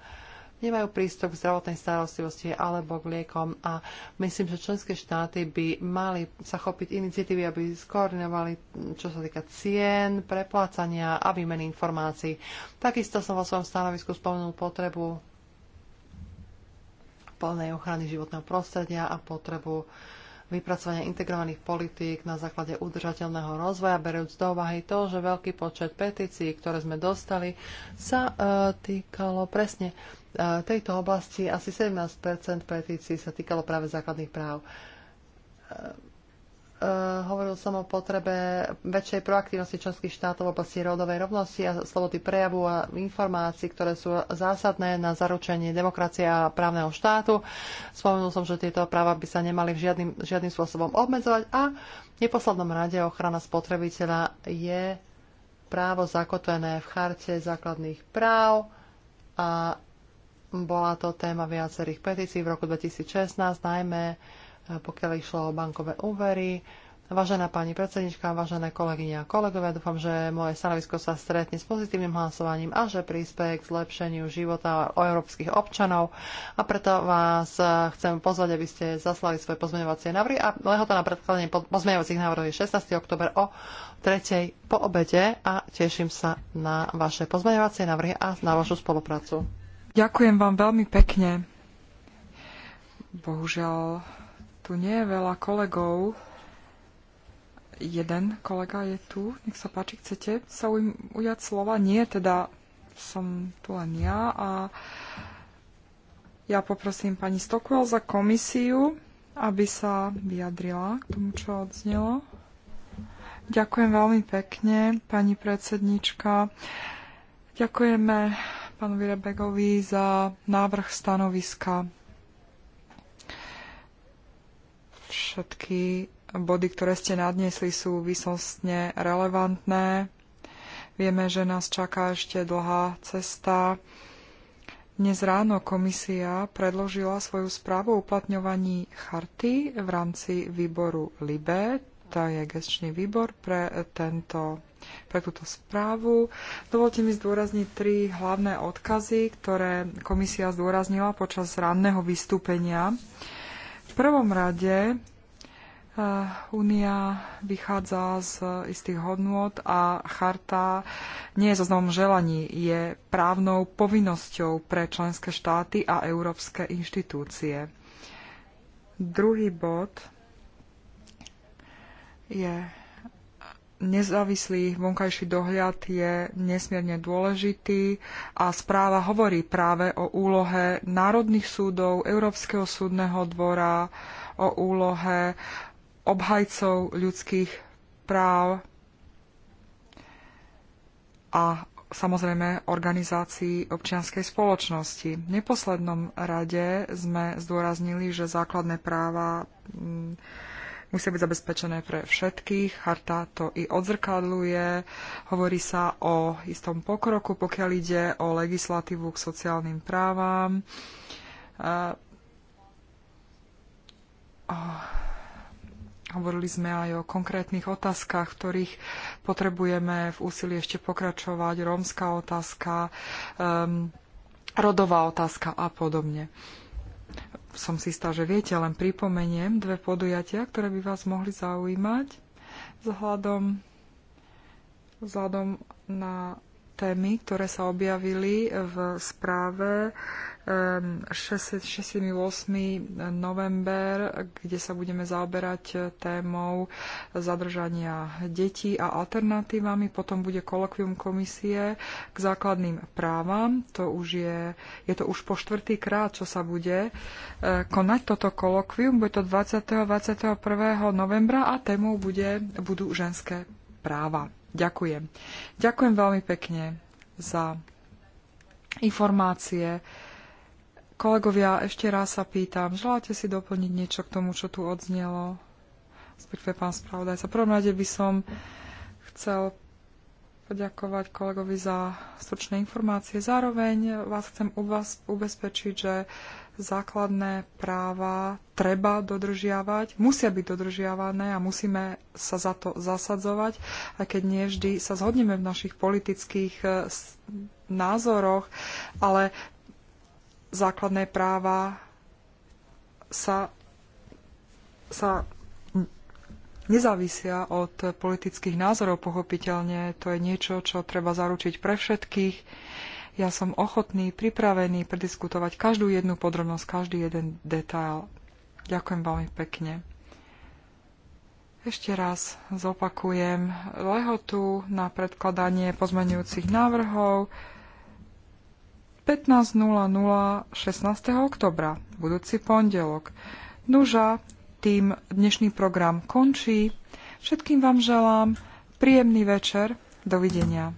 nemajú prístup k zdravotnej starostlivosti alebo k liekom a myslím, že členské štáty by mali sa chopiť iniciatívy, aby skoordinovali, čo sa týka cien, preplácania a výmeny informácií. Takisto som vo svojom stanovisku spomenul potrebu plnej ochrany životného prostredia a potrebu vypracovania integrovaných politík na základe udržateľného rozvoja, berúc do úvahy to, že veľký počet petícií, ktoré sme dostali, sa uh, týkalo presne tejto oblasti asi 17 petícií sa týkalo práve základných práv. E, e, hovoril som o potrebe väčšej proaktívnosti členských štátov v oblasti rodovej rovnosti a slobody prejavu a informácií, ktoré sú zásadné na zaručenie demokracie a právneho štátu. Spomenul som, že tieto práva by sa nemali žiadnym, žiadnym spôsobom obmedzovať a v neposlednom rade ochrana spotrebiteľa je právo zakotvené v charte základných práv a bola to téma viacerých petícií v roku 2016, najmä e, pokiaľ išlo o bankové úvery. Vážená pani predsednička, vážené kolegyne a kolegovia, dúfam, že moje stanovisko sa stretne s pozitívnym hlasovaním a že prispieje k zlepšeniu života európskych občanov. A preto vás e, chcem pozvať, aby ste zaslali svoje pozmeňovacie návrhy. A lehota na predkladanie pozmeňovacích návrhov je 16. oktober o 3. po obede a teším sa na vaše pozmeňovacie návrhy a na vašu spoluprácu. Ďakujem vám veľmi pekne. Bohužiaľ, tu nie je veľa kolegov. Jeden kolega je tu. Nech sa páči, chcete sa ujať slova? Nie, teda som tu len ja a ja poprosím pani Stockwell za komisiu, aby sa vyjadrila k tomu, čo odznelo. Ďakujem veľmi pekne, pani predsednička. Ďakujeme pánovi Rebegovi za návrh stanoviska. Všetky body, ktoré ste nadnesli, sú výsostne relevantné. Vieme, že nás čaká ešte dlhá cesta. Dnes ráno komisia predložila svoju správu o uplatňovaní charty v rámci výboru LIBE, to je gestčný výbor pre tento pre túto správu. Dovolte mi zdôrazniť tri hlavné odkazy, ktoré komisia zdôraznila počas ranného vystúpenia. V prvom rade eh, Únia vychádza z istých hodnôt a charta nie je zoznamom želaní, je právnou povinnosťou pre členské štáty a európske inštitúcie. Druhý bod je nezávislý vonkajší dohľad je nesmierne dôležitý a správa hovorí práve o úlohe národných súdov, Európskeho súdneho dvora, o úlohe obhajcov ľudských práv a samozrejme organizácií občianskej spoločnosti. V neposlednom rade sme zdôraznili, že základné práva musí byť zabezpečené pre všetkých. Charta to i odzrkadluje. Hovorí sa o istom pokroku, pokiaľ ide o legislatívu k sociálnym právam. Uh, oh. Hovorili sme aj o konkrétnych otázkach, ktorých potrebujeme v úsilí ešte pokračovať, rómska otázka, um, rodová otázka a podobne som si istá, že viete, len pripomeniem dve podujatia, ktoré by vás mohli zaujímať vzhľadom, vzhľadom na témy, ktoré sa objavili v správe 68. november, kde sa budeme zaoberať témou zadržania detí a alternatívami. Potom bude kolokvium komisie k základným právam. To už je, je to už po štvrtý krát, čo sa bude eh, konať toto kolokvium. Bude to 20. 21. novembra a témou bude, budú ženské práva. Ďakujem. Ďakujem veľmi pekne za informácie Kolegovia, ešte raz sa pýtam, želáte si doplniť niečo k tomu, čo tu odznelo? Respektíve pán spravodajca. Prvom rade by som chcel poďakovať kolegovi za stručné informácie. Zároveň vás chcem ubezpečiť, že základné práva treba dodržiavať, musia byť dodržiavané a musíme sa za to zasadzovať, aj keď nie vždy sa zhodneme v našich politických eh, názoroch, ale základné práva sa, sa nezávisia od politických názorov, pochopiteľne. To je niečo, čo treba zaručiť pre všetkých. Ja som ochotný, pripravený prediskutovať každú jednu podrobnosť, každý jeden detail. Ďakujem veľmi pekne. Ešte raz zopakujem lehotu na predkladanie pozmenujúcich návrhov 15.00 16. oktobra, budúci pondelok. Nuža, tým dnešný program končí. Všetkým vám želám príjemný večer. Dovidenia.